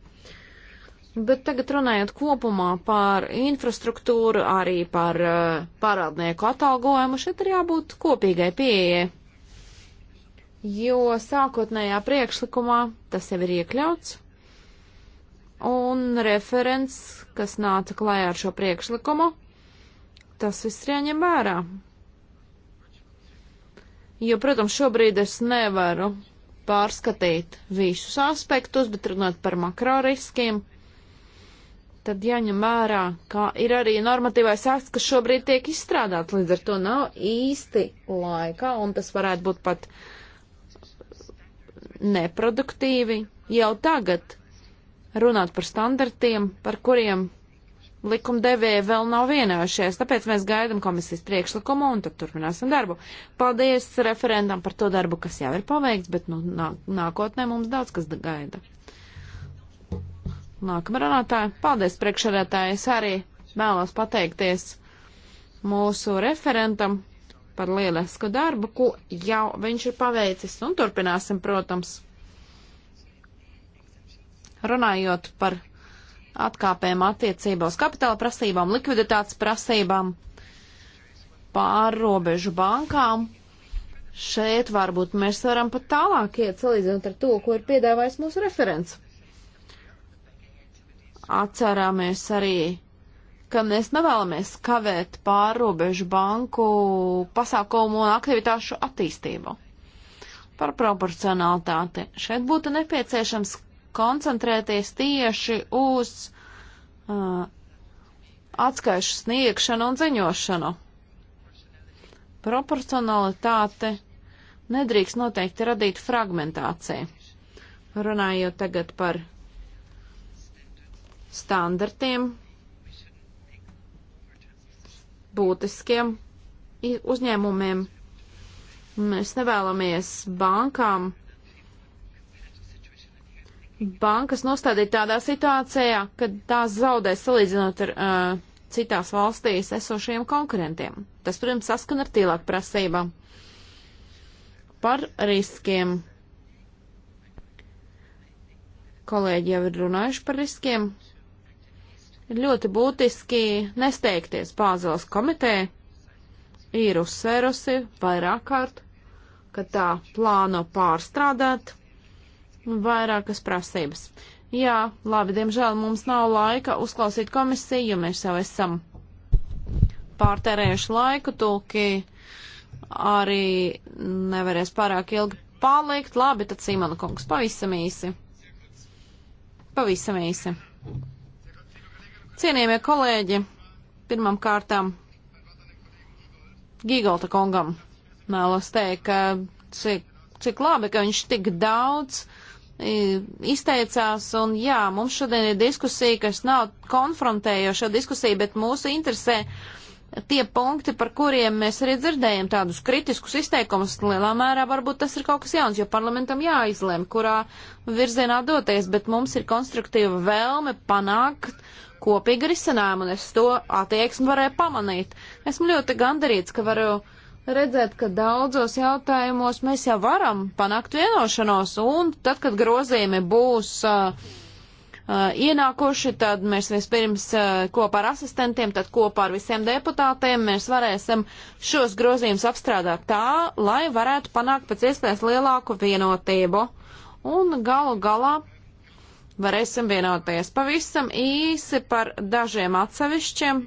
[SPEAKER 1] Bet tagad runājot kopumā par infrastruktūru, arī par uh, parādnieku atalgojumu, šeit ir jābūt kopīgai pieejai. Jo sākotnējā priekšlikumā tas jau ir iekļauts, un referents, kas nāca klājā ar šo priekšlikumu, tas viss ir jāņem vērā. Jo, protams, šobrīd es nevaru pārskatīt visus aspektus, bet runāt par makro riskiem tad jāņem vērā, ka ir arī normatīvais akts, kas šobrīd tiek izstrādāts, līdz ar to nav īsti laika, un tas varētu būt pat neproduktīvi jau tagad runāt par standartiem, par kuriem likumdevēja vēl nav vienojušies, tāpēc mēs gaidam komisijas priekšlikumu un tad turpināsim darbu. Paldies referendam par to darbu, kas jau ir paveikts, bet nu, nā, nākotnē mums daudz kas gaida. Nākamā runātāja. Paldies, priekšsēdētāji. Es arī vēlos pateikties mūsu referentam par lielisku darbu, ko jau viņš ir paveicis, un turpināsim, protams. Runājot par atkāpēm attiecībā uz kapitāla prasībām, likviditātes prasībām, pārrobežu bankām, šeit varbūt mēs varam pat tālāk iet, salīdzinot ar to, ko ir piedāvājis mūsu referents. Atcerāmies arī, ka mēs nevēlamies kavēt pārrobežu banku pasākumu un aktivitāšu attīstību. Par proporcionalitāti. Šeit būtu nepieciešams koncentrēties tieši uz uh, atskaišu sniegšanu un ziņošanu. Proporcionalitāte nedrīkst noteikti radīt fragmentāciju. Runājot tagad par standartiem, būtiskiem uzņēmumiem. Mēs nevēlamies bankām, bankas nostādīt tādā situācijā, kad tās zaudēs salīdzinot ar uh, citās valstīs esošiem konkurentiem. Tas, protams, saskan ar tīlāk prasībām par riskiem. Kolēģi jau ir runājuši par riskiem ir ļoti būtiski nesteigties Bāzeles komiteja. Ir uzsvērusi vairāk kārt, ka tā plāno pārstrādāt vairākas prasības. Jā, labi, diemžēl mums nav laika uzklausīt komisiju, jo mēs jau esam pārtērējuši laiku, tulki arī nevarēs pārāk ilgi palikt. Labi, tad Simona kungs, pavisam īsi. Pavisam īsi. Cienījamie kolēģi, pirmam kārtām Gigolta kungam vēlos teikt, ka cik, cik labi, ka viņš tik daudz izteicās, un jā, mums šodien ir diskusija, kas nav konfrontējoša diskusija, bet mūsu interesē tie punkti, par kuriem mēs arī dzirdējam tādus kritiskus izteikumus, lielā mērā varbūt tas ir kaut kas jauns, jo parlamentam jāizlem, kurā virzienā doties, bet mums ir konstruktīva vēlme panākt uh, kopīgu risinājumu, un es to attieksmi varēju pamanīt. Esmu ļoti gandarīts, ka varu redzēt, ka daudzos jautājumos mēs jau varam panākt vienošanos, un tad, kad grozījumi būs uh, uh, ienākuši, tad mēs vispirms uh, kopā ar asistentiem, tad kopā ar visiem deputātiem mēs varēsim šos grozījumus apstrādāt tā, lai varētu panākt pēc iespējas lielāku vienotību. Un galu galā varēsim vienoties. Pavisam īsi par dažiem atsevišķiem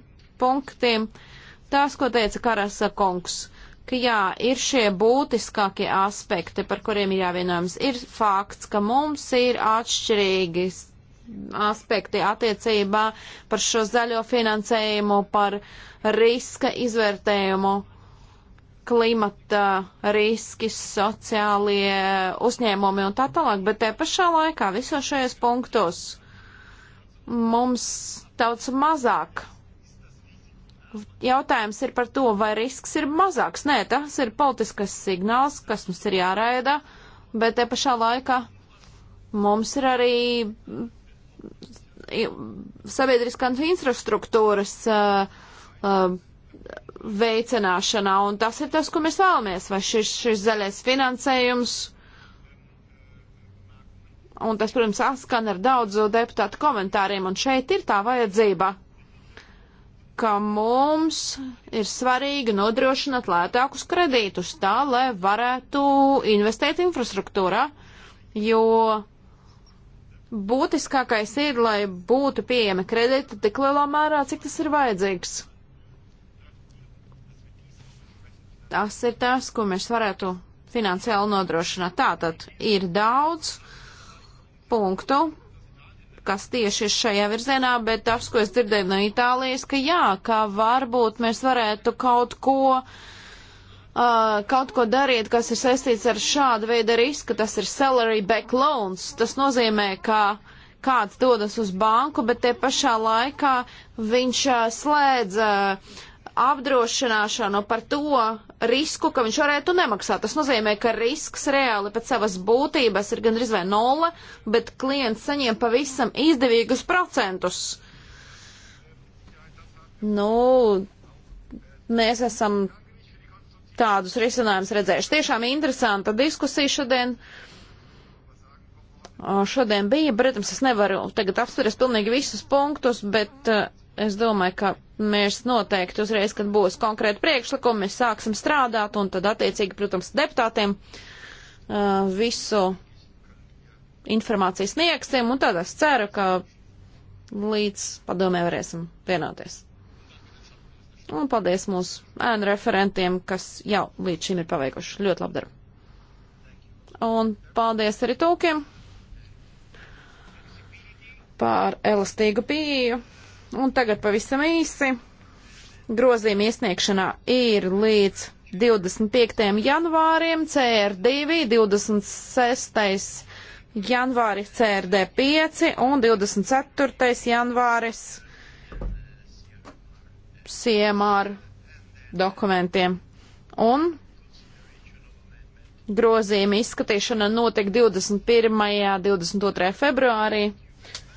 [SPEAKER 1] punktiem. Tās, ko teica Karasa kungs, ka jā, ir šie būtiskākie aspekti, par kuriem ir jāvienojams. Ir fakts, ka mums ir atšķirīgi aspekti attiecībā par šo zaļo finansējumu, par riska izvērtējumu klimata riski, sociālie uzņēmumi un tā tālāk, bet te pašā laikā visos šajos punktos mums daudz mazāk. Jautājums ir par to, vai risks ir mazāks. Nē, tas ir politiskais signāls, kas mums ir jāraida, bet te pašā laikā mums ir arī sabiedriskās infrastruktūras uh, uh, veicināšanā, un tas ir tas, ko mēs vēlamies, vai šis, šis zaļais finansējums, un tas, protams, skan ar daudzu deputātu komentāriem, un šeit ir tā vajadzība, ka mums ir svarīgi nodrošināt lētākus kredītus tā, lai varētu investēt infrastruktūrā, jo būtiskākais ir, lai būtu pieejami kredīti tik lielā mērā, cik tas ir vajadzīgs. Tas ir tas, ko mēs varētu finansiāli nodrošināt. Tātad ir daudz punktu, kas tieši ir šajā virzienā, bet tas, ko es dzirdēju no Itālijas, ka jā, ka varbūt mēs varētu kaut ko, uh, kaut ko darīt, kas ir saistīts ar šādu veidu risku, tas ir salary back loans. Tas nozīmē, ka kāds dodas uz banku, bet te pašā laikā viņš uh, slēdz uh, apdrošināšanu par to risku, ka viņš varētu nemaksāt. Tas nozīmē, ka risks reāli pēc savas būtības ir gandrīz vai nulle, bet klients saņem pavisam izdevīgus procentus. Nu, mēs esam tādus risinājumus redzējuši. Tiešām interesanta diskusija šodien. Šodien bija, protams, es nevaru tagad apspriest pilnīgi visus punktus, bet eh, es domāju, ka Mēs noteikti uzreiz, kad būs konkrēti priekšlikumi, mēs sāksim strādāt un tad attiecīgi, protams, deputātiem uh, visu informāciju sniegsim un tad es ceru, ka līdz padomē varēsim vienoties. Un paldies mūsu ēnu referentiem, kas jau līdz šim ir paveikuši ļoti labu darbu. Un paldies arī tūkiem par elastīgu pieeju. Un tagad pavisam īsi. Grozījuma iesniegšanā ir līdz 25. janvārim CR2, 26. janvāris CRD5 un 24. janvāris CMR dokumentiem. Un grozījuma izskatīšana notiek 21. un 22. februārī.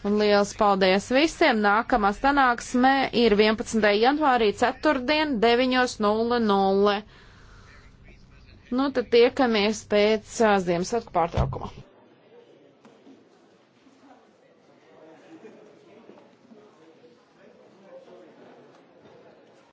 [SPEAKER 1] Un liels paldies visiem! Nākamā sanāksme ir 11. janvārī, ceturtdien, 9.00. Nu, tad tiekamies pēc Ziemassvētku pārtraukuma.